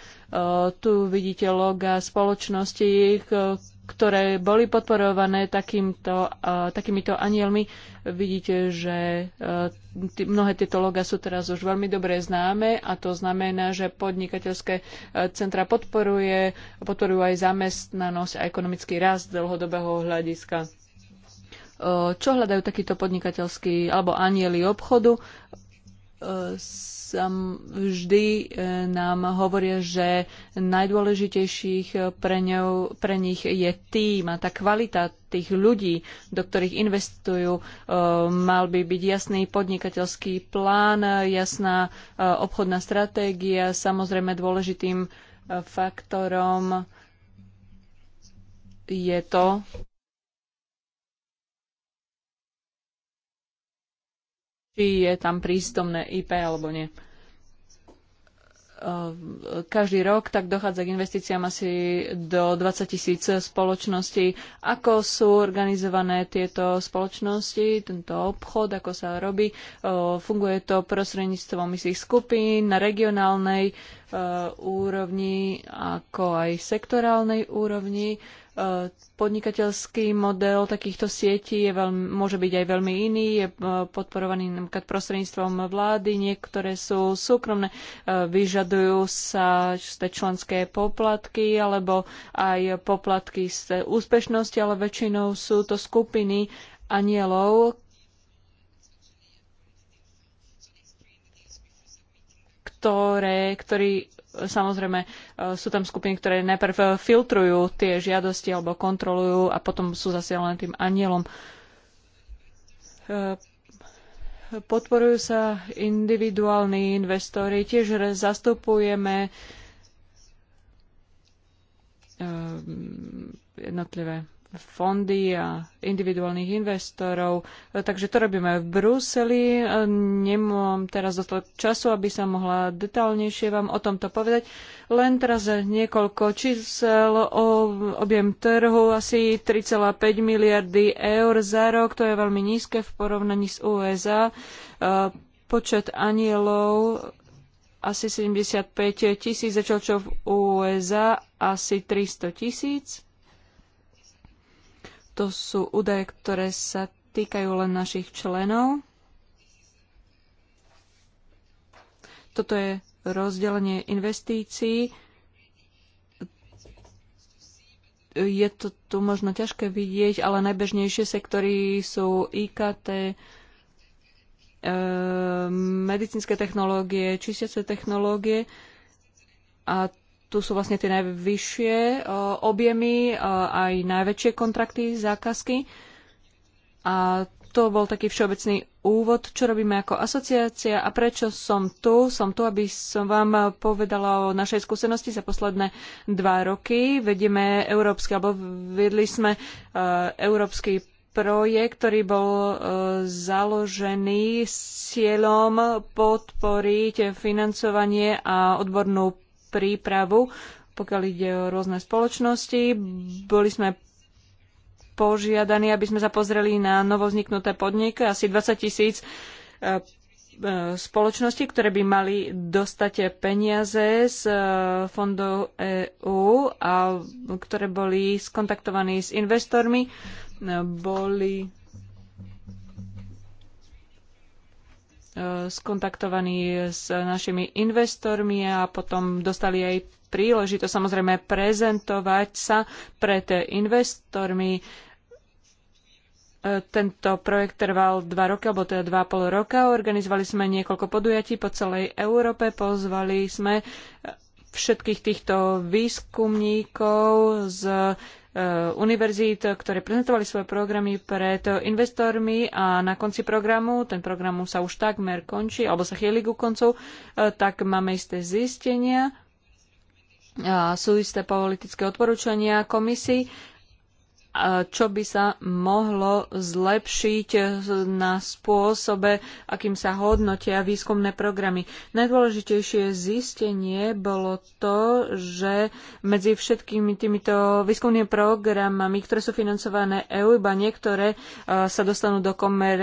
Tu vidíte loga spoločnosti, ktoré boli podporované takýmto, takýmito anielmi. Vidíte, že e, tí, mnohé tieto loga sú teraz už veľmi dobre známe a to znamená, že podnikateľské e, centra podporuje, podporujú aj zamestnanosť a ekonomický rast dlhodobého hľadiska. E, čo hľadajú takíto podnikateľskí alebo anieli obchodu? sam vždy e, nám hovoria, že najdôležitejších e, pre, ňou, pre nich je tým a tá kvalita tých ľudí, do ktorých investujú. E, mal by byť jasný podnikateľský plán, jasná obchodná stratégia, samozrejme dôležitým faktorom je to, či je tam prístomné IP alebo nie. Ehm, každý rok tak dochádza k investíciám asi do 20 tisíc spoločností. Ako sú organizované tieto spoločnosti, tento obchod, ako sa robí? Ehm, funguje to prostredníctvom misích skupín na regionálnej ehm, úrovni, ako aj sektorálnej úrovni E, podnikateľský model takýchto sietí je veľmi, môže byť aj veľmi iný, je e, podporovaný napríklad prostredníctvom vlády, niektoré sú súkromné, e, vyžadujú sa členské poplatky alebo aj poplatky z úspešnosti, ale väčšinou sú to skupiny anielov, ktoré, ktorí Samozrejme, e, sú tam skupiny, ktoré najprv filtrujú tie žiadosti alebo kontrolujú a potom sú zasielané tým anielom. E, podporujú sa individuálni investori, tiež zastupujeme e, jednotlivé fondy a individuálnych investorov. Takže to robíme v Bruseli. Nemám teraz dosť času, aby sa mohla detálnejšie vám o tomto povedať. Len teraz niekoľko čísel o objem trhu, asi 3,5 miliardy eur za rok. To je veľmi nízke v porovnaní s USA. E, počet anielov asi 75 tisíc, začal čo v USA asi 300 tisíc to sú údaje, ktoré sa týkajú len našich členov. Toto je rozdelenie investícií. Je to tu možno ťažké vidieť, ale najbežnejšie sektory sú IKT, e, medicínske technológie, čistiace technológie a tu sú vlastne tie najvyššie e, objemy, e, aj najväčšie kontrakty, zákazky. A to bol taký všeobecný úvod, čo robíme ako asociácia a prečo som tu. Som tu, aby som vám povedala o našej skúsenosti za posledné dva roky. Vedieme európsky, alebo vedli sme uh, európsky projekt, ktorý bol uh, založený s cieľom podporiť financovanie a odbornú prípravu, pokiaľ ide o rôzne spoločnosti. Boli sme požiadaní, aby sme sa pozreli na novozniknuté podniky, asi 20 tisíc e, e, spoločnosti, ktoré by mali dostať peniaze z e, fondov EÚ a ktoré boli skontaktovaní s investormi, boli skontaktovaní s našimi investormi a potom dostali aj príležitosť samozrejme prezentovať sa pred investormi. E, tento projekt trval dva roky, alebo teda dva a pol roka. Organizovali sme niekoľko podujatí po celej Európe, pozvali sme všetkých týchto výskumníkov z Eh, univerzít, ktoré prezentovali svoje programy pred investormi a na konci programu, ten program sa už takmer končí, alebo sa chýli ku koncu, eh, tak máme isté zistenia, a eh, sú isté politické odporúčania komisii čo by sa mohlo zlepšiť na spôsobe, akým sa hodnotia výskumné programy. Najdôležitejšie zistenie bolo to, že medzi všetkými týmito výskumnými programami, ktoré sú financované EU, iba niektoré sa dostanú do komer,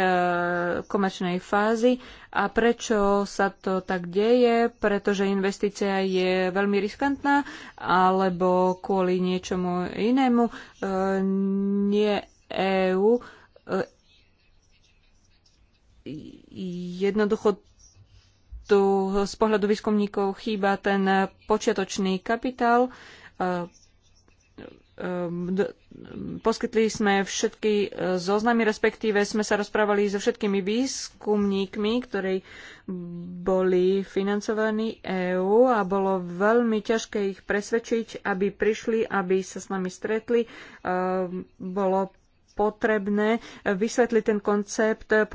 komerčnej fázy a prečo sa to tak deje? Pretože investícia je veľmi riskantná alebo kvôli niečomu inému? E, nie EÚ. E, jednoducho tu z pohľadu výskumníkov chýba ten počiatočný kapitál. E, Ehm, poskytli sme všetky e, zoznamy, respektíve sme sa rozprávali so všetkými výskumníkmi, ktorí boli financovaní EÚ a bolo veľmi ťažké ich presvedčiť, aby prišli, aby sa s nami stretli. Ehm, bolo potrebné vysvetliť ten koncept ehm,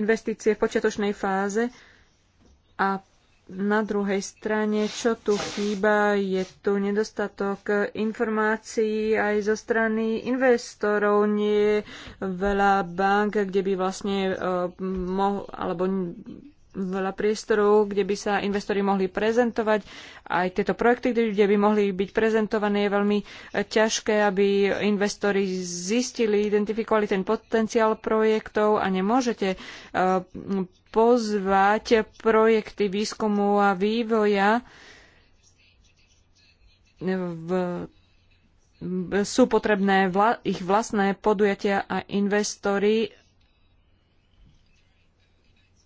investície v počiatočnej fáze a na druhej strane, čo tu chýba, je tu nedostatok informácií aj zo strany investorov. Nie je veľa bank, kde by vlastne e, mohol, alebo veľa priestorov, kde by sa investori mohli prezentovať. Aj tieto projekty, kde by mohli byť prezentované, je veľmi e, ťažké, aby investori zistili, identifikovali ten potenciál projektov a nemôžete e, pozvať projekty výskumu a vývoja v sú potrebné vla, ich vlastné podujatia a investori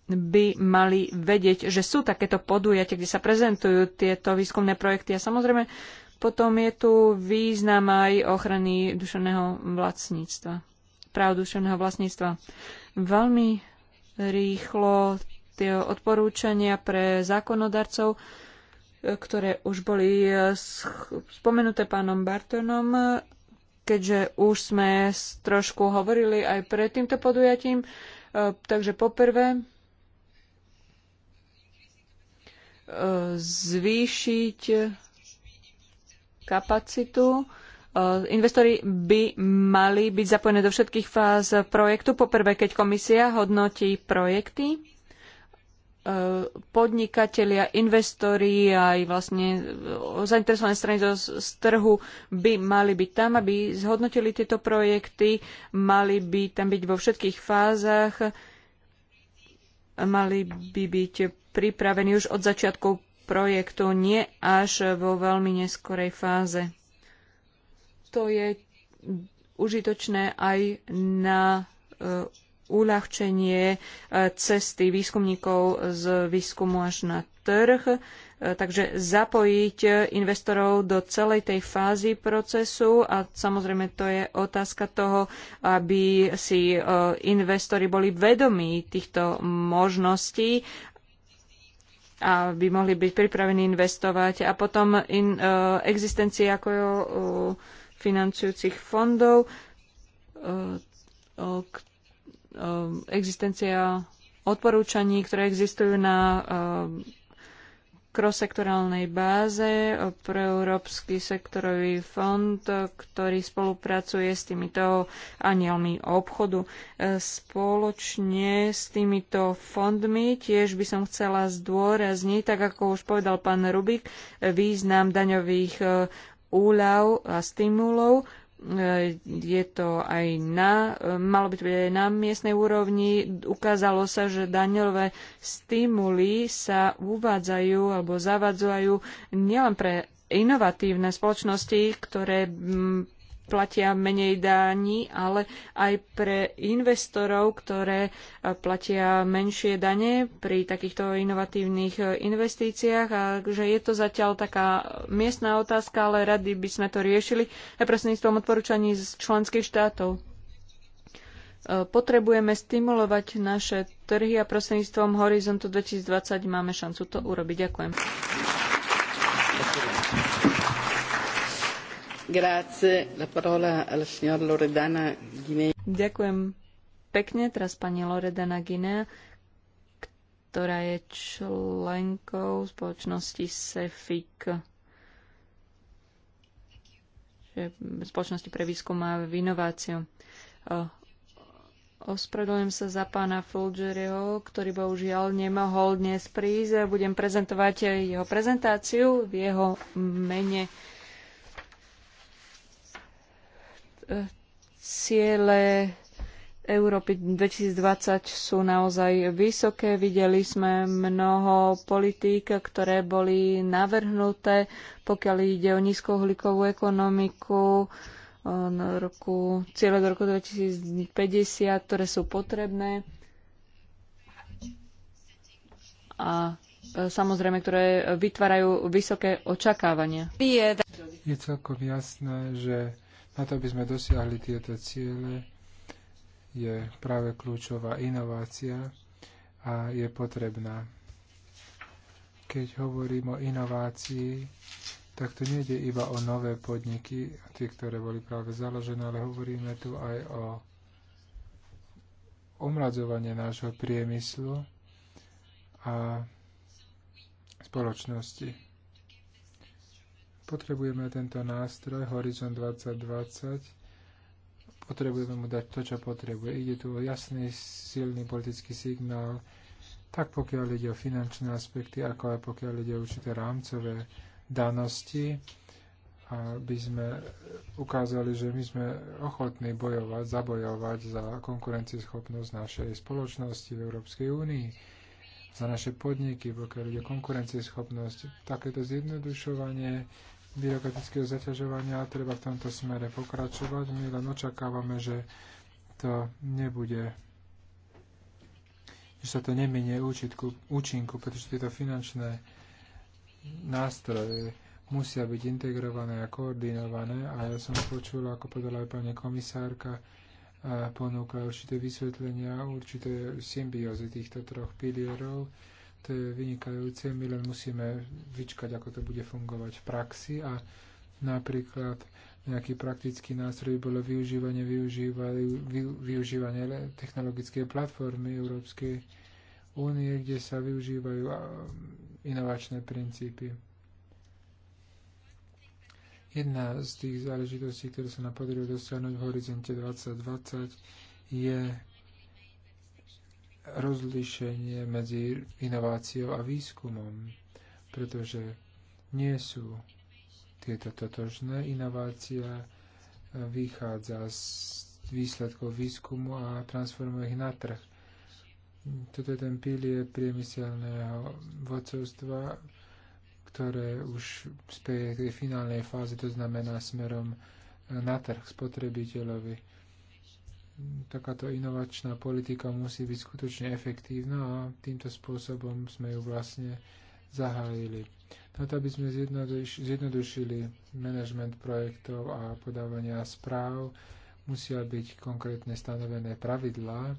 by mali vedieť, že sú takéto podujatia, kde sa prezentujú tieto výskumné projekty. A samozrejme, potom je tu význam aj ochrany duševného vlastníctva, práv duševného vlastníctva. Veľmi rýchlo tie odporúčania pre zákonodarcov, ktoré už boli eh, spomenuté pánom Bartonom, keďže už sme trošku hovorili aj pred týmto podujatím. Eh, takže poprvé eh, zvýšiť kapacitu Eh, investori by mali byť zapojení do všetkých fáz projektu. Poprvé, keď komisia hodnotí projekty, eh, podnikatelia, investori aj vlastne eh, zainteresované strany z trhu by mali byť tam, aby zhodnotili tieto projekty, mali by tam byť vo všetkých fázach, mali by byť pripravení už od začiatku projektu, nie až vo veľmi neskorej fáze to je užitočné aj na e, uľahčenie e, cesty výskumníkov z výskumu až na trh. E, takže zapojiť investorov do celej tej fázy procesu a samozrejme to je otázka toho, aby si investori boli vedomí týchto možností a by mohli byť pripravení investovať a potom in, existencia ako financujúcich fondov, existencia odporúčaní, ktoré existujú na krosektorálnej báze pre Európsky sektorový fond, ktorý spolupracuje s týmito anielmi obchodu. E, spoločne s týmito fondmi tiež by som chcela zdôrazniť, tak ako už povedal pán Rubik, e, význam daňových e, úľav a stimulov. E, je to aj na, e, malo byť aj na miestnej úrovni. Ukázalo sa, že daňové stimuly sa uvádzajú alebo zavadzajú nielen pre inovatívne spoločnosti, ktoré platia menej daní, ale aj pre investorov, ktoré e, platia menšie dane pri takýchto inovatívnych e, investíciách. A že je to zatiaľ taká miestná otázka, ale rady by sme to riešili aj e, prostredníctvom odporúčaní z členských štátov. Potrebujeme stimulovať naše trhy a prostredníctvom Horizontu 2020 máme šancu to urobiť. Ďakujem. Ďakujem pekne. Teraz pani Loredana Guinea, ktorá je členkou spoločnosti SEFIC, spoločnosti pre výskum a inováciu. Ospravedlňujem sa za pána Fulgerio, ktorý bohužiaľ nemohol dnes prísť. Budem prezentovať jeho prezentáciu v jeho mene. ciele Európy 2020 sú naozaj vysoké. Videli sme mnoho politík, ktoré boli navrhnuté, pokiaľ ide o nízkouhlíkovú ekonomiku, na no, roku, cieľe do roku 2050, ktoré sú potrebné. A e, samozrejme, ktoré vytvárajú vysoké očakávania. Je celkom jasné, že na to, aby sme dosiahli tieto ciele, je práve kľúčová inovácia a je potrebná. Keď hovorím o inovácii, tak to nejde iba o nové podniky, tie, ktoré boli práve založené, ale hovoríme tu aj o omladzovanie nášho priemyslu a spoločnosti. Potrebujeme tento nástroj Horizon 2020, potrebujeme mu dať to, čo potrebuje. Ide tu o jasný, silný politický signál, tak pokiaľ ide o finančné aspekty, ako aj pokiaľ ide o určité rámcové danosti, aby sme ukázali, že my sme ochotní bojovať, zabojovať za konkurencieschopnosť našej spoločnosti v Európskej únii, za naše podniky, pokiaľ ide o konkurencieschopnosť. Takéto zjednodušovanie byrokratického zaťažovania a treba v tomto smere pokračovať. My len očakávame, že to nebude že sa to nemenie účinku, účinku, pretože tieto finančné nástroje musia byť integrované a koordinované a ja som počul, ako povedala aj pani komisárka, ponúka určité vysvetlenia, určité symbiózy týchto troch pilierov to je vynikajúce, my len musíme vyčkať, ako to bude fungovať v praxi a napríklad nejaký praktický nástroj bolo využívanie, využívanie, využívanie technologickej platformy Európskej únie, kde sa využívajú inovačné princípy. Jedna z tých záležitostí, ktoré sa nám podarilo dosiahnuť v horizonte 2020, je rozlišenie medzi inováciou a výskumom, pretože nie sú tieto totožné. Inovácia e, vychádza z výsledkov výskumu a transformuje ich na trh. Toto je ten pilier priemyselného vodcovstva, ktoré už spieje k tej finálnej fáze, to znamená smerom e, na trh spotrebiteľovi takáto inovačná politika musí byť skutočne efektívna a týmto spôsobom sme ju vlastne zahájili. Na to, aby sme zjednodušili manažment projektov a podávania správ, musia byť konkrétne stanovené pravidlá.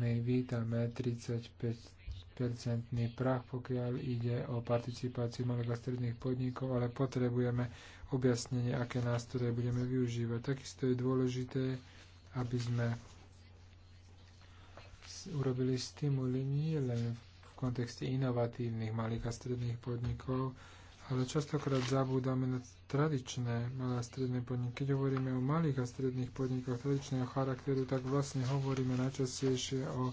My vítame 35-percentný prach, pokiaľ ide o participáciu malých a stredných podnikov, ale potrebujeme objasnenie, aké nástroje budeme využívať. Takisto je dôležité, aby sme urobili stimuly nie len v kontexte inovatívnych malých a stredných podnikov, ale častokrát zabúdame na tradičné malé a stredné podniky. Keď hovoríme o malých a stredných podnikoch tradičného charakteru, tak vlastne hovoríme najčastejšie o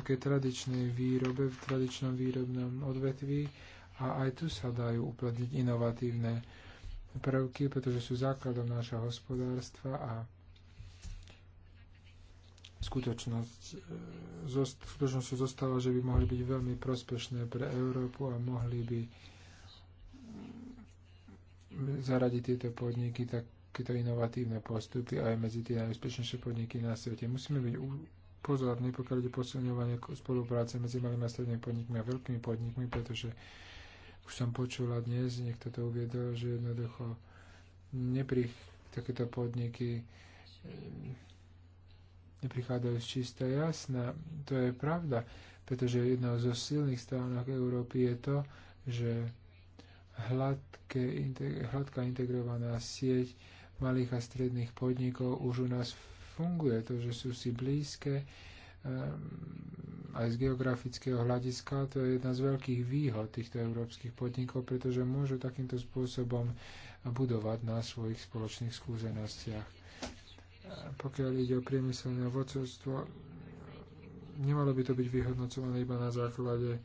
takej tradičnej výrobe, v tradičnom výrobnom odvetví a aj tu sa dajú uplatniť inovatívne prvky, pretože sú základom nášho hospodárstva a skutočnosť, e, skutočnosť zostáva, že by mohli byť veľmi prospešné pre Európu a mohli by mm, zaradiť tieto podniky, takéto inovatívne postupy aj medzi tie najúspešnejšie podniky na svete. Musíme byť pozorní, pokiaľ ide posilňovanie spolupráce medzi malými a strednými podnikmi a veľkými podnikmi, pretože už som počula dnes, niekto to uviedol, že jednoducho neprich takéto podniky neprichádzajú z čista jasná. To je pravda, pretože jednou zo silných stránok Európy je to, že hladké, integ- hladká integrovaná sieť malých a stredných podnikov už u nás funguje. To, že sú si blízke, ehm, aj z geografického hľadiska, to je jedna z veľkých výhod týchto európskych podnikov, pretože môžu takýmto spôsobom budovať na svojich spoločných skúsenostiach pokiaľ ide o priemyselné ovocovstvo, nemalo by to byť vyhodnocované iba na základe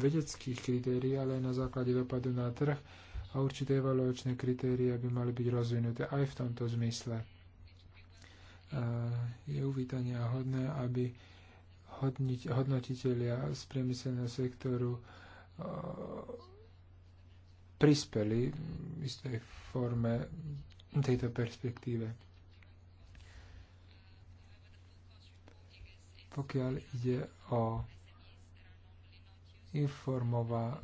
vedeckých kritérií, ale aj na základe dopadu na trh a určité evaluačné kritéria by mali byť rozvinuté aj v tomto zmysle. Je uvítania hodné, aby hodniť, hodnotitelia z priemyselného sektoru prispeli v istej forme tejto perspektíve. pokiaľ ide o informovanie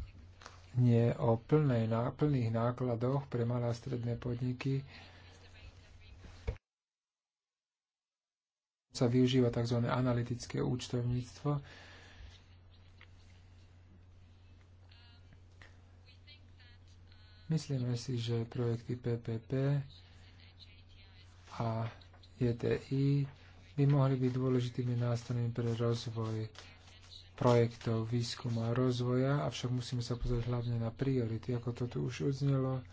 o plnej, plných nákladoch pre malé a stredné podniky, sa využíva tzv. analytické účtovníctvo. Myslíme si, že projekty PPP a JTI by mohli byť dôležitými nástrojmi pre rozvoj projektov výskumu a rozvoja, avšak musíme sa pozrieť hlavne na priority. Ako to tu už odznelo,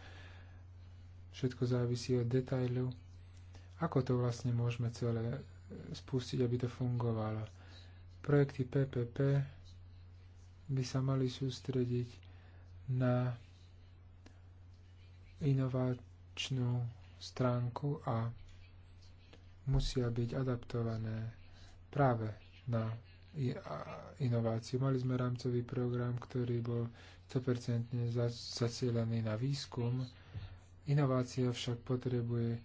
všetko závisí od detailu. Ako to vlastne môžeme celé spustiť, aby to fungovalo? Projekty PPP by sa mali sústrediť na inovačnú stránku a musia byť adaptované práve na inováciu. Mali sme rámcový program, ktorý bol 100% zacielený na výskum. Inovácia však potrebuje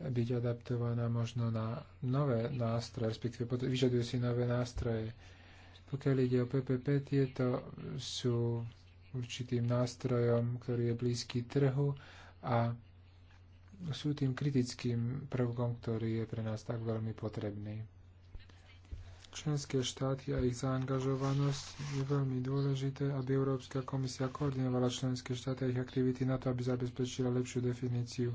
byť adaptovaná možno na nové nástroje, respektíve vyžadujú si nové nástroje. Pokiaľ ide o PPP, tieto sú určitým nástrojom, ktorý je blízky trhu a sú tým kritickým prvkom, ktorý je pre nás tak veľmi potrebný. Členské štáty a ich zaangažovanosť je veľmi dôležité, aby Európska komisia koordinovala členské štáty a ich aktivity na to, aby zabezpečila lepšiu definíciu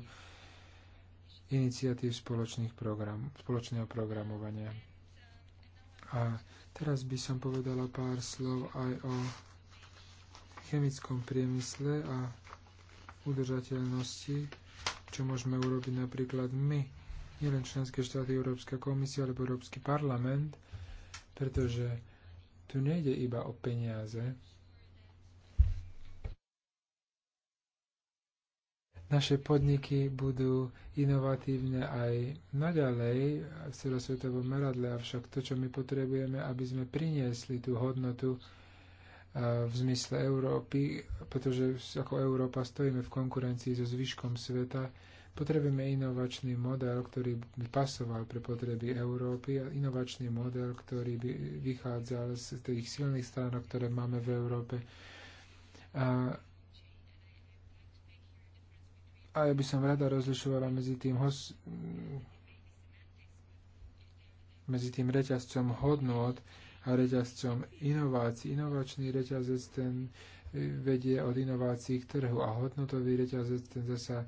iniciatív spoločných program, spoločného programovania. A teraz by som povedala pár slov aj o chemickom priemysle a udržateľnosti čo môžeme urobiť napríklad my, nielen členské štáty, Európska komisia alebo Európsky parlament, pretože tu nejde iba o peniaze. Naše podniky budú inovatívne aj naďalej v celosvetovom meradle, avšak to, čo my potrebujeme, aby sme priniesli tú hodnotu, v zmysle Európy, pretože ako Európa stojíme v konkurencii so zvyškom sveta, potrebujeme inovačný model, ktorý by pasoval pre potreby Európy a inovačný model, ktorý by vychádzal z tých silných stránok, ktoré máme v Európe. A, a ja by som rada rozlišovala medzi tým hos, medzi tým reťazcom hodnot, a reťazcom inovácií. Inovačný reťazec ten e, vedie od inovácií k trhu a hodnotový reťazec ten zasa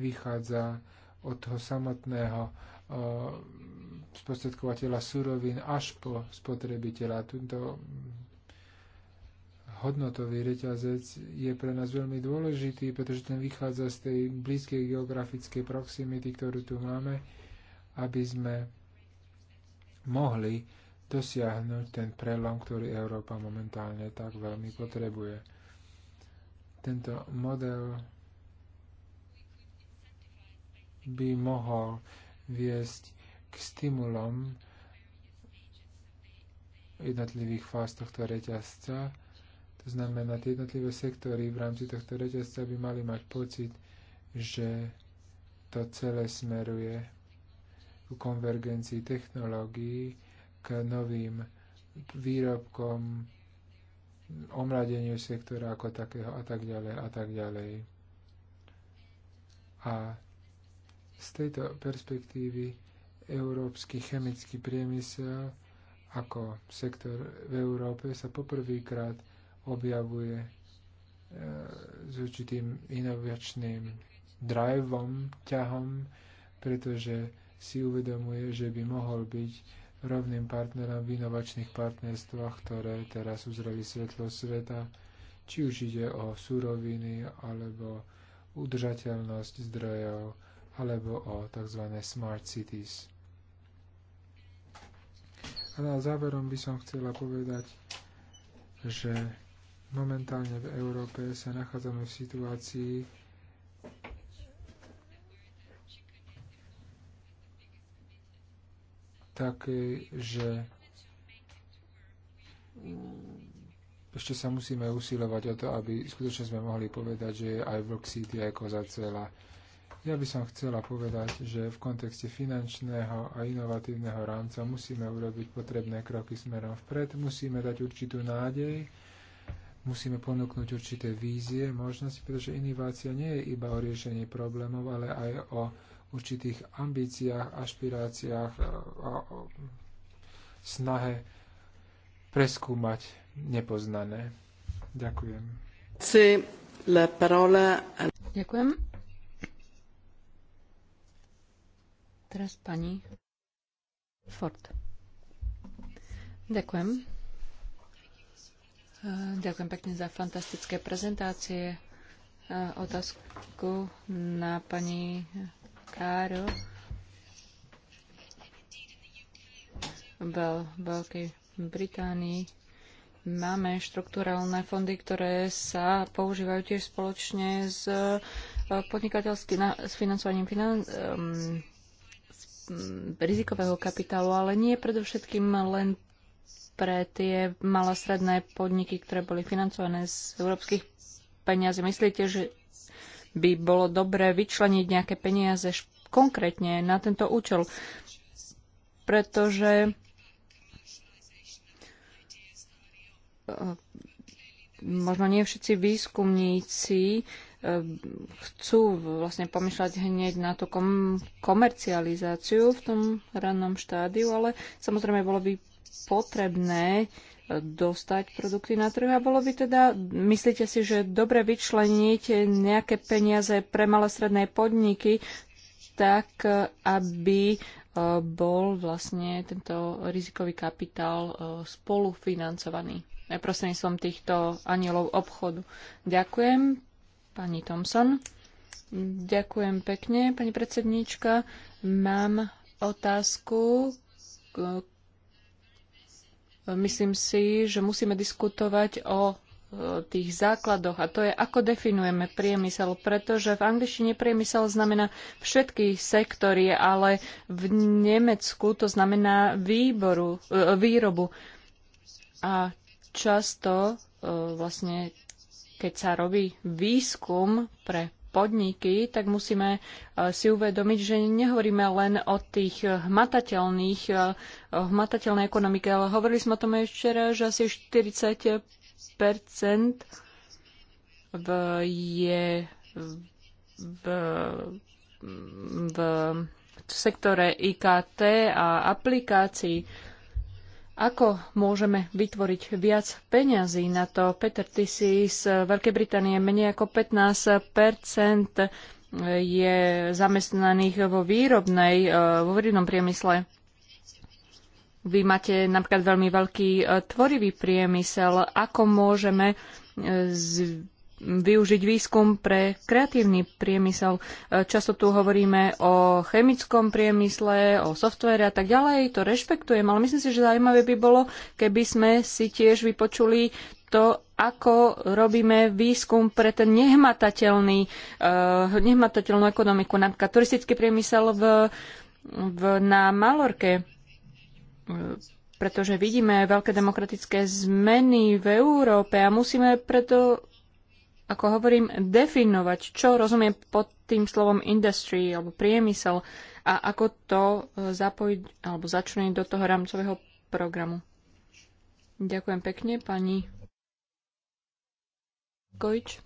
vychádza od toho samotného spostredkovateľa surovín až po spotrebiteľa. Tento hodnotový reťazec je pre nás veľmi dôležitý, pretože ten vychádza z tej blízkej geografickej proximity, ktorú tu máme, aby sme mohli dosiahnuť ten prelom, ktorý Európa momentálne tak veľmi potrebuje. Tento model by mohol viesť k stimulom jednotlivých fáz tohto reťazca. To znamená, tie jednotlivé sektory v rámci tohto reťazca by mali mať pocit, že to celé smeruje ku konvergencii technológií, k novým výrobkom, omladeniu sektora ako takého a tak ďalej a tak ďalej. A z tejto perspektívy európsky chemický priemysel ako sektor v Európe sa poprvýkrát objavuje e, s určitým inovačným driveom, ťahom, pretože si uvedomuje, že by mohol byť rovným partnerom v inovačných partnerstvách, ktoré teraz uzreli svetlo sveta, či už ide o suroviny, alebo udržateľnosť zdrojov, alebo o tzv. smart cities. A na záverom by som chcela povedať, že momentálne v Európe sa nachádzame v situácii, taký, že ešte sa musíme usilovať o to, aby skutočne sme mohli povedať, že je aj Vlk City aj koza celá. Ja by som chcela povedať, že v kontexte finančného a inovatívneho rámca musíme urobiť potrebné kroky smerom vpred, musíme dať určitú nádej, musíme ponúknuť určité vízie, možnosti, pretože inovácia nie je iba o riešení problémov, ale aj o určitých ambíciách, ašpiráciách e, a snahe preskúmať nepoznané. Ďakujem. Ďakujem. Teraz pani Ford. Ďakujem. E, ďakujem pekne za fantastické prezentácie. E, otázku na pani Áro v Veľkej Británii máme štrukturálne fondy, ktoré sa používajú tiež spoločne s e, podnikateľským s financovaním finan, um, rizikového kapitálu, ale nie predovšetkým len pre tie malostredné podniky, ktoré boli financované z európskych peniazy. Myslíte, že by bolo dobré vyčleniť nejaké peniaze konkrétne na tento účel, pretože eh, možno nie všetci výskumníci eh, chcú vlastne pomýšľať hneď na tú kom- komercializáciu v tom rannom štádiu, ale samozrejme bolo by potrebné dostať produkty na trh a bolo by teda, myslíte si, že dobre vyčleniť nejaké peniaze pre malé stredné podniky, tak aby e, bol vlastne tento rizikový kapitál e, spolufinancovaný prostredníctvom týchto anielov obchodu. Ďakujem, pani Thompson. Ďakujem pekne, pani predsedníčka. Mám otázku Myslím si, že musíme diskutovať o e, tých základoch a to je, ako definujeme priemysel, pretože v angličtine priemysel znamená všetky sektory, ale v Nemecku to znamená výboru, e, výrobu. A často e, vlastne, keď sa robí výskum pre podniky, tak musíme e, si uvedomiť, že nehovoríme len o tých hmatateľných, e, o hmatateľnej ekonomike, ale hovorili sme o tom aj včera, že asi 40 v, je v, v, v sektore IKT a aplikácií ako môžeme vytvoriť viac peňazí na to? Peter, ty si z Veľkej Británie menej ako 15 je zamestnaných vo výrobnej, e, vo výrobnom priemysle. Vy máte napríklad veľmi veľký e, tvorivý priemysel. Ako môžeme e, využiť výskum pre kreatívny priemysel. E, často tu hovoríme o chemickom priemysle, o softvere a tak ďalej, to rešpektujem, ale myslím si, že zaujímavé by bolo, keby sme si tiež vypočuli to, ako robíme výskum pre ten nehmatateľný, uh, nehmatateľnú ekonomiku, napríklad turistický priemysel v, v, na Malorke e, pretože vidíme veľké demokratické zmeny v Európe a musíme preto ako hovorím, definovať, čo rozumie pod tým slovom industry alebo priemysel a ako to e, zapojiť alebo začleniť do toho rámcového programu. Ďakujem pekne, pani Gojč.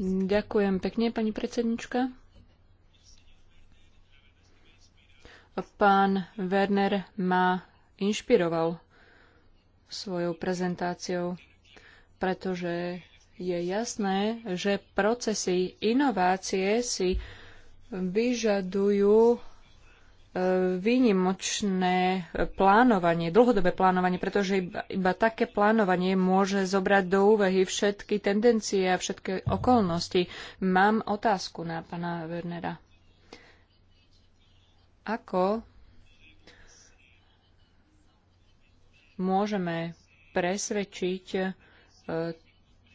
Ďakujem pekne, pani predsednička. Pán Werner ma inšpiroval svojou prezentáciou, pretože je jasné, že procesy inovácie si vyžadujú e, výnimočné plánovanie, dlhodobé plánovanie, pretože iba, iba také plánovanie môže zobrať do úvahy všetky tendencie a všetky okolnosti. Mám otázku na pána Wernera. Ako môžeme presvedčiť e,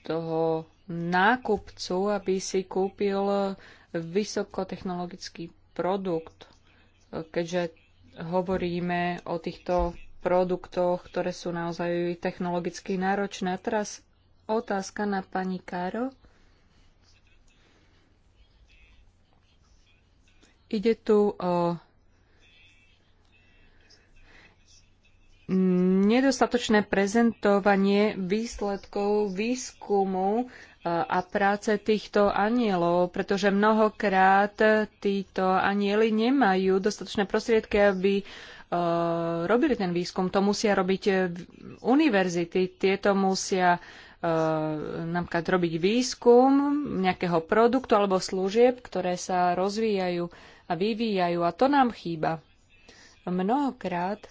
toho nákupcu, aby si kúpil vysokotechnologický produkt, keďže hovoríme o týchto produktoch, ktoré sú naozaj technologicky náročné. A teraz otázka na pani Káro. Ide tu o nedostatočné prezentovanie výsledkov výskumu e, a práce týchto anielov, pretože mnohokrát títo anieli nemajú dostatočné prostriedky, aby e, robili ten výskum. To musia robiť univerzity, tieto musia e, napríklad robiť výskum nejakého produktu alebo služieb, ktoré sa rozvíjajú a vyvíjajú. A to nám chýba. Mnohokrát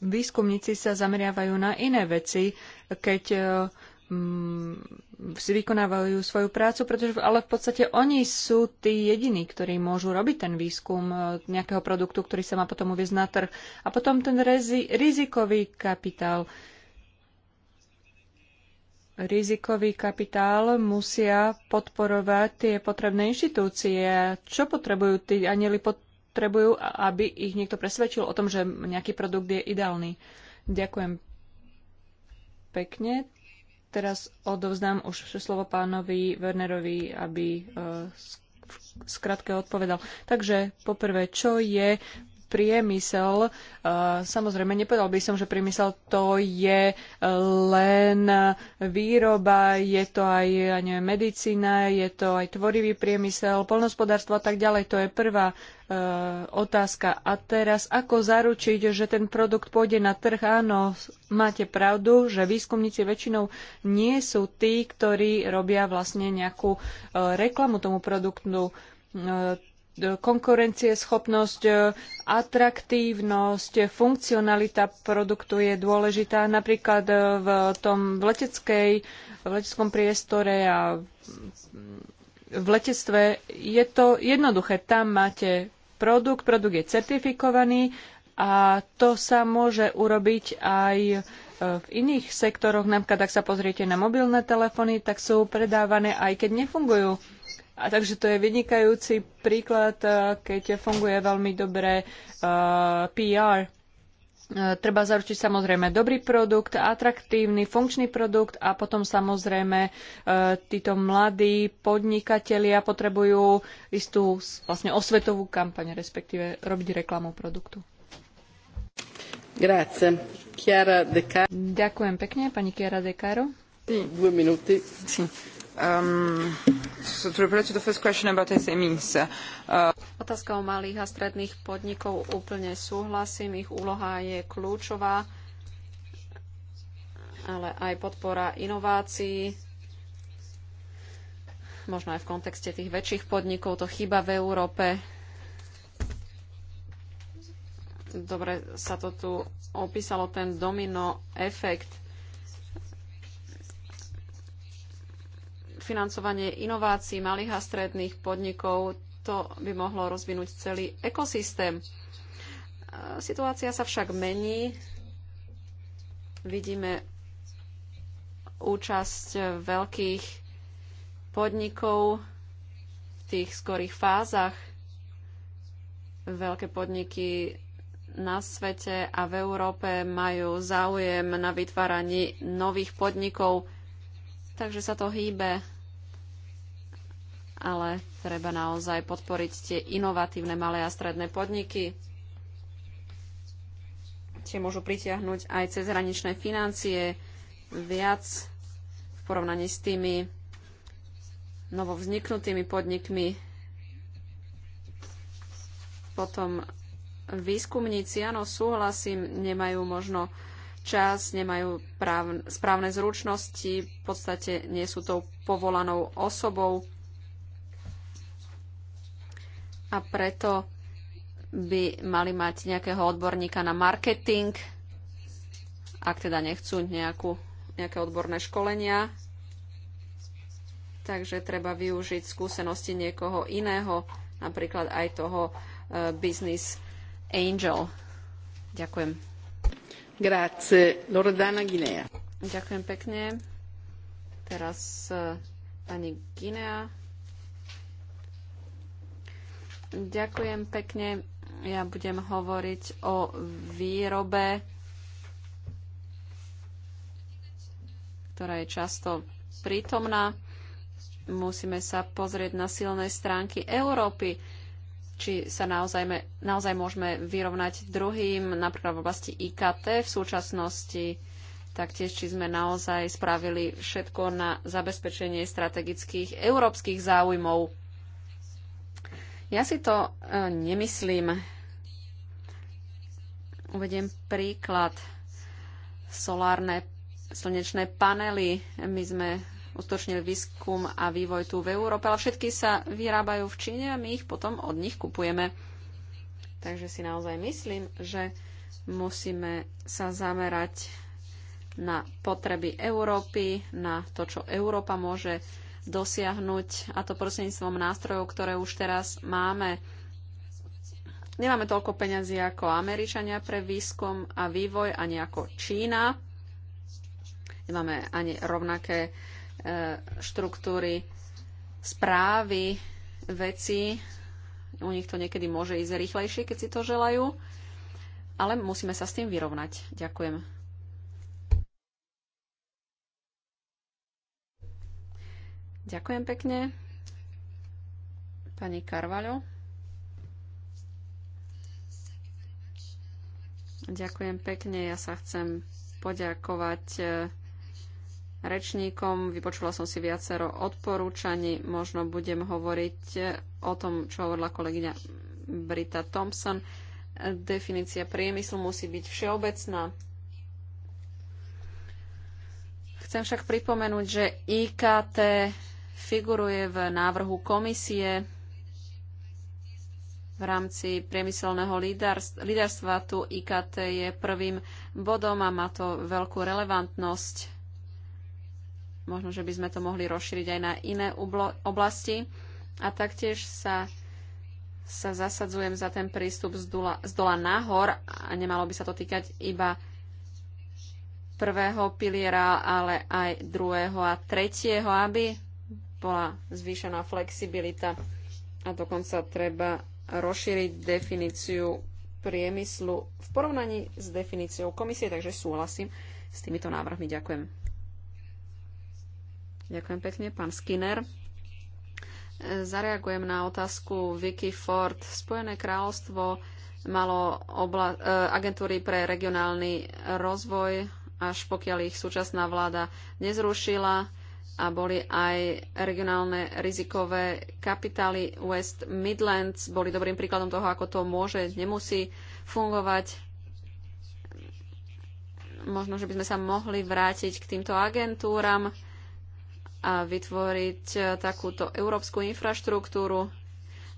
výskumníci sa zameriavajú na iné veci, keď e, mm, si vykonávajú svoju prácu, pretože ale v podstate oni sú tí jediní, ktorí môžu robiť ten výskum e, nejakého produktu, ktorý sa má potom uviezť na trh. A potom ten rezi, rizikový kapitál. Rizikový kapitál musia podporovať tie potrebné inštitúcie. Čo potrebujú tí anieli pod, potrebujú, aby ich niekto presvedčil o tom, že nejaký produkt je ideálny. Ďakujem pekne. Teraz odovzdám už slovo pánovi Wernerovi, aby eh, skrátke odpovedal. Takže poprvé, čo je priemysel, eh, samozrejme, nepovedal by som, že priemysel to je len výroba, je to aj ja neviem, medicína, je to aj tvorivý priemysel, poľnospodárstvo a tak ďalej. To je prvá eh, otázka. A teraz, ako zaručiť, že ten produkt pôjde na trh? Áno, máte pravdu, že výskumníci väčšinou nie sú tí, ktorí robia vlastne nejakú eh, reklamu tomu produktu konkurencieschopnosť, e, atraktívnosť, funkcionalita produktu je dôležitá. Napríklad e, v tom v leteckej, v leteckom priestore a v letectve je to jednoduché. Tam máte produkt, produkt je certifikovaný a to sa môže urobiť aj e, v iných sektoroch, napríklad ak sa pozriete na mobilné telefóny, tak sú predávané aj keď nefungujú a takže to je vynikajúci príklad, eh, keď funguje veľmi dobre uh, eh, PR. Eh, treba zaručiť samozrejme dobrý produkt, atraktívny, funkčný produkt a potom samozrejme títo mladí podnikatelia potrebujú istú vlastne osvetovú kampaň, respektíve robiť reklamu produktu. Ďakujem pekne, pani Chiara De Caro. Um, uh, Otázka o malých a stredných podnikov úplne súhlasím. Ich úloha je kľúčová, ale aj podpora inovácií, možno aj v kontexte tých väčších podnikov, to chyba v Európe. Dobre sa to tu opísalo, ten domino efekt financovanie inovácií malých a stredných podnikov. To by mohlo rozvinúť celý ekosystém. E, situácia sa však mení. Vidíme účasť veľkých podnikov v tých skorých fázach. Veľké podniky na svete a v Európe majú záujem na vytváraní nových podnikov, takže sa to hýbe ale treba naozaj podporiť tie inovatívne malé a stredné podniky. Tie môžu pritiahnuť aj cez hraničné financie viac v porovnaní s tými novovzniknutými podnikmi. Potom výskumníci, áno, súhlasím, nemajú možno čas, nemajú práv, správne zručnosti, v podstate nie sú tou povolanou osobou a preto by mali mať nejakého odborníka na marketing, ak teda nechcú nejakú, nejaké odborné školenia. Takže treba využiť skúsenosti niekoho iného, napríklad aj toho uh, business angel. Ďakujem. Grazie. Loredana Guinea. Ďakujem pekne. Teraz uh, pani Guinea. Ďakujem pekne. Ja budem hovoriť o výrobe, ktorá je často prítomná. Musíme sa pozrieť na silné stránky Európy, či sa naozaj, naozaj môžeme vyrovnať druhým, napríklad v oblasti IKT v súčasnosti, taktiež či sme naozaj spravili všetko na zabezpečenie strategických európskych záujmov ja si to e, nemyslím. Uvediem príklad. Solárne slnečné panely. My sme ustočnili výskum a vývoj tu v Európe, ale všetky sa vyrábajú v Číne a my ich potom od nich kupujeme. Takže si naozaj myslím, že musíme sa zamerať na potreby Európy, na to, čo Európa môže dosiahnuť, a to prostredníctvom nástrojov, ktoré už teraz máme. Nemáme toľko peňazí ako Američania pre výskum a vývoj, ani ako Čína. Nemáme ani rovnaké e, štruktúry správy veci. U nich to niekedy môže ísť rýchlejšie, keď si to želajú. Ale musíme sa s tým vyrovnať. Ďakujem. Ďakujem pekne. Pani Karvaľo. Ďakujem pekne. Ja sa chcem poďakovať e, rečníkom. Vypočula som si viacero odporúčaní. Možno budem hovoriť e, o tom, čo hovorila kolegyňa Brita Thompson. E, definícia priemyslu musí byť všeobecná. Chcem však pripomenúť, že IKT figuruje v návrhu komisie v rámci priemyselného líderstva. Tu IKT je prvým bodom a má to veľkú relevantnosť. Možno, že by sme to mohli rozšíriť aj na iné oblasti. A taktiež sa, sa zasadzujem za ten prístup z dola, z dola nahor a nemalo by sa to týkať iba prvého piliera, ale aj druhého a tretieho, aby bola zvýšená flexibilita a dokonca treba rozšíriť definíciu priemyslu v porovnaní s definíciou komisie, takže súhlasím s týmito návrhmi. Ďakujem. Ďakujem pekne, pán Skinner. Zareagujem na otázku Vicky Ford. Spojené kráľovstvo malo obla- e, agentúry pre regionálny rozvoj, až pokiaľ ich súčasná vláda nezrušila a boli aj regionálne rizikové kapitály West Midlands. Boli dobrým príkladom toho, ako to môže, nemusí fungovať. Možno, že by sme sa mohli vrátiť k týmto agentúram a vytvoriť eh, takúto európsku infraštruktúru,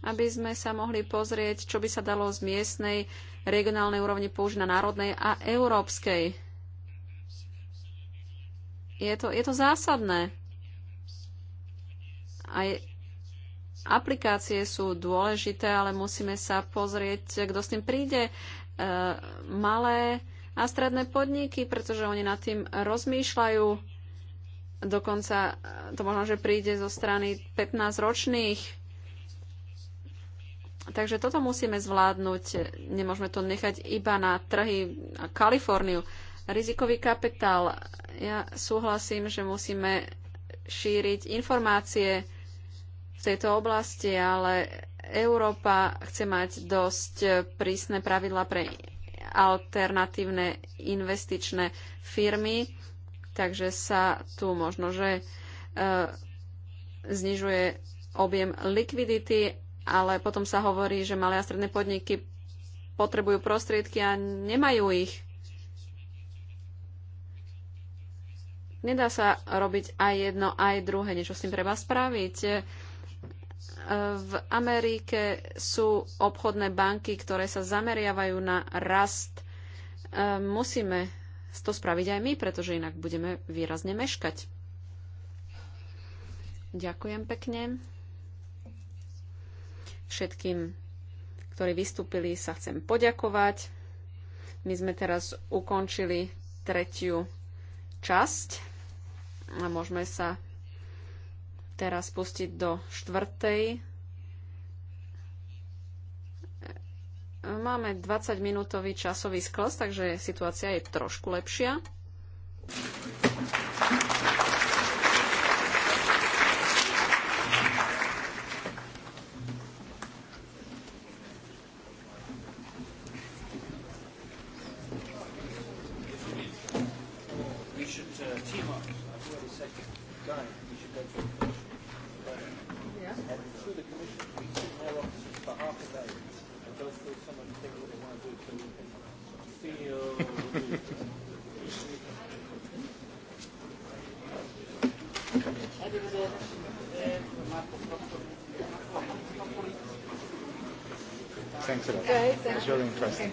aby sme sa mohli pozrieť, čo by sa dalo z miestnej, regionálnej úrovne použiť na národnej a európskej. Je to, je to zásadné. Aj aplikácie sú dôležité, ale musíme sa pozrieť, kto s tým príde. E, malé a stredné podniky, pretože oni nad tým rozmýšľajú. Dokonca e, to možno, že príde zo strany 15-ročných. Takže toto musíme zvládnuť. Nemôžeme to nechať iba na trhy a Kaliforniu. Rizikový kapitál. Ja súhlasím, že musíme šíriť informácie, v tejto oblasti, ale Európa chce mať dosť prísne pravidla pre alternatívne investičné firmy, takže sa tu možno, že e, znižuje objem likvidity, ale potom sa hovorí, že malé a stredné podniky potrebujú prostriedky a nemajú ich. Nedá sa robiť aj jedno, aj druhé. Niečo s tým treba spraviť. V Amerike sú obchodné banky, ktoré sa zameriavajú na rast. E, musíme to spraviť aj my, pretože inak budeme výrazne meškať. Ďakujem pekne. Všetkým, ktorí vystúpili, sa chcem poďakovať. My sme teraz ukončili tretiu časť a môžeme sa teraz pustiť do štvrtej. Máme 20-minútový časový sklos, takže situácia je trošku lepšia. Thanks a lot. Okay, thank it was really interesting.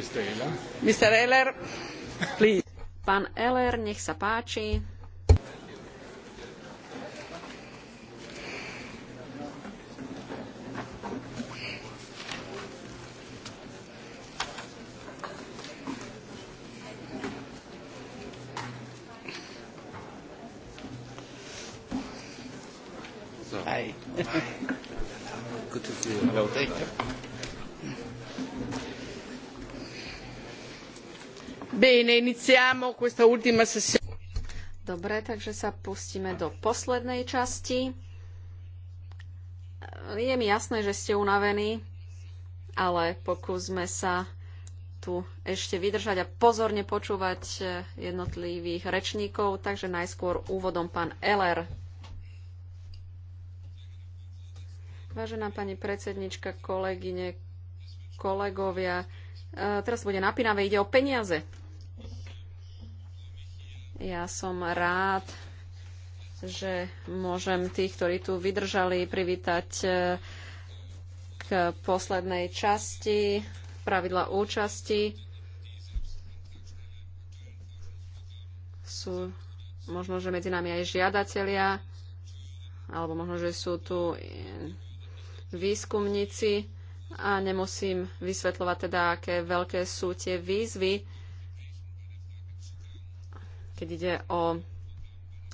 Mr. Ehler. Mr. Ehler. Pán Eller, nech sa páči. Dobre, takže sa pustíme do poslednej časti. Je mi jasné, že ste unavení, ale pokúsme sa tu ešte vydržať a pozorne počúvať jednotlivých rečníkov. Takže najskôr úvodom pán Eller. Vážená pani predsednička, kolegyne, kolegovia, e, teraz bude napínavé, ide o peniaze. Ja som rád, že môžem tých, ktorí tu vydržali, privítať e, k poslednej časti pravidla účasti. Sú možno, že medzi nami aj žiadatelia, alebo možno, že sú tu výskumníci a nemusím vysvetľovať teda, aké veľké sú tie výzvy, keď ide o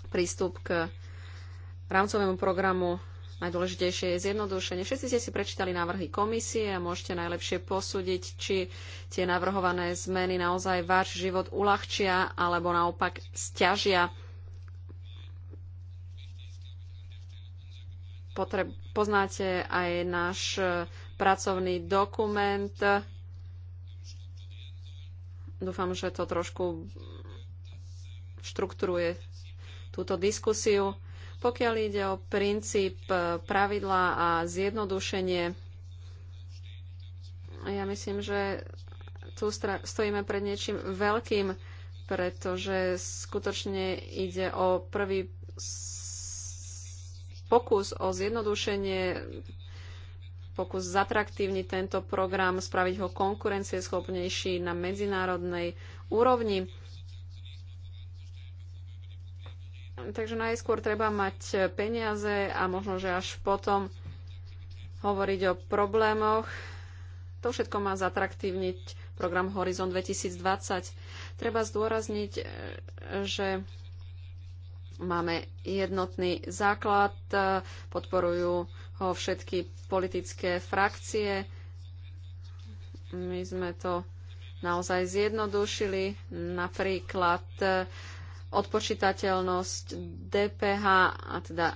prístup k rámcovému programu Najdôležitejšie je zjednodušenie. Všetci ste si prečítali návrhy komisie a môžete najlepšie posúdiť, či tie navrhované zmeny naozaj váš život uľahčia alebo naopak stiažia. Potreb, poznáte aj náš pracovný dokument. Dúfam, že to trošku štruktúruje túto diskusiu. Pokiaľ ide o princíp e, pravidla a zjednodušenie, ja myslím, že tu stojíme pred niečím veľkým, pretože skutočne ide o prvý pokus o zjednodušenie, pokus zatraktívniť tento program, spraviť ho konkurencieschopnejší na medzinárodnej úrovni. Takže najskôr treba mať peniaze a možno, že až potom hovoriť o problémoch. To všetko má zatraktívniť program Horizon 2020. Treba zdôrazniť, e, že máme jednotný základ, e, podporujú ho všetky politické frakcie. My sme to naozaj zjednodušili. Napríklad e, odpočítateľnosť DPH a teda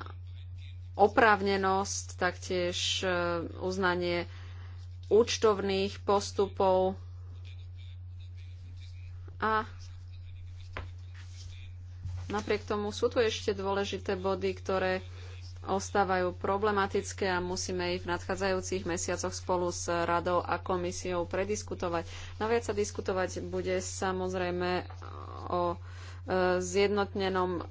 oprávnenosť, taktiež e, uznanie účtovných postupov a napriek tomu sú tu ešte dôležité body, ktoré ostávajú problematické a musíme ich v nadchádzajúcich mesiacoch spolu s radou a komisiou prediskutovať. Naviac sa diskutovať bude samozrejme o zjednotnenom e,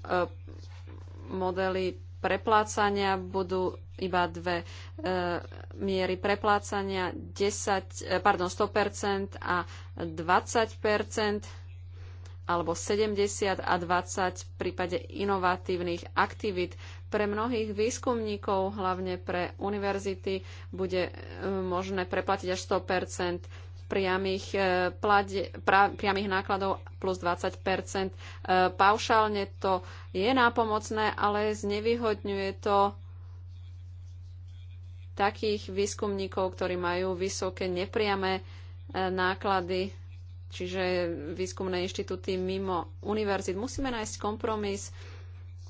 modeli preplácania budú iba dve e, miery preplácania, 10, e, pardon, 100% a 20% alebo 70 a 20 v prípade inovatívnych aktivít. Pre mnohých výskumníkov, hlavne pre univerzity, bude možné preplatiť až 100 priamých, e, plade, pra, priamých nákladov plus 20 e, Paušálne to je nápomocné, ale znevýhodňuje to takých výskumníkov, ktorí majú vysoké nepriame e, náklady, čiže výskumné inštitúty mimo univerzit. Musíme nájsť kompromis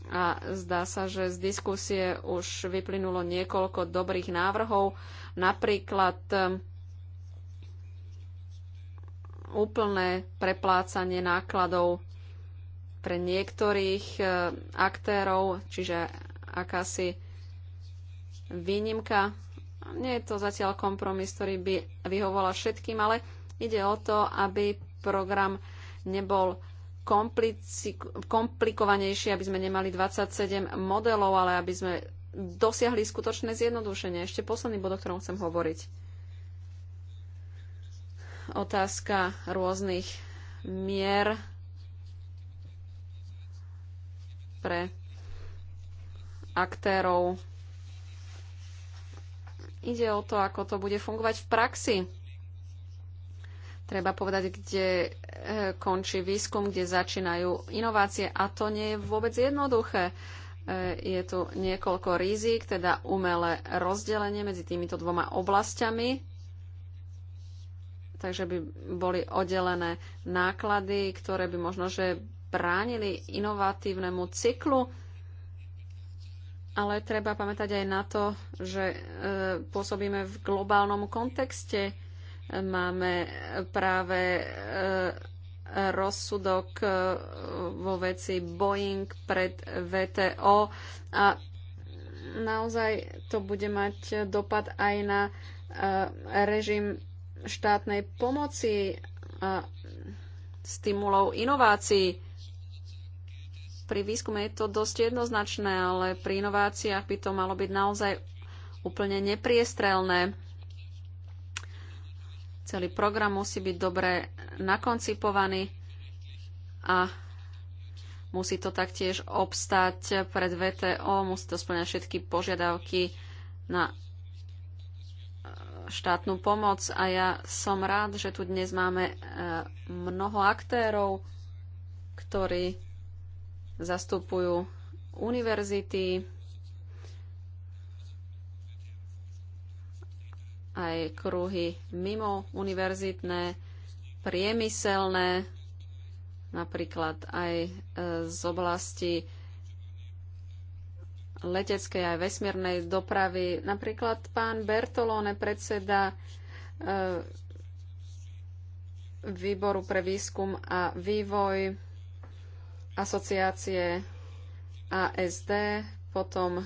a zdá sa, že z diskusie už vyplynulo niekoľko dobrých návrhov. Napríklad úplné preplácanie nákladov pre niektorých e, aktérov, čiže akási výnimka. Nie je to zatiaľ kompromis, ktorý by vyhovoval všetkým, ale ide o to, aby program nebol komplikovanejší, aby sme nemali 27 modelov, ale aby sme dosiahli skutočné zjednodušenie. Ešte posledný bod, o ktorom chcem hovoriť otázka rôznych mier pre aktérov. Ide o to, ako to bude fungovať v praxi. Treba povedať, kde e, končí výskum, kde začínajú inovácie a to nie je vôbec jednoduché. E, je tu niekoľko rizík, teda umelé rozdelenie medzi týmito dvoma oblastiami takže by boli oddelené náklady, ktoré by možno, že bránili inovatívnemu cyklu, ale treba pamätať aj na to, že e, pôsobíme v globálnom kontexte. Máme práve e, rozsudok e, vo veci Boeing pred VTO a naozaj to bude mať dopad aj na režim štátnej pomoci a stimulov inovácií. Pri výskume je to dosť jednoznačné, ale pri inováciách by to malo byť naozaj úplne nepriestrelné. Celý program musí byť dobre nakoncipovaný a musí to taktiež obstať pred VTO, musí to splňať všetky požiadavky na štátnu pomoc a ja som rád, že tu dnes máme e, mnoho aktérov, ktorí zastupujú univerzity, aj kruhy mimo univerzitné, priemyselné, napríklad aj e, z oblasti leteckej aj vesmírnej dopravy. Napríklad pán Bertolone, predseda e, výboru pre výskum a vývoj asociácie ASD, potom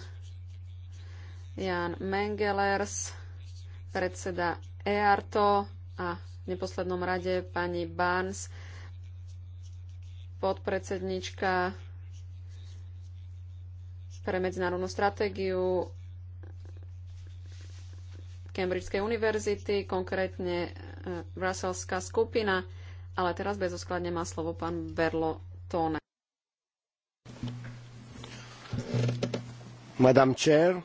Jan Mengelers, predseda EARTO a v neposlednom rade pani Barnes, podpredsednička pre medzinárodnú stratégiu Cambridgeskej univerzity, konkrétne e, Russellská skupina, ale teraz bezoskladne má slovo pán Berlo Tone. Madam Chair,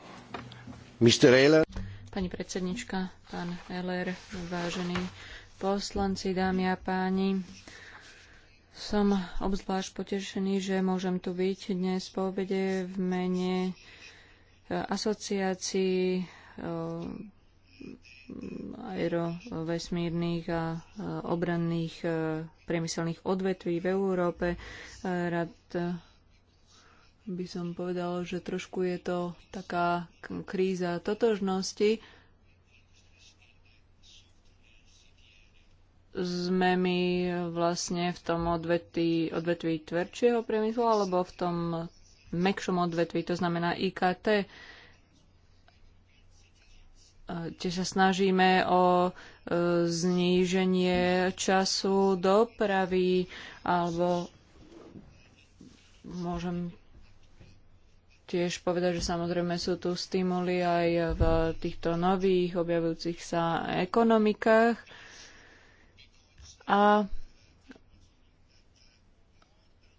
Mr. Ehler. Pani predsednička, pán Eller, vážení poslanci, dámy a páni. Som obzvlášť potešený, že môžem tu byť dnes po obede v mene e, asociácií e, aerovesmírnych a e, obranných priemyselných odvetví v Európe. Rád by som povedal, že trošku je to taká kríza totožnosti, sme my vlastne v tom odvetví, odvetví tvrdšieho priemyslu alebo v tom mekšom odvetví, to znamená IKT. E, tiež sa snažíme o e, zníženie času dopravy alebo môžem tiež povedať, že samozrejme sú tu stimuly aj v týchto nových objavujúcich sa ekonomikách a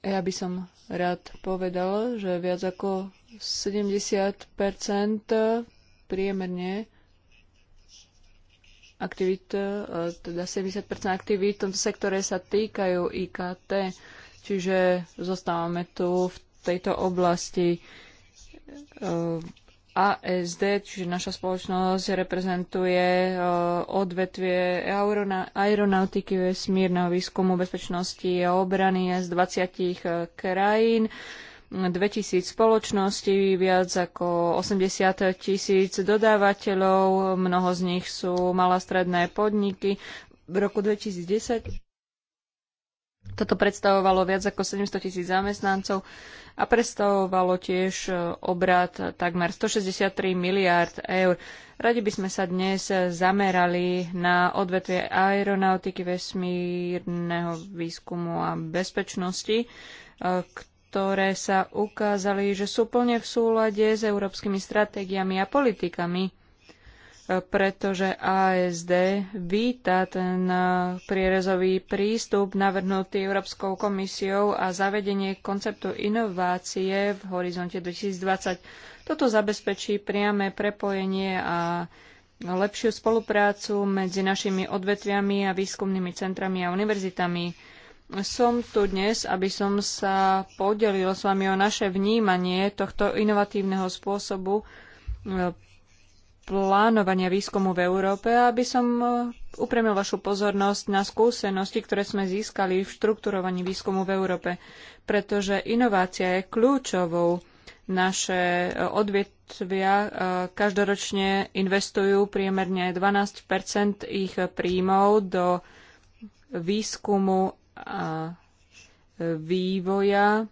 ja by som rád povedal, že viac ako 70 priemerne aktivít, e, teda 70 aktivít v tomto sektore sa týkajú IKT, čiže zostávame tu v tejto oblasti e, ASD, čiže naša spoločnosť reprezentuje e, odvetvie aeronautiky, vesmírneho výskumu, bezpečnosti a obrany z 20 e, krajín. 2000 spoločností, viac ako 80 tisíc dodávateľov, mnoho z nich sú malá stredné podniky. V roku 2010 toto predstavovalo viac ako 700 tisíc zamestnancov a predstavovalo tiež e, obrad takmer 163 miliárd eur. Radi by sme sa dnes zamerali na odvetvie aeronautiky, vesmírneho výskumu a bezpečnosti, e, ktoré sa ukázali, že sú plne v súlade s európskymi stratégiami a politikami pretože ASD víta ten eh, prierezový prístup navrhnutý Európskou komisiou a zavedenie konceptu inovácie v horizonte 2020. Toto zabezpečí priame prepojenie a lepšiu spoluprácu medzi našimi odvetviami a výskumnými centrami a univerzitami. Som tu dnes, aby som sa podelil s vami o naše vnímanie tohto inovatívneho spôsobu eh, plánovania výskumu v Európe, aby som e, upremil vašu pozornosť na skúsenosti, ktoré sme získali v štrukturovaní výskumu v Európe, pretože inovácia je kľúčovou. Naše e, odvetvia e, každoročne investujú priemerne 12 ich príjmov do výskumu a vývoja,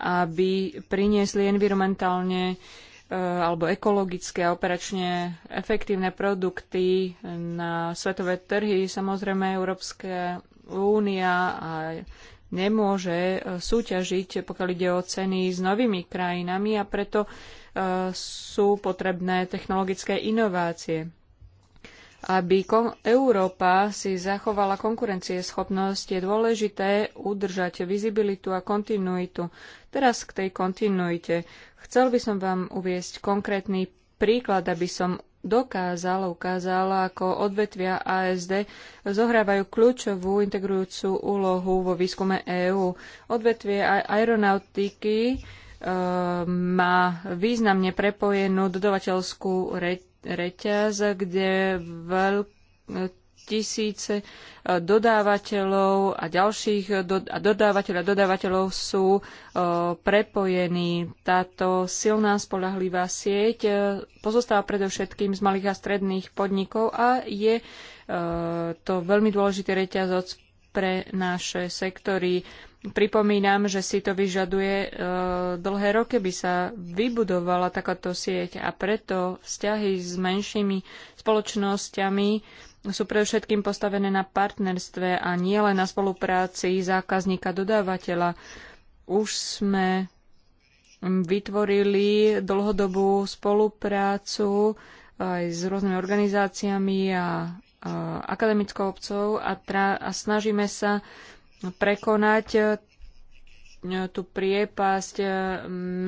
aby priniesli environmentálne E, alebo ekologické a operačne efektívne produkty na svetové trhy. Samozrejme, Európska únia a nemôže e, súťažiť, pokiaľ ide o ceny s novými krajinami a preto e, sú potrebné technologické inovácie. Aby Európa si zachovala konkurencieschopnosť, je dôležité udržať vizibilitu a kontinuitu. Teraz k tej kontinuite. Chcel by som vám uviesť konkrétny príklad, aby som dokázal, ukázal, ako odvetvia ASD zohrávajú kľúčovú integrujúcu úlohu vo výskume EÚ. Odvetvie aeronautiky e, má významne prepojenú dodavateľskú reťaz, kde veľký tisíce e, dodávateľov a ďalších e, do, a dodávateľ a dodávateľov sú e, prepojení. Táto silná spolahlivá sieť o, pozostáva predovšetkým z malých a stredných podnikov a je to veľmi dôležitý reťazoc pre naše sektory. Pripomínam, že si to vyžaduje e, dlhé roky, by sa vybudovala takáto sieť a preto vzťahy s menšími spoločnosťami sú pre všetkým postavené na partnerstve a nie len na spolupráci zákazníka dodávateľa. Už sme vytvorili dlhodobú spoluprácu aj s rôznymi organizáciami a, a akademickou obcov a, tra, a snažíme sa prekonať E, tú priepasť e,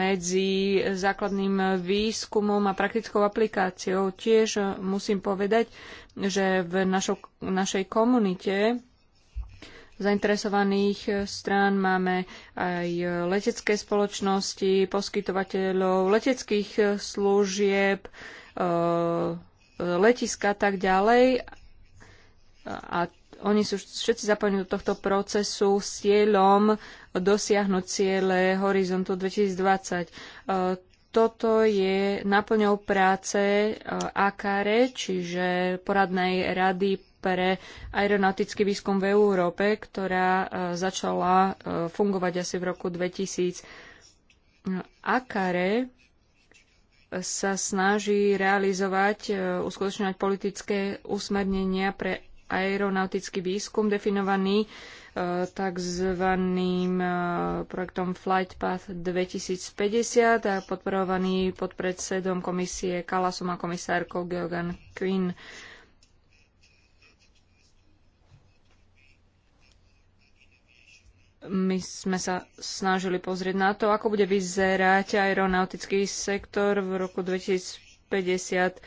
medzi základným výskumom a praktickou aplikáciou. Tiež e, musím povedať, že v našo, našej komunite zainteresovaných strán máme aj letecké spoločnosti, poskytovateľov leteckých služieb, letiska a tak ďalej. A oni sú všetci zapojení do tohto procesu s cieľom dosiahnuť ciele horizontu 2020. E, toto je naplňou práce AKARE, čiže poradnej rady pre aeronautický výskum v Európe, ktorá e, začala e, fungovať asi v roku 2000. No, AKARE sa snaží realizovať, uskutočňovať politické usmernenia pre aeronautický výskum definovaný e, takzvaným e, projektom Flight Path 2050 a podporovaný pod predsedom komisie Kalasom a komisárkou Georgan Quinn. my sme sa snažili pozrieť na to, ako bude vyzerať aeronautický sektor v roku 2050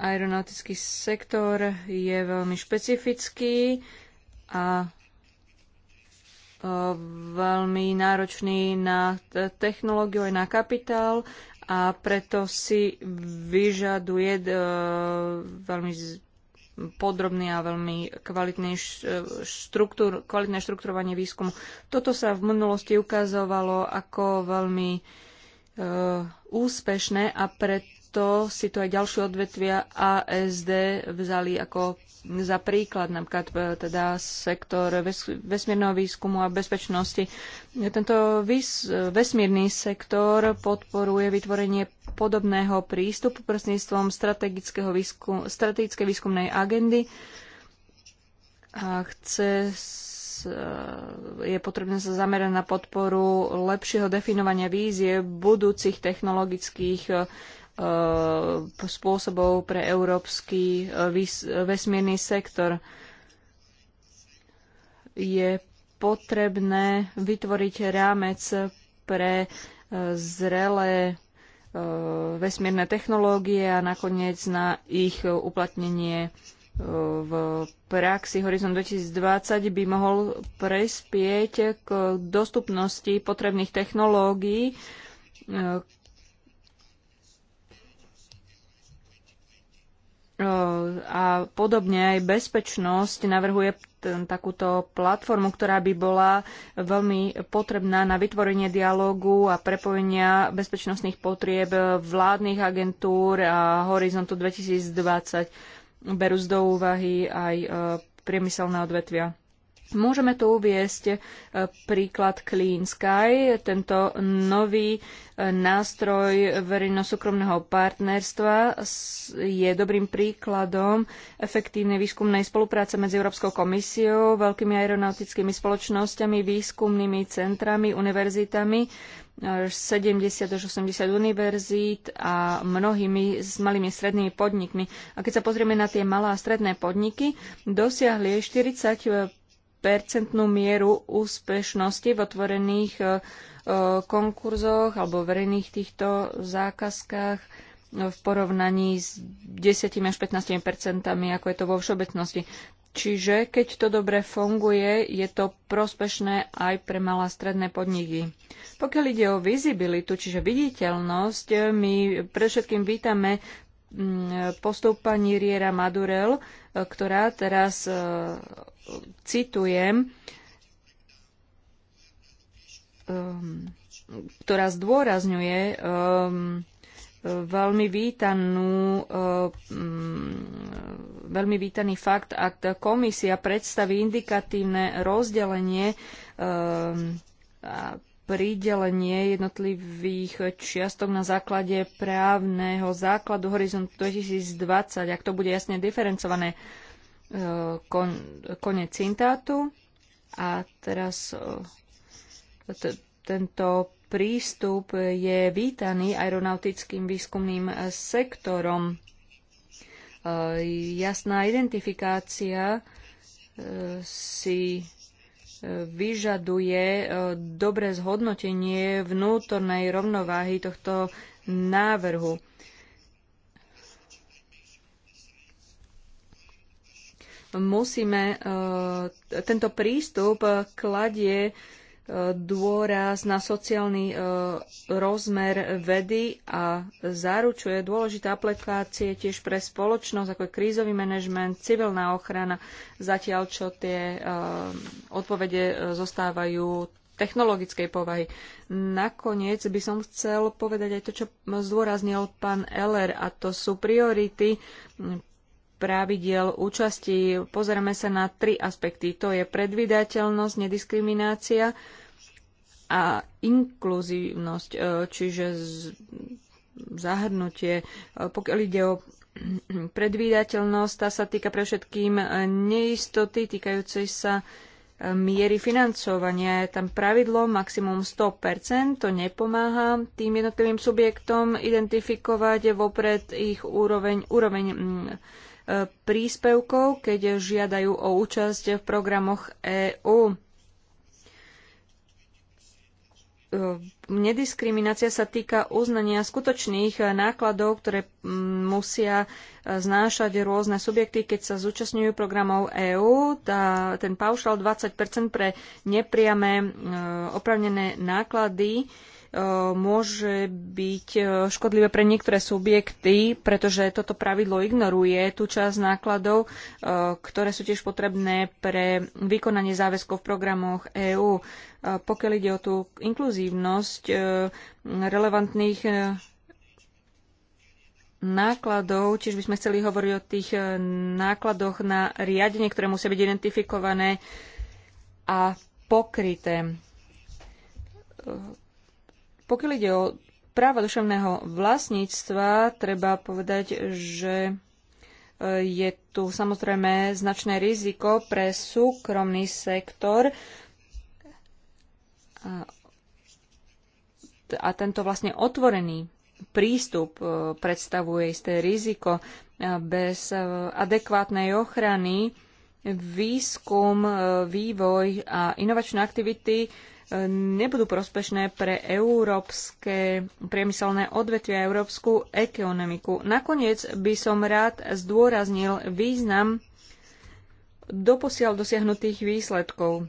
aeronautický sektor je veľmi špecifický a e, veľmi náročný na technológiu aj na kapitál a preto si vyžaduje e, veľmi podrobný a veľmi kvalitný e, štruktúr, kvalitné štrukturovanie výskumu. Toto sa v minulosti ukazovalo ako veľmi úspešné a preto Takisto si to aj ďalšie odvetvia ASD vzali ako za príklad, napríklad e, teda sektor vesmírneho výskumu a bezpečnosti. Tento vesmírny sektor podporuje vytvorenie podobného prístupu prostredníctvom výskum, strategickej výskumnej agendy a chce e, je potrebné sa zamerať na podporu lepšieho definovania vízie budúcich technologických e, E, spôsobov pre európsky e, e, vesmírny sektor. Je potrebné vytvoriť rámec pre zrelé vesmírne technológie a nakoniec na ich uplatnenie v praxi Horizon 2020 by mohol prespieť k dostupnosti potrebných technológií, a podobne aj bezpečnosť navrhuje takúto platformu, ktorá by bola veľmi potrebná na vytvorenie dialógu a prepojenia bezpečnostných potrieb vládnych agentúr a Horizontu 2020 berú do úvahy aj priemyselné odvetvia. Môžeme tu uviesť e, príklad Clean Sky, tento nový e, nástroj verejno-súkromného partnerstva je dobrým príkladom efektívnej výskumnej spolupráce medzi Európskou komisiou, veľkými aeronautickými spoločnosťami, výskumnými centrami, univerzitami, 70 e, až 80 univerzít a mnohými s malými strednými podnikmi. A keď sa pozrieme na tie malé a stredné podniky, dosiahli 40 percentnú mieru úspešnosti v otvorených e, e, konkurzoch alebo verejných týchto zákazkách e, v porovnaní s 10 až 15 percentami, ako je to vo všeobecnosti. Čiže keď to dobre funguje, je to prospešné aj pre malé stredné podniky. Pokiaľ ide o vizibilitu, čiže viditeľnosť, my predovšetkým vítame Mm, postup pani Riera Madurel, e, ktorá teraz e, citujem, e, ktorá zdôrazňuje veľmi vítanú, mm, veľmi vítaný fakt, ak komisia predstaví indikatívne rozdelenie pridelenie jednotlivých čiastok na základe právneho základu Horizont 2020, ak to bude jasne diferencované, e, kon, konec cintátu. A teraz e, tento prístup je vítaný aeronautickým výskumným sektorom. E, jasná identifikácia si vyžaduje e, dobré zhodnotenie vnútornej rovnováhy tohto návrhu. Musíme, e, tento prístup e, kladie dôraz na sociálny e, rozmer vedy a zaručuje dôležité aplikácie tiež pre spoločnosť, ako je krízový manažment, civilná ochrana, zatiaľ čo tie e, odpovede e, zostávajú technologickej povahy. Nakoniec by som chcel povedať aj to, čo zdôraznil pán Eller, a to sú priority pravidiel účasti. Pozrieme sa na tri aspekty. To je predvydateľnosť, nediskriminácia a inkluzívnosť, e, čiže zahrnutie. E, pokiaľ ide o predvídateľnosť, tá sa týka pre všetkým e, neistoty týkajúcej sa miery financovania. Je tam pravidlo maximum 100%, to nepomáha tým jednotlivým subjektom identifikovať vopred ich úroveň, úroveň príspevkov, keď žiadajú o účasť v programoch EÚ. Nediskriminácia sa týka uznania skutočných nákladov, ktoré mm, musia znášať rôzne subjekty, keď sa zúčastňujú programov EÚ. Ten paušal 20 pre nepriame mm, opravnené náklady môže byť e, škodlivé pre niektoré subjekty, pretože toto pravidlo ignoruje tú časť nákladov, e, ktoré sú tiež potrebné pre vykonanie záväzkov v programoch EÚ. E, pokiaľ ide o tú inkluzívnosť relevantných nákladov, čiže by sme chceli hovoriť o tých nákladoch na riadenie, ktoré musia byť identifikované a pokryté pokiaľ ide o práva duševného vlastníctva, treba povedať, že e, je tu samozrejme značné riziko pre súkromný sektor a tento vlastne otvorený prístup e, predstavuje isté riziko. E, bez adekvátnej ochrany výskum, vývoj a inovačné aktivity nebudú prospešné pre európske priemyselné odvetvia a európsku ekonomiku. Nakoniec by som rád zdôraznil význam doposiaľ dosiahnutých výsledkov.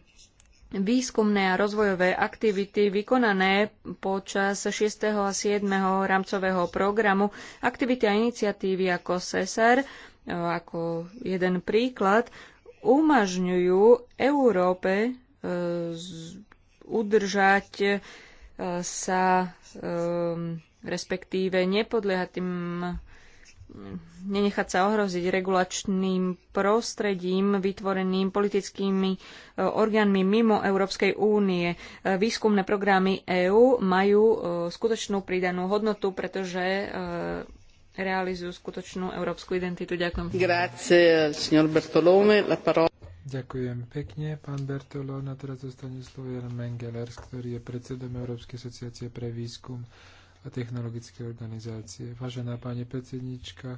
Výskumné a rozvojové aktivity vykonané počas 6. a 7. rámcového programu, aktivity a iniciatívy ako SESAR, e, ako jeden príklad, umožňujú Európe e, udržať e, sa, ehm, respektíve nepodliehať tým nenechať sa ohroziť regulačným prostredím vytvoreným politickými e, orgánmi mimo Európskej únie. E, výskumné programy EÚ majú skutočnú pridanú hodnotu, pretože realizujú skutočnú európsku identitu. Ďakujem. Grazie, Ďakujem pekne, pán Bertolo. Na teraz zostane slovo Jan Mengelers, ktorý je predsedom Európskej asociácie pre výskum a technologické organizácie. Vážená pani predsednička,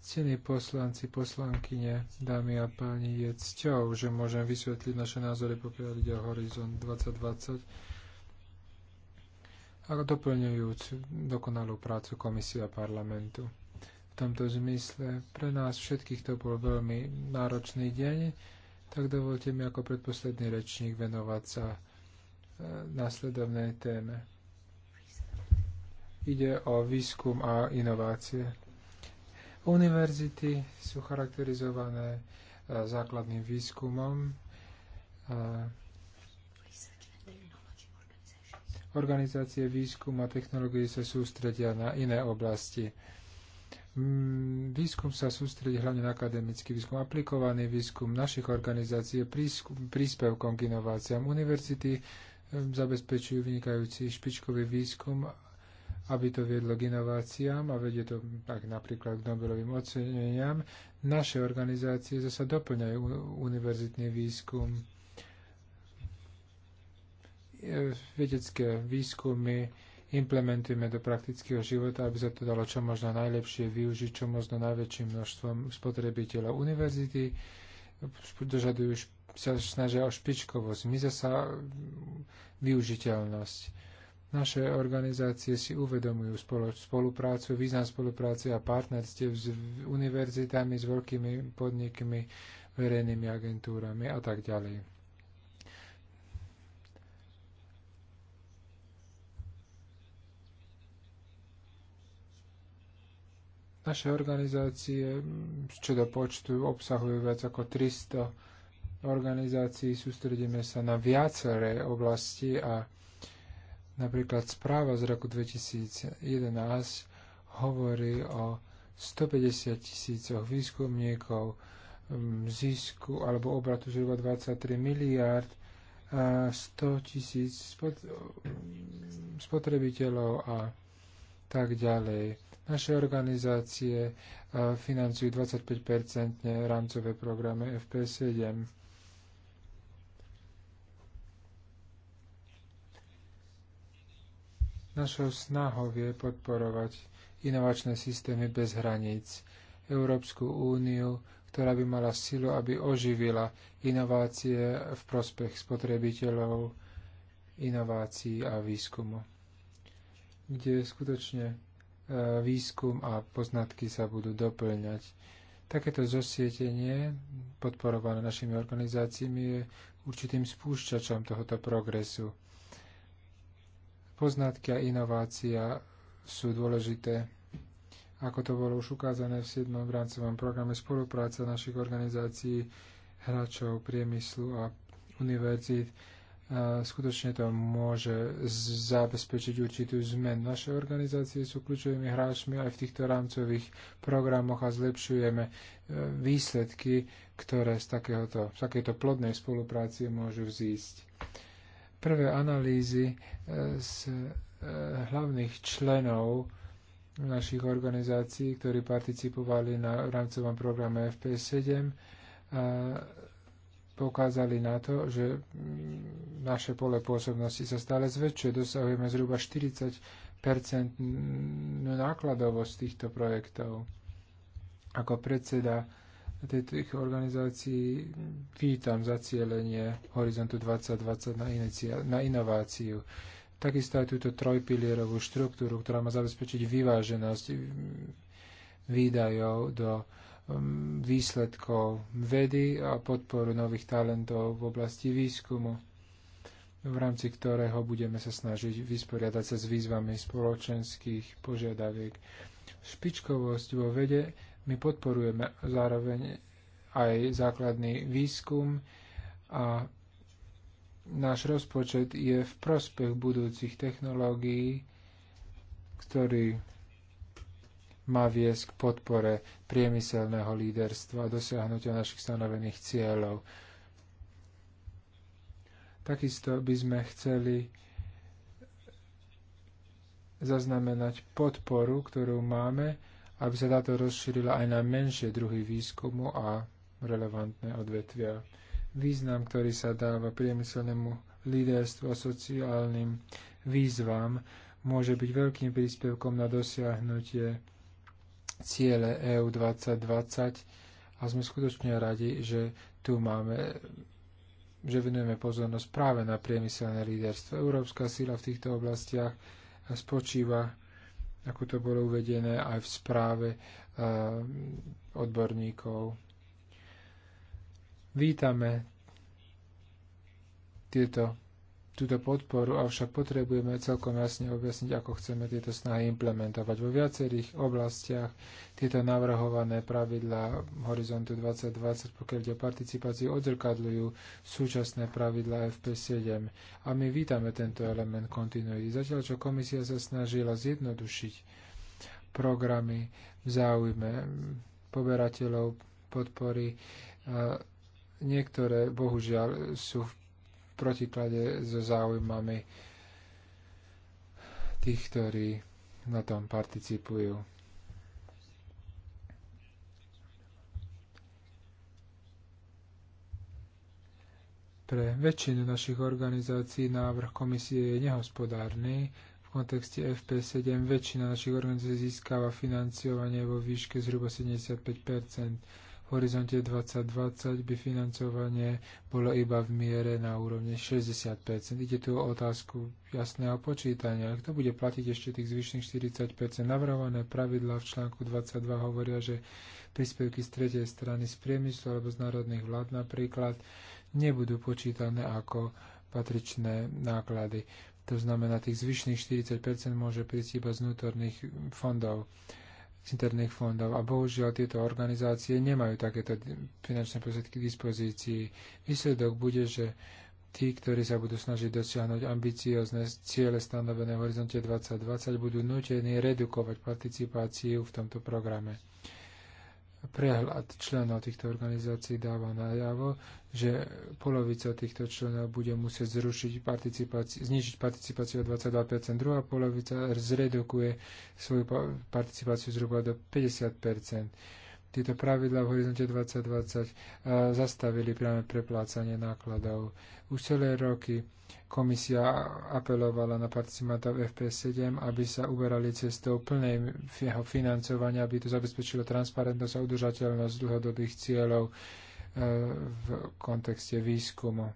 ctení poslanci, poslankyne, dámy a páni, je cťou, že môžem vysvetliť naše názory, pokiaľ ide o Horizont 2020 a doplňujúc dokonalú prácu a parlamentu. V tomto zmysle pre nás všetkých to bol veľmi náročný deň, tak dovolte mi ako predposledný rečník venovať sa e, následovnej téme. Ide o výskum a inovácie. Univerzity sú charakterizované e, základným výskumom. E, organizácie výskumu a technológie sa sústredia na iné oblasti Mm, výskum sa sústredí hlavne na akademický výskum. Aplikovaný výskum našich organizácií je príspevkom k inováciám. Univerzity eh, zabezpečujú vynikajúci špičkový výskum, aby to viedlo k inováciám a vedie to tak napríklad k Nobelovým oceneniam. Naše organizácie zase doplňajú univerzitný výskum eh, vedecké výskumy Implementujeme do praktického života, aby sa to dalo čo možno najlepšie využiť, čo možno najväčším množstvom spotrebiteľov. Univerzity dožadujú, sa snažia o špičkovosť, my zasa využiteľnosť. Naše organizácie si uvedomujú spoluprácu, význam spolupráce a partnerstie s univerzitami, s veľkými podnikmi, verejnými agentúrami a tak ďalej. Naše organizácie, čo do počtu, obsahujú viac ako 300 organizácií, sústredíme sa na viaceré oblasti a napríklad správa z roku 2011 hovorí o 150 tisícoch výskumníkov, mm, zisku alebo obratu zhruba 23 miliárd, 100 tisíc mm, spotrebiteľov a tak ďalej. Naše organizácie e, financujú 25% rámcové programy FP7. Našou snahou je podporovať inovačné systémy bez hraníc, Európsku úniu, ktorá by mala silu, aby oživila inovácie v prospech spotrebiteľov, inovácií a výskumu kde skutočne e, výskum a poznatky sa budú doplňať. Takéto zosietenie, podporované našimi organizáciami, je určitým spúšťačom tohoto progresu. Poznatky a inovácia sú dôležité. Ako to bolo už ukázané v 7. rámcovom programe spolupráca našich organizácií, hráčov, priemyslu a univerzít, skutočne to môže zabezpečiť určitú zmen Naše organizácie sú kľúčovými hráčmi aj v týchto rámcových programoch a zlepšujeme e, výsledky, ktoré z, takéhoto, z takéto plodnej spolupráci môžu vzísť. Prvé analýzy e, z e, hlavných členov našich organizácií, ktorí participovali na rámcovom programe FP7, poukázali na to, že naše pole pôsobnosti sa stále zväčšuje. Dosahujeme zhruba 40 nákladovosť týchto projektov. Ako predseda ich organizácií vítam zacielenie Horizontu 2020 na, inicia- na inováciu. Takisto aj túto trojpilierovú štruktúru, ktorá má zabezpečiť vyváženosť výdajov do Um, výsledkov vedy a podporu nových talentov v oblasti výskumu, v rámci ktorého budeme sa snažiť vysporiadať sa s výzvami spoločenských požiadaviek. Špičkovosť vo vede my podporujeme zároveň aj základný výskum a náš rozpočet je v prospech budúcich technológií, ktorý má viesť k podpore priemyselného líderstva a dosiahnutia našich stanovených cieľov. Takisto by sme chceli zaznamenať podporu, ktorú máme, aby sa táto rozšírila aj na menšie druhy výskumu a relevantné odvetvia. Význam, ktorý sa dáva priemyselnému líderstvu a sociálnym výzvam, môže byť veľkým príspevkom na dosiahnutie ciele EU 2020 a sme skutočne radi, že tu máme že venujeme pozornosť práve na priemyselné líderstvo. Európska sila v týchto oblastiach spočíva, ako to bolo uvedené aj v správe eh, odborníkov. Vítame tieto túto podporu, avšak potrebujeme celkom jasne objasniť, ako chceme tieto snahy implementovať. Vo viacerých oblastiach tieto navrhované pravidlá Horizontu 2020, pokiaľ ide o participáciu, odzrkadľujú súčasné pravidlá FP7. A my vítame tento element kontinuity. Zatiaľ, čo komisia sa snažila zjednodušiť programy v záujme poberateľov podpory, niektoré bohužiaľ sú v protiklade so záujmami tých, ktorí na tom participujú. Pre väčšinu našich organizácií návrh komisie je nehospodárny. V kontexte FP7 väčšina našich organizácií získava financovanie vo výške zhruba 75 horizonte 2020 by financovanie bolo iba v miere na úrovni 60 Ide tu o otázku jasného počítania. Kto bude platiť ešte tých zvyšných 40 navrhované pravidlá v článku 22 hovoria, že príspevky z tretej strany z priemyslu alebo z národných vlád napríklad nebudú počítané ako patričné náklady. To znamená, tých zvyšných 40 môže prísť iba z vnútorných fondov z interných fondov. A bohužiaľ tieto organizácie nemajú takéto finančné prostriedky k dispozícii. Výsledok bude, že tí, ktorí sa budú snažiť dosiahnuť ambiciozne ciele stanovené v horizonte 2020, budú nutení redukovať participáciu v tomto programe prehľad členov týchto organizácií dáva najavo, že polovica týchto členov bude musieť zrušiť participáci- znižiť participáciu o 22%, druhá polovica zredukuje svoju participáciu zhruba do 50% tieto pravidla v horizonte 2020 e, zastavili priame preplácanie nákladov. Už celé roky komisia apelovala na participantov FP7, aby sa uberali cestou plnej jeho financovania, aby to zabezpečilo transparentnosť a udržateľnosť dlhodobých cieľov e, v kontexte výskumu.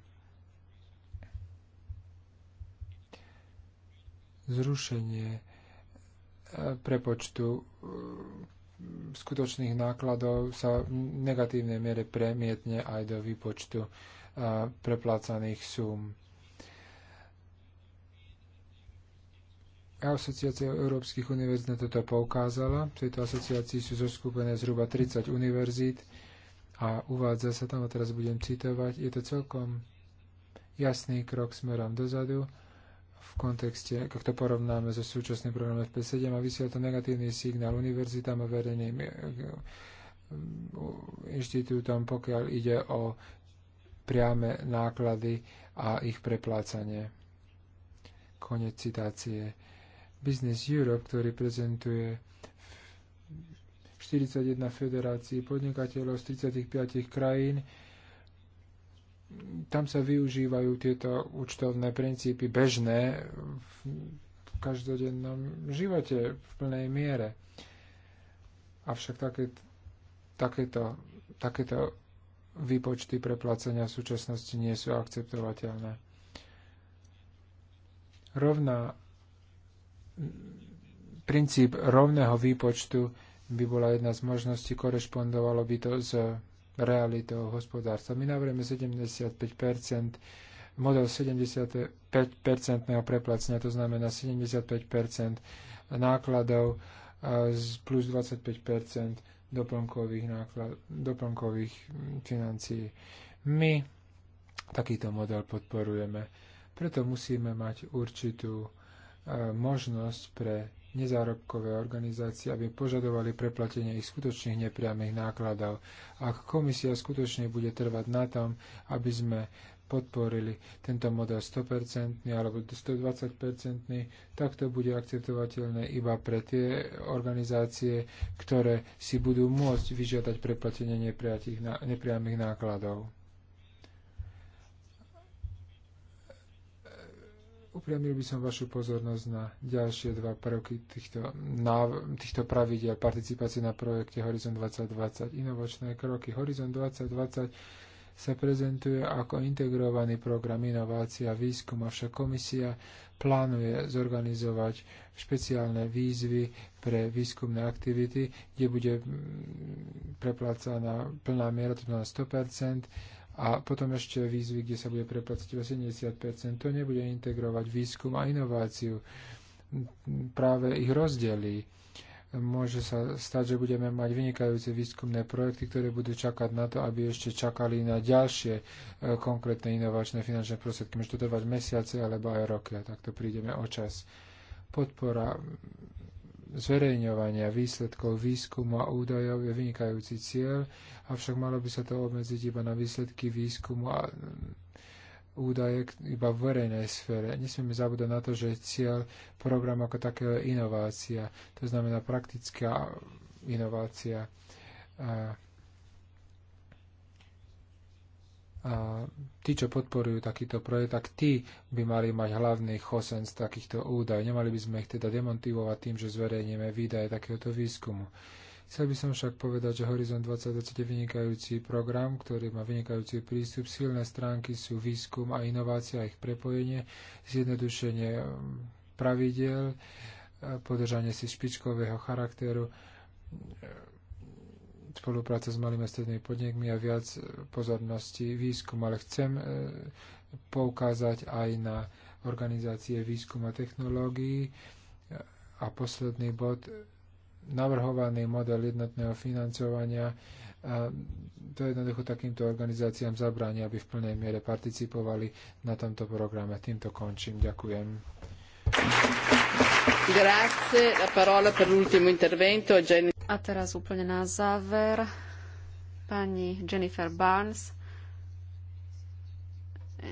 Zrušenie e, prepočtu skutočných nákladov sa v negatívnej miere premietne aj do výpočtu preplácaných súm. Asociácia Európskych univerzít na toto poukázala. V tejto asociácii sú zoskupené zhruba 30 univerzít a uvádza sa tam, a teraz budem citovať, je to celkom jasný krok smerom dozadu v kontexte, ak to porovnáme so súčasným programom FP7 a vysiela to negatívny signál univerzitám a verejným eh, eh, inštitútom, pokiaľ ide o priame náklady a ich preplácanie. Konec citácie. Business Europe, ktorý prezentuje 41 federácií podnikateľov z 35 krajín, tam sa využívajú tieto účtovné princípy bežné v každodennom živote v plnej miere. Avšak také, takéto, takéto výpočty preplacenia v súčasnosti nie sú akceptovateľné. Rovná, princíp rovného výpočtu by bola jedna z možností, korešpondovalo by to s realitou hospodárstva. My navrieme 75 model 75-percentného preplacenia, to znamená 75 nákladov plus 25 doplnkových, náklad, doplnkových financií. My takýto model podporujeme. Preto musíme mať určitú e, možnosť pre nezárobkové organizácie, aby požadovali preplatenie ich skutočných nepriamých nákladov. Ak komisia skutočne bude trvať na tom, aby sme podporili tento model 100% alebo 120%, tak to bude akceptovateľné iba pre tie organizácie, ktoré si budú môcť vyžiadať preplatenie nepriamých nákladov. Upriamil by som vašu pozornosť na ďalšie dva prvky týchto, náv- týchto pravidel participácie na projekte Horizon 2020. Inovačné kroky Horizon 2020 sa prezentuje ako integrovaný program inovácia a výskum, avšak komisia plánuje zorganizovať špeciálne výzvy pre výskumné aktivity, kde bude mm, preplácaná plná miera, to na 100 a potom ešte výzvy, kde sa bude preplatiť 80%. To nebude integrovať výskum a inováciu. Práve ich rozdelí. Môže sa stať, že budeme mať vynikajúce výskumné projekty, ktoré budú čakať na to, aby ešte čakali na ďalšie e, konkrétne inovačné finančné prostriedky. Môže to trvať mesiace alebo aj roky a takto prídeme o čas. Podpora zverejňovania výsledkov výskumu a údajov je vynikajúci cieľ, avšak malo by sa to obmedziť iba na výsledky výskumu a mm, údaje iba v verejnej sfére. Nesmieme zabúdať na to, že cieľ program ako takého je inovácia, to znamená praktická inovácia. tí, čo podporujú takýto projekt, tak tí by mali mať hlavný chosen z takýchto údaj. Nemali by sme ich teda demontivovať tým, že zverejníme výdaje takéhoto výskumu. Chcel by som však povedať, že Horizon 2020 je vynikajúci program, ktorý má vynikajúci prístup. Silné stránky sú výskum a inovácia a ich prepojenie, zjednodušenie pravidel, podržanie si špičkového charakteru, spolupráca s malými a strednými podnikmi a viac pozornosti výskum, ale chcem e, poukázať aj na organizácie výskum a technológií. A posledný bod, navrhovaný model jednotného financovania, a e, to jednoducho takýmto organizáciám zabráni, aby v plnej miere participovali na tomto programe. Týmto končím. Ďakujem. Grazie, la parola per l'ultimo intervento. A teraz úplne na záver pani Jennifer Barnes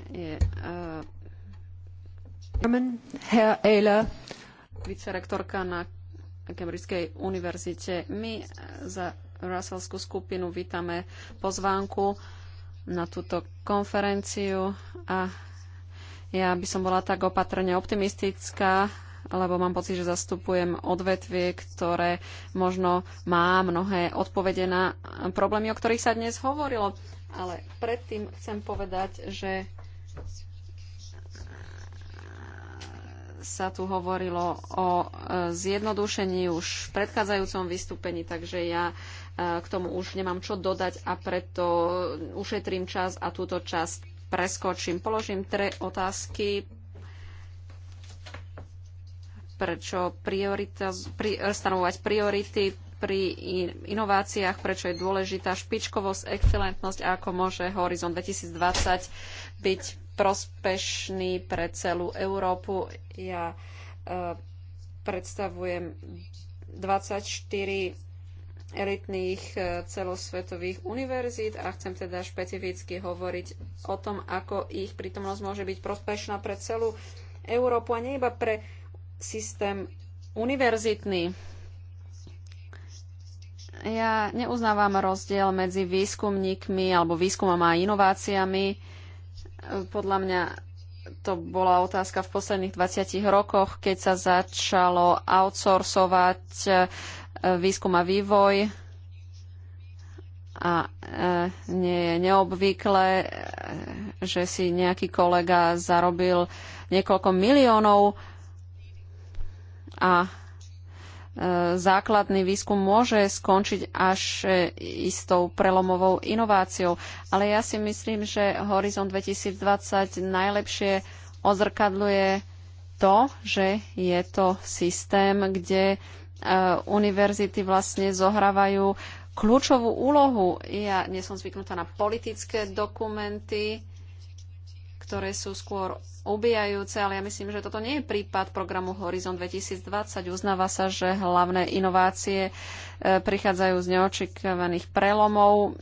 je uh, Herr vicerektorka na Cambridgeskej univerzite. My eh, za Russellskú skupinu vítame pozvánku na túto konferenciu a ja by som bola tak opatrne optimistická, lebo mám pocit, že zastupujem odvetvie, ktoré možno má mnohé odpovede na problémy, o ktorých sa dnes hovorilo. Ale predtým chcem povedať, že sa tu hovorilo o e, zjednodušení už v predchádzajúcom vystúpení, takže ja e, k tomu už nemám čo dodať a preto ušetrím čas a túto časť preskočím. Položím tre otázky prečo priorita, pri, stanovovať priority pri inováciách, prečo je dôležitá špičkovosť, excelentnosť a ako môže Horizont 2020 byť prospešný pre celú Európu. Ja e, predstavujem 24 elitných e, celosvetových univerzít a chcem teda špecificky hovoriť o tom, ako ich prítomnosť môže byť prospešná pre celú Európu a nie iba pre systém univerzitný. Ja neuznávam rozdiel medzi výskumníkmi alebo výskumom a inováciami. Podľa mňa to bola otázka v posledných 20 rokoch, keď sa začalo outsourcovať e, výskum a vývoj. A e, nie je neobvyklé, e, že si nejaký kolega zarobil niekoľko miliónov a e, základný výskum môže skončiť až e, istou prelomovou inováciou. Ale ja si myslím, že Horizon 2020 najlepšie odzrkadluje to, že je to systém, kde e, univerzity vlastne zohrávajú kľúčovú úlohu. Ja nie som zvyknutá na politické dokumenty, ktoré sú skôr ubijajúce, ale ja myslím, že toto nie je prípad programu Horizon 2020. Uznáva sa, že hlavné inovácie e, prichádzajú z neočikovaných prelomov,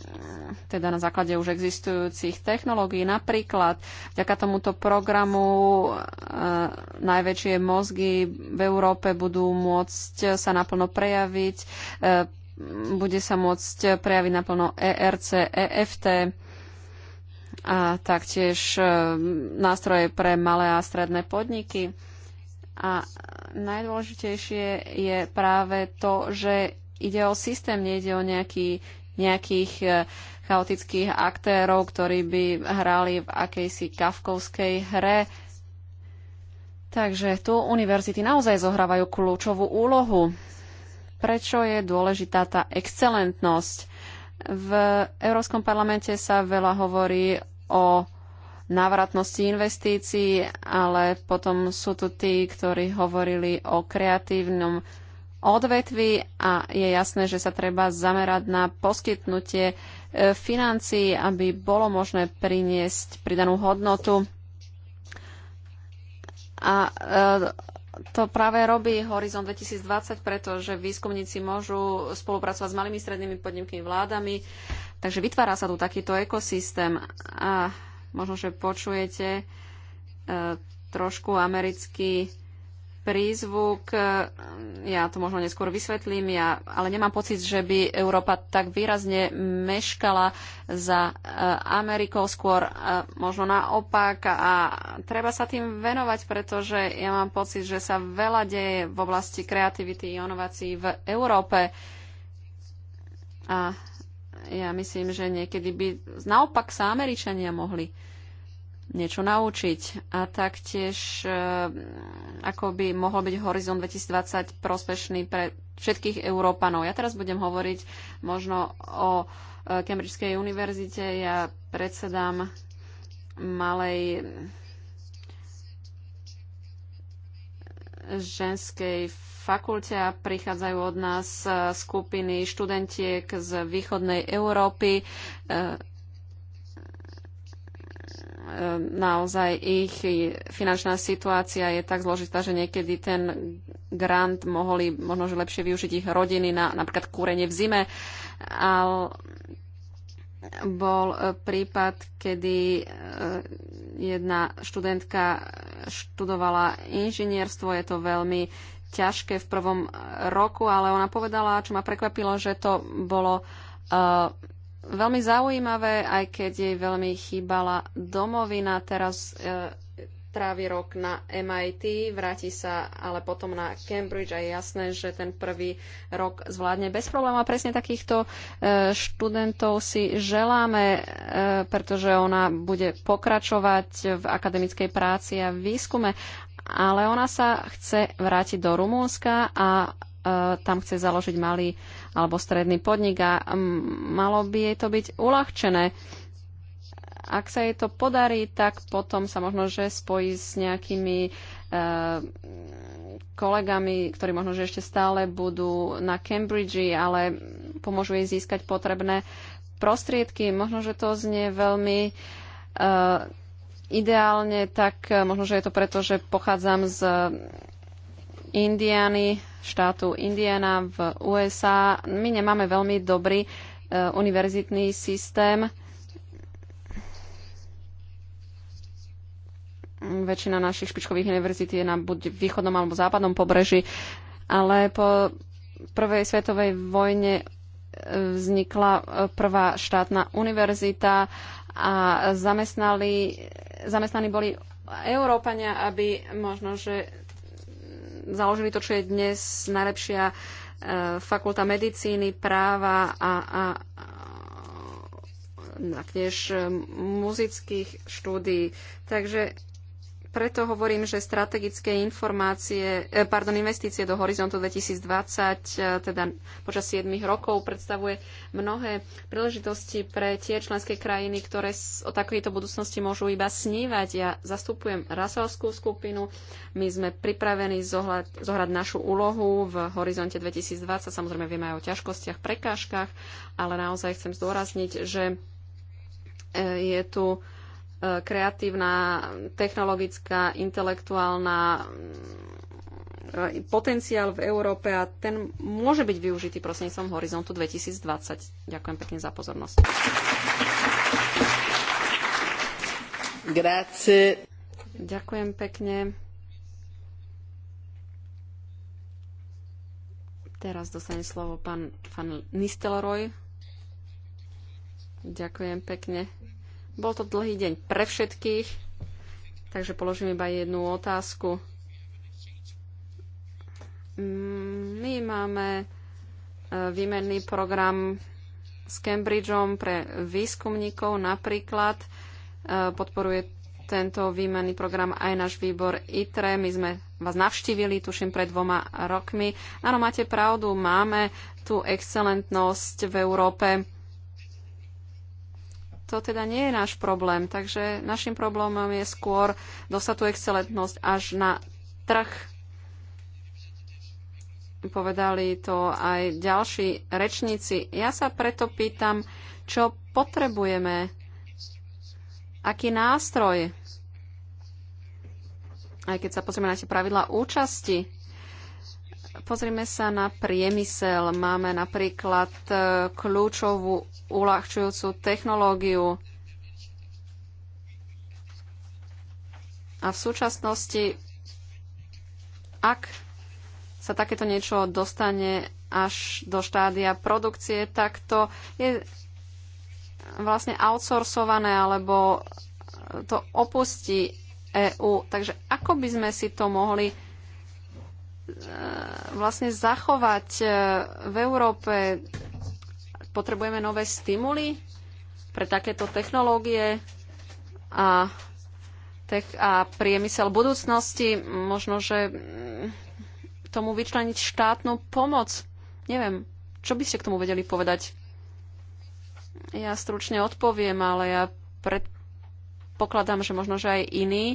teda na základe už existujúcich technológií. Napríklad vďaka tomuto programu e, najväčšie mozgy v Európe budú môcť sa naplno prejaviť, e, bude sa môcť prejaviť naplno ERC, EFT, a taktiež e, nástroje pre malé a stredné podniky. A najdôležitejšie je práve to, že ide o systém, nejde o nejaký, nejakých e, chaotických aktérov, ktorí by hrali v akejsi kafkovskej hre. Takže tu univerzity naozaj zohrávajú kľúčovú úlohu. Prečo je dôležitá tá excelentnosť? V Európskom parlamente sa veľa hovorí o návratnosti investícií, ale potom sú tu tí, ktorí hovorili o kreatívnom odvetvi a je jasné, že sa treba zamerať na poskytnutie e, financií, aby bolo možné priniesť pridanú hodnotu a e, to práve robí Horizon 2020, pretože výskumníci môžu spolupracovať s malými strednými podnikmi, vládami, takže vytvára sa tu takýto ekosystém a možno, že počujete e, trošku americký prízvuk, e, ja to možno neskôr vysvetlím, ja, ale nemám pocit, že by Európa tak výrazne meškala za e, Amerikou, skôr e, možno naopak a treba sa tým venovať, pretože ja mám pocit, že sa veľa deje v oblasti kreativity a inovácií v Európe a ja myslím, že niekedy by naopak sa Američania mohli niečo naučiť. A taktiež ako by mohol byť Horizon 2020 prospešný pre všetkých Európanov. Ja teraz budem hovoriť možno o e, Cambridgeskej univerzite. Ja predsedám malej ženskej fakulte a prichádzajú od nás e, skupiny študentiek z východnej Európy e, Ehm, naozaj ich finančná situácia je tak zložitá, že niekedy ten grant mohli možno, že lepšie využiť ich rodiny na napríklad kúrenie v zime. Ale bol e, prípad, kedy e, jedna študentka študovala inžinierstvo, je to veľmi ťažké v prvom e, roku, ale ona povedala, čo ma prekvapilo, že to bolo veľmi zaujímavé, aj keď jej veľmi chýbala domovina. Teraz e, trávi rok na MIT, vráti sa ale potom na Cambridge a je jasné, že ten prvý rok zvládne bez problémov. A presne takýchto e, študentov si želáme, e, pretože ona bude pokračovať v akademickej práci a výskume. Ale ona sa chce vrátiť do Rumúnska a e, tam chce založiť malý alebo stredný podnik a mm, malo by jej to byť uľahčené. Ak sa jej to podarí, tak potom sa možno, že spojí s nejakými e, kolegami, ktorí možno, že ešte stále budú na Cambridge, ale pomôžu jej získať potrebné prostriedky. Možno, že to znie veľmi e, ideálne, tak e, možno, že je to preto, že pochádzam z Indiany, štátu Indiana v USA. My nemáme veľmi dobrý e, univerzitný systém. Väčšina našich špičkových univerzít je na buď východnom alebo západnom pobreží, ale po prvej svetovej vojne e, vznikla e, prvá štátna univerzita a zamestnali, zamestnaní boli Európania, aby možno, že založili to, čo je dnes najlepšia e, fakulta medicíny, práva a, a, a tiež e, muzických štúdií. Takže preto hovorím, že strategické informácie, eh, pardon, investície do horizontu 2020, eh, teda počas 7 rokov, predstavuje mnohé príležitosti pre tie členské krajiny, ktoré o takejto budúcnosti môžu iba snívať. Ja zastupujem rasalskú skupinu, my sme pripravení zohľad, zohrať našu úlohu v horizonte 2020. Samozrejme, vieme aj o ťažkostiach, prekážkach, ale naozaj chcem zdôrazniť, že eh, je tu kreatívna, technologická, intelektuálna e, potenciál v Európe a ten môže byť využitý prostredníctvom Horizontu 2020. Ďakujem pekne za pozornosť. Grazie. Ďakujem pekne. Teraz dostane slovo pán, pán Nistelroj. Ďakujem pekne. Bol to dlhý deň pre všetkých, takže položím iba jednu otázku. Mm, my máme e, výmenný program s Cambridgeom pre výskumníkov napríklad. E, podporuje tento výmenný program aj náš výbor ITRE. My sme vás navštívili, tuším, pred dvoma rokmi. Áno, máte pravdu, máme tú excelentnosť v Európe to teda nie je náš problém. Takže našim problémom je skôr dostať tú excelentnosť až na trh. Povedali to aj ďalší rečníci. Ja sa preto pýtam, čo potrebujeme, aký nástroj, aj keď sa pozrieme na tie pravidlá účasti Pozrime sa na priemysel. Máme napríklad e, kľúčovú uľahčujúcu technológiu. A v súčasnosti, ak sa takéto niečo dostane až do štádia produkcie, tak to je vlastne outsourcované alebo to opustí EÚ. Takže ako by sme si to mohli vlastne zachovať e, v Európe? Potrebujeme nové stimuly pre takéto technológie a, tech a priemysel budúcnosti. Možno, že mm, tomu vyčleniť štátnu pomoc. Neviem, čo by ste k tomu vedeli povedať? Ja stručne odpoviem, ale ja predpokladám, že možno, že aj iní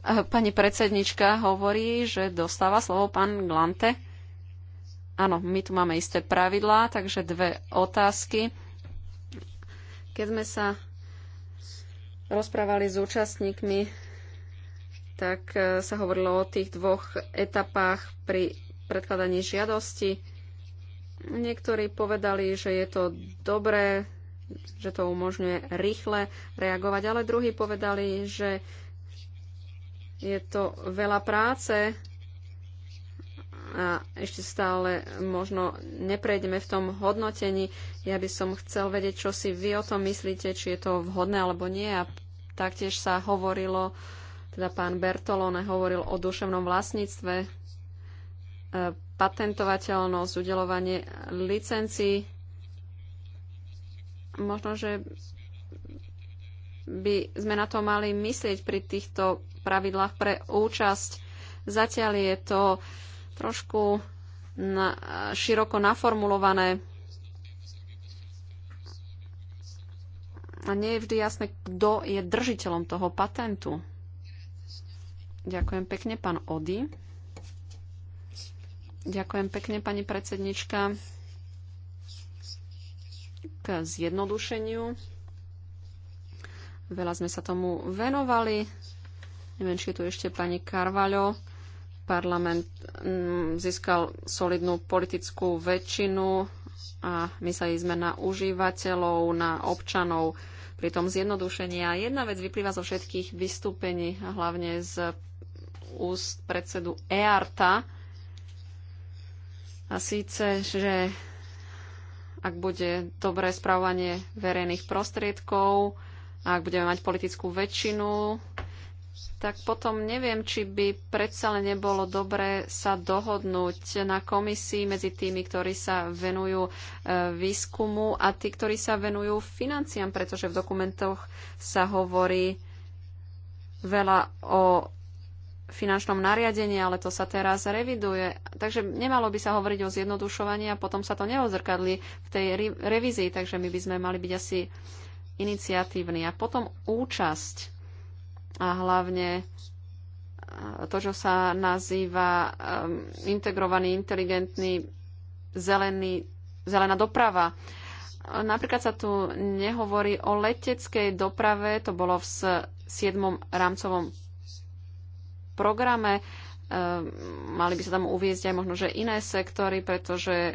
Eh, pani predsednička hovorí, že dostáva slovo pán Glante. Áno, my tu máme isté pravidlá, takže dve otázky. Keď sme sa rozprávali s účastníkmi, tak eh, sa hovorilo o tých dvoch etapách pri predkladaní žiadosti. Niektorí povedali, že je to dobré, že to umožňuje rýchle reagovať, ale druhí povedali, že je to veľa práce a ešte stále možno neprejdeme v tom hodnotení. Ja by som chcel vedieť, čo si vy o tom myslíte, či je to vhodné alebo nie. A taktiež sa hovorilo, teda pán Bertolone hovoril o duševnom vlastníctve, e, patentovateľnosť, udelovanie licencií. Možno, že by sme na to mali myslieť pri týchto pravidlách pre účasť. Zatiaľ je to trošku na, široko naformulované a nie je vždy jasné, kto je držiteľom toho patentu. Ďakujem pekne, pán Ody. Ďakujem pekne, pani predsednička. K zjednodušeniu. Veľa sme sa tomu venovali Neviem, či je tu ešte pani Karvaľo, Parlament mm, získal solidnú politickú väčšinu a mysleli sme na užívateľov, na občanov pri tom zjednodušenia. Jedna vec vyplýva zo všetkých vystúpení, a hlavne z úst predsedu EARTA. A síce, že ak bude dobré správanie verejných prostriedkov, ak budeme mať politickú väčšinu, tak potom neviem, či by predsa len nebolo dobré sa dohodnúť na komisii medzi tými, ktorí sa venujú e, výskumu a tí, ktorí sa venujú financiám, pretože v dokumentoch sa hovorí veľa o finančnom nariadení, ale to sa teraz reviduje. Takže nemalo by sa hovoriť o zjednodušovaní a potom sa to neozrkadli v tej revízii, takže my by sme mali byť asi iniciatívni. A potom účasť a hlavne to, čo sa nazýva um, integrovaný, inteligentný, zelený, zelená doprava. Napríklad sa tu nehovorí o leteckej doprave, to bolo v 7. rámcovom programe Ehm, mali by sa tam uviezť aj možno, že iné sektory, pretože e,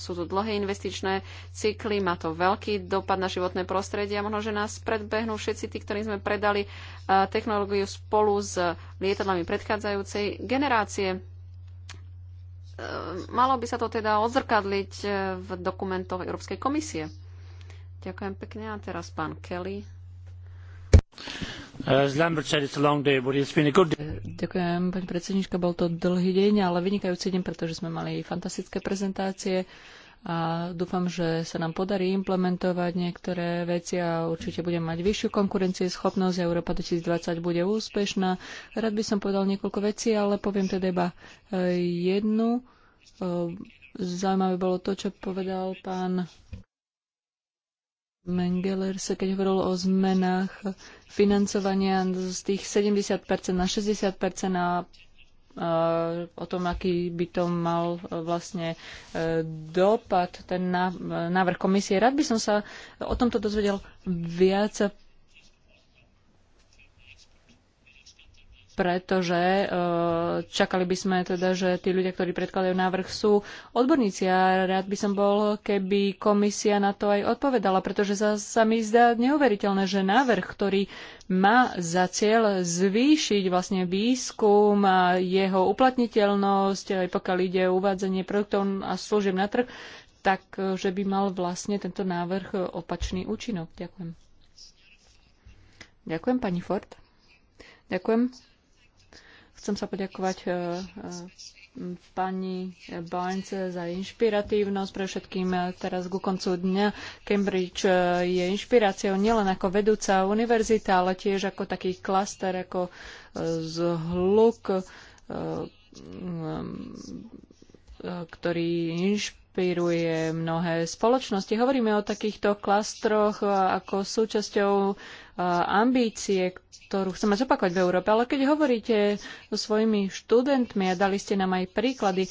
sú tu dlhé investičné cykly, má to veľký dopad na životné prostredie a možno, že nás predbehnú všetci tí, ktorým sme predali e, technológiu spolu s lietadlami predchádzajúcej generácie. Ehm, malo by sa to teda odzrkadliť e, v dokumentoch Európskej komisie. Ďakujem pekne a teraz pán Kelly. Uh, uh, ďakujem, pani predsednička, bol to dlhý deň, ale vynikajúci deň, pretože sme mali fantastické prezentácie a dúfam, že sa nám podarí implementovať niektoré veci a určite budeme mať vyššiu konkurencieschopnosť. Európa 2020 bude úspešná. Rád by som povedal niekoľko vecí, ale poviem teda iba uh, jednu. Zaujímavé bolo to, čo povedal pán Mengeler sa, keď hovoril o zmenách financovania z tých 70% na 60% a o tom, aký by to mal e, vlastne e, dopad ten e, návrh komisie. Rád by som sa o tomto dozvedel viac pretože e, čakali by sme teda, že tí ľudia, ktorí predkladajú návrh, sú odborníci a rád by som bol, keby komisia na to aj odpovedala, pretože sa, sa mi zdá neuveriteľné, že návrh, ktorý má za cieľ zvýšiť vlastne výskum a jeho uplatniteľnosť, aj pokiaľ ide o uvádzanie produktov a služieb na trh, tak e, že by mal vlastne tento návrh opačný účinok. Ďakujem. Ďakujem, pani Ford. Ďakujem. Chcem sa poďakovať e, e, pani Barnes za inšpiratívnosť. Pre všetkým e, teraz ku koncu dňa Cambridge je inšpiráciou nielen ako vedúca univerzita, ale tiež ako taký klaster, ako zhluk, ktorý inšpiruje mnohé spoločnosti. Hovoríme o takýchto klastroch ako súčasťou ambície, ktorú chceme zopakovať v Európe. Ale keď hovoríte so svojimi študentmi a dali ste nám aj príklady,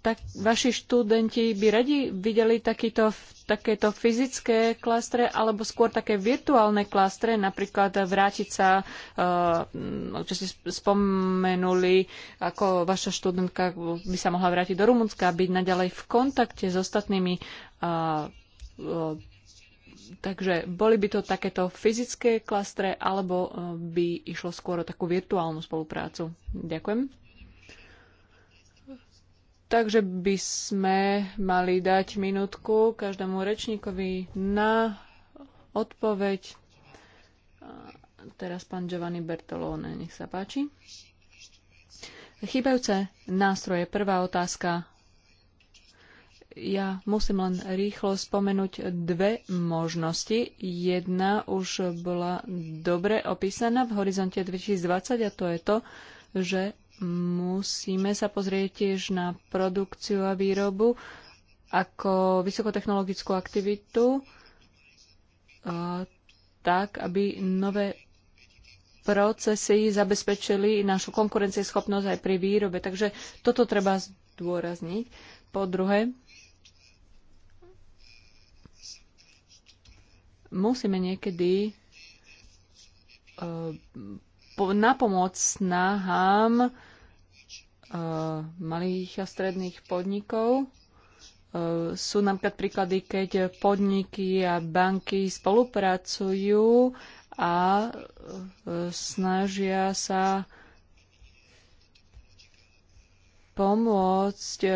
tak vaši študenti by radi videli takýto, takéto fyzické klastre alebo skôr také virtuálne klastre, napríklad vrátiť sa, no, čo ste spomenuli, ako vaša študentka by sa mohla vrátiť do Rumunska, byť naďalej v kontakte s ostatnými takže boli by to takéto fyzické klastre, alebo e, by išlo skôr o takú virtuálnu spoluprácu? Ďakujem. Takže by sme mali dať minútku každému rečníkovi na odpoveď. Teraz pán Giovanni Bertolone, nech sa páči. Chýbajúce nástroje. Prvá otázka ja musím len rýchlo spomenúť dve možnosti. Jedna už bola dobre opísaná v horizonte 2020 a to je to, že musíme sa pozrieť tiež na produkciu a výrobu ako vysokotechnologickú aktivitu, tak aby nové procesy zabezpečili našu konkurencieschopnosť aj pri výrobe. Takže toto treba zdôrazniť. Po druhé, musíme niekedy na eh, pomoc snahám eh, malých a stredných podnikov. Eh, sú napríklad príklady, keď podniky a banky spolupracujú a snažia sa pomôcť e,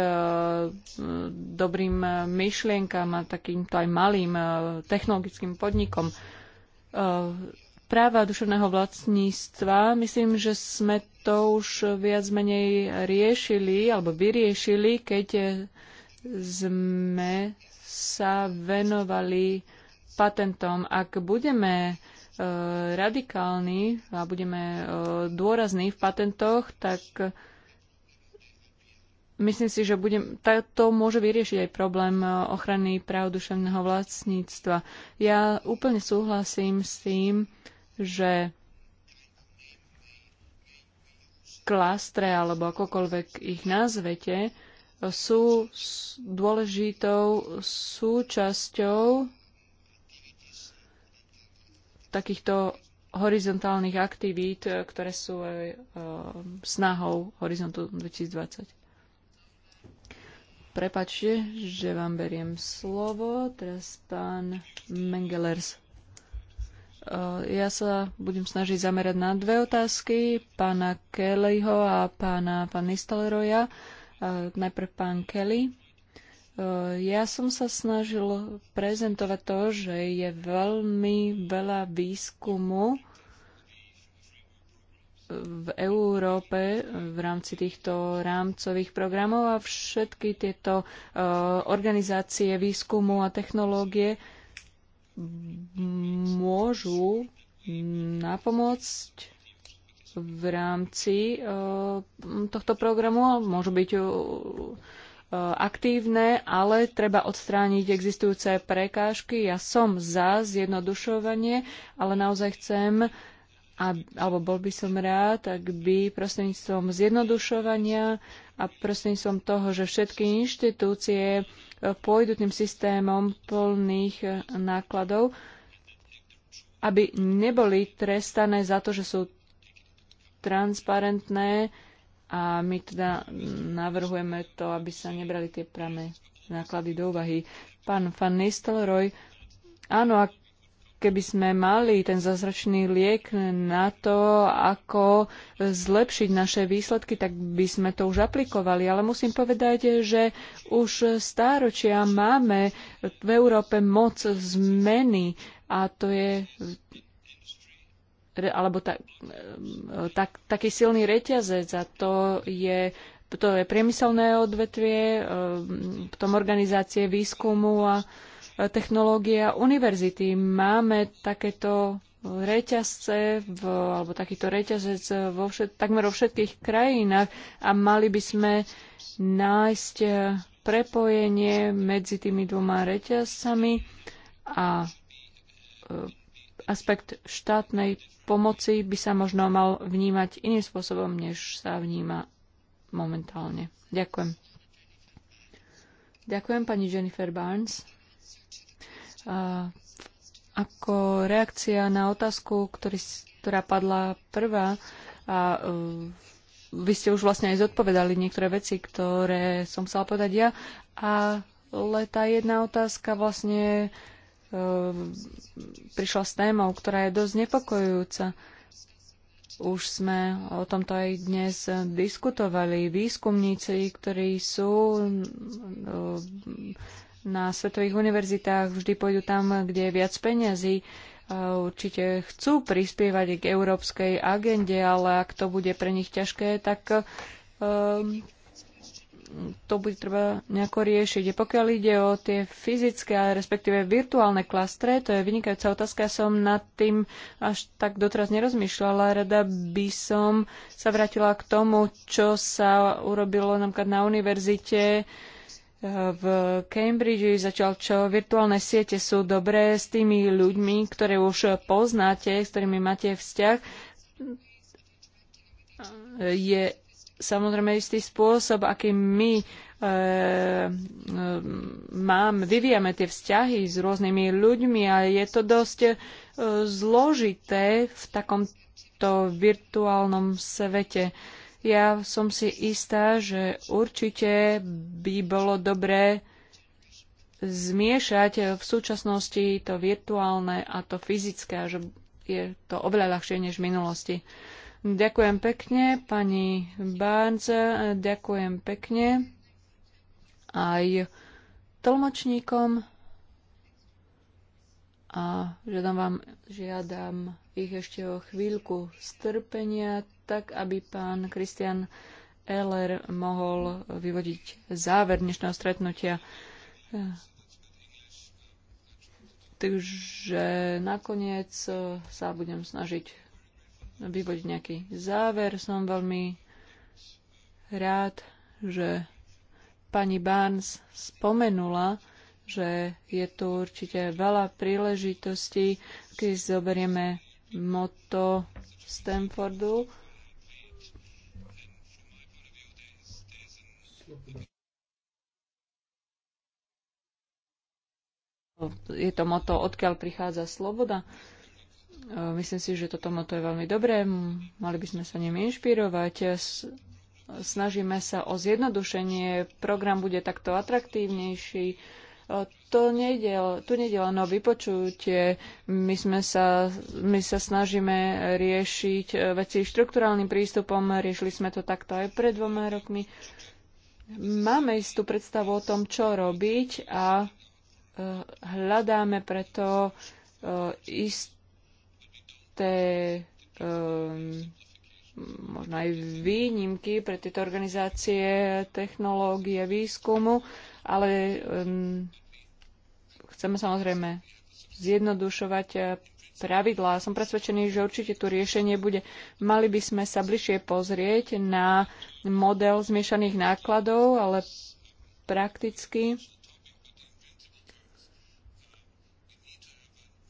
dobrým myšlienkam a takýmto aj malým e, technologickým podnikom. E, práva duševného vlastníctva, myslím, že sme to už viac menej riešili alebo vyriešili, keď sme sa venovali patentom. Ak budeme radikálni a budeme dôrazní v patentoch, tak myslím si, že budem, to môže vyriešiť aj problém e, ochrany práv duševného vlastníctva. Ja úplne súhlasím s tým, že klastre, alebo akokoľvek ich nazvete, e, sú dôležitou súčasťou takýchto horizontálnych aktivít, e, ktoré sú aj snahou Horizontu 2020. Prepačte, že vám beriem slovo. Teraz pán Mengelers. Eh, ja sa budem snažiť zamerať na dve otázky, pána Kellyho a pána pán Nistelroja. Eh, najprv pán Kelly. Eh, ja som sa snažil prezentovať to, že je veľmi veľa výskumu v Európe v rámci týchto rámcových programov a všetky tieto e, organizácie výskumu a technológie môžu napomôcť v rámci e, tohto programu, môžu byť e, aktívne, ale treba odstrániť existujúce prekážky. Ja som za zjednodušovanie, ale naozaj chcem a, alebo bol by som rád, ak by prostredníctvom zjednodušovania a prostredníctvom toho, že všetky inštitúcie e, pôjdu tým systémom plných e, nákladov, aby neboli trestané za to, že sú transparentné a my teda navrhujeme to, aby sa nebrali tie prame náklady do úvahy. Pán Van Nistelrooy, áno, ak keby sme mali ten zázračný liek na to, ako zlepšiť naše výsledky, tak by sme to už aplikovali. Ale musím povedať, že už stáročia máme v Európe moc zmeny a to je alebo tak, tak, taký silný reťazec a to je to je priemyselné odvetvie, potom organizácie výskumu a technológie a univerzity. Máme takéto reťazce v, alebo takýto reťazec vo všet, takmer vo všetkých krajinách a mali by sme nájsť eh, prepojenie medzi tými dvoma reťazcami a eh, aspekt štátnej pomoci by sa možno mal vnímať iným spôsobom, než sa vníma momentálne. Ďakujem. Ďakujem pani Jennifer Barnes. Ako reakcia na otázku, ktorý, ktorá padla prvá, a e, vy ste už vlastne aj zodpovedali niektoré veci, ktoré som chcela povedať ja, ale tá jedna otázka vlastne e, prišla s témou, ktorá je dosť nepokojujúca. Už sme o tomto aj dnes diskutovali. Výskumníci, ktorí sú e, na svetových univerzitách, vždy pôjdu tam, kde je viac peňazí. Určite chcú prispievať k európskej agende, ale ak to bude pre nich ťažké, tak um, to bude treba nejako riešiť. Pokiaľ ide o tie fyzické, ale respektíve virtuálne klastre, to je vynikajúca otázka, ja som nad tým až tak doteraz nerozmýšľala. Rada by som sa vrátila k tomu, čo sa urobilo napríklad na univerzite, uh, v Cambridge začal, čo virtuálne siete sú dobré s tými ľuďmi, ktoré už poznáte, s ktorými máte vzťah. Je samozrejme istý spôsob, akým my e, e, mám, vyvíjame tie vzťahy s rôznymi ľuďmi a je to dosť e, zložité v takomto virtuálnom svete. E, ja som si istá, že určite by bolo dobré zmiešať v súčasnosti to virtuálne a to fyzické, a že je to oveľa ľahšie než v minulosti. Ďakujem pekne, pani Barnes, ďakujem pekne aj tlmočníkom a žiadam vám, žiadam ich ešte o chvíľku strpenia, tak aby pán Kristian Eller mohol vyvodiť záver dnešného stretnutia. Takže nakoniec sa budem snažiť vyvodiť nejaký záver. Som veľmi rád, že pani Barnes spomenula, že je tu určite veľa príležitostí, keď zoberieme moto Stanfordu. Je to moto, odkiaľ prichádza sloboda. E, myslím si, že toto moto je veľmi dobré. Mali by sme sa ním inšpirovať. Snažíme sa o zjednodušenie. Program bude takto atraktívnejší to nejde, tu nejde len o vypočutie. My, sme sa, my sa snažíme riešiť e, veci štruktúrálnym prístupom. Riešili sme to takto aj pred dvoma rokmi. Máme istú predstavu o tom, čo robiť a e, hľadáme preto e, isté možno aj výnimky pre tieto organizácie technológie výskumu, ale um, chceme samozrejme zjednodušovať eh, pravidlá. Som presvedčený, že určite tu riešenie bude. Mali by sme sa bližšie pozrieť na model zmiešaných nákladov, ale prakticky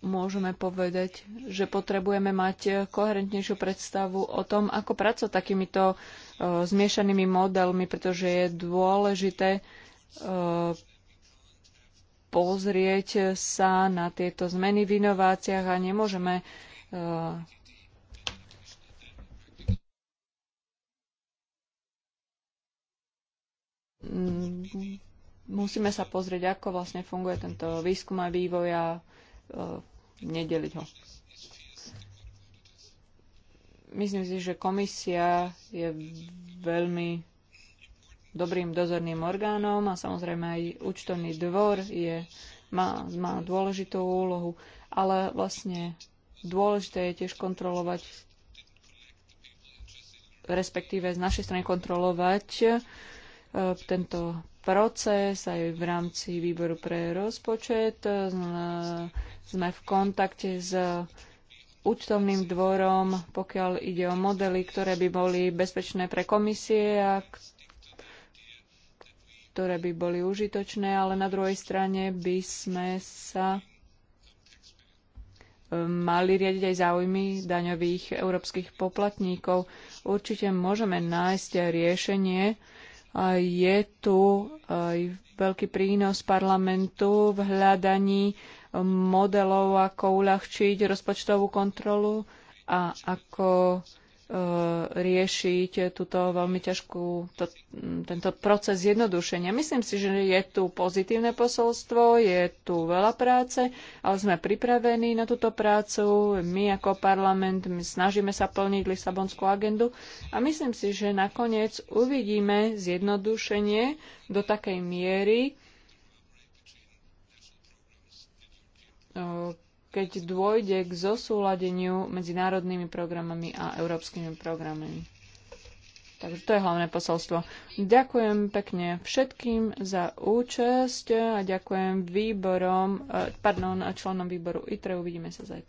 môžeme povedať, že potrebujeme mať eh, koherentnejšiu predstavu o tom, ako pracovať takýmito uh, zmiešanými modelmi, pretože je dôležité uh, pozrieť sa na tieto zmeny v inováciách a nemôžeme uh, musíme sa pozrieť, ako vlastne funguje tento výskum a vývoj a nedeliť ho. Myslím si, že komisia je veľmi dobrým dozorným orgánom a samozrejme aj účtovný dvor je, má, má dôležitú úlohu, ale vlastne dôležité je tiež kontrolovať respektíve z našej strany kontrolovať e, tento proces aj v rámci výboru pre rozpočet. Sme v kontakte s účtovným dvorom, pokiaľ ide o modely, ktoré by boli bezpečné pre komisie a ktoré by boli užitočné, ale na druhej strane by sme sa e, mali riadiť aj záujmy daňových európskych poplatníkov. Určite môžeme nájsť riešenie, je tu eh, aj veľký prínos parlamentu v hľadaní eh, modelov, ako uľahčiť rozpočtovú kontrolu a ako E, riešiť túto veľmi ťažkú, to, tento proces zjednodušenia. Myslím si, že je tu pozitívne posolstvo, je tu veľa práce, ale sme pripravení na túto prácu. My ako parlament my snažíme sa plniť Lisabonskú agendu a myslím si, že nakoniec uvidíme zjednodušenie do takej miery, e, keď dôjde k zosúladeniu medzi národnými programami a európskymi programami. Takže to je hlavné posolstvo. Ďakujem pekne všetkým za účasť a ďakujem výborom, eh, pardon, členom výboru ITRE. Uvidíme sa zajtra.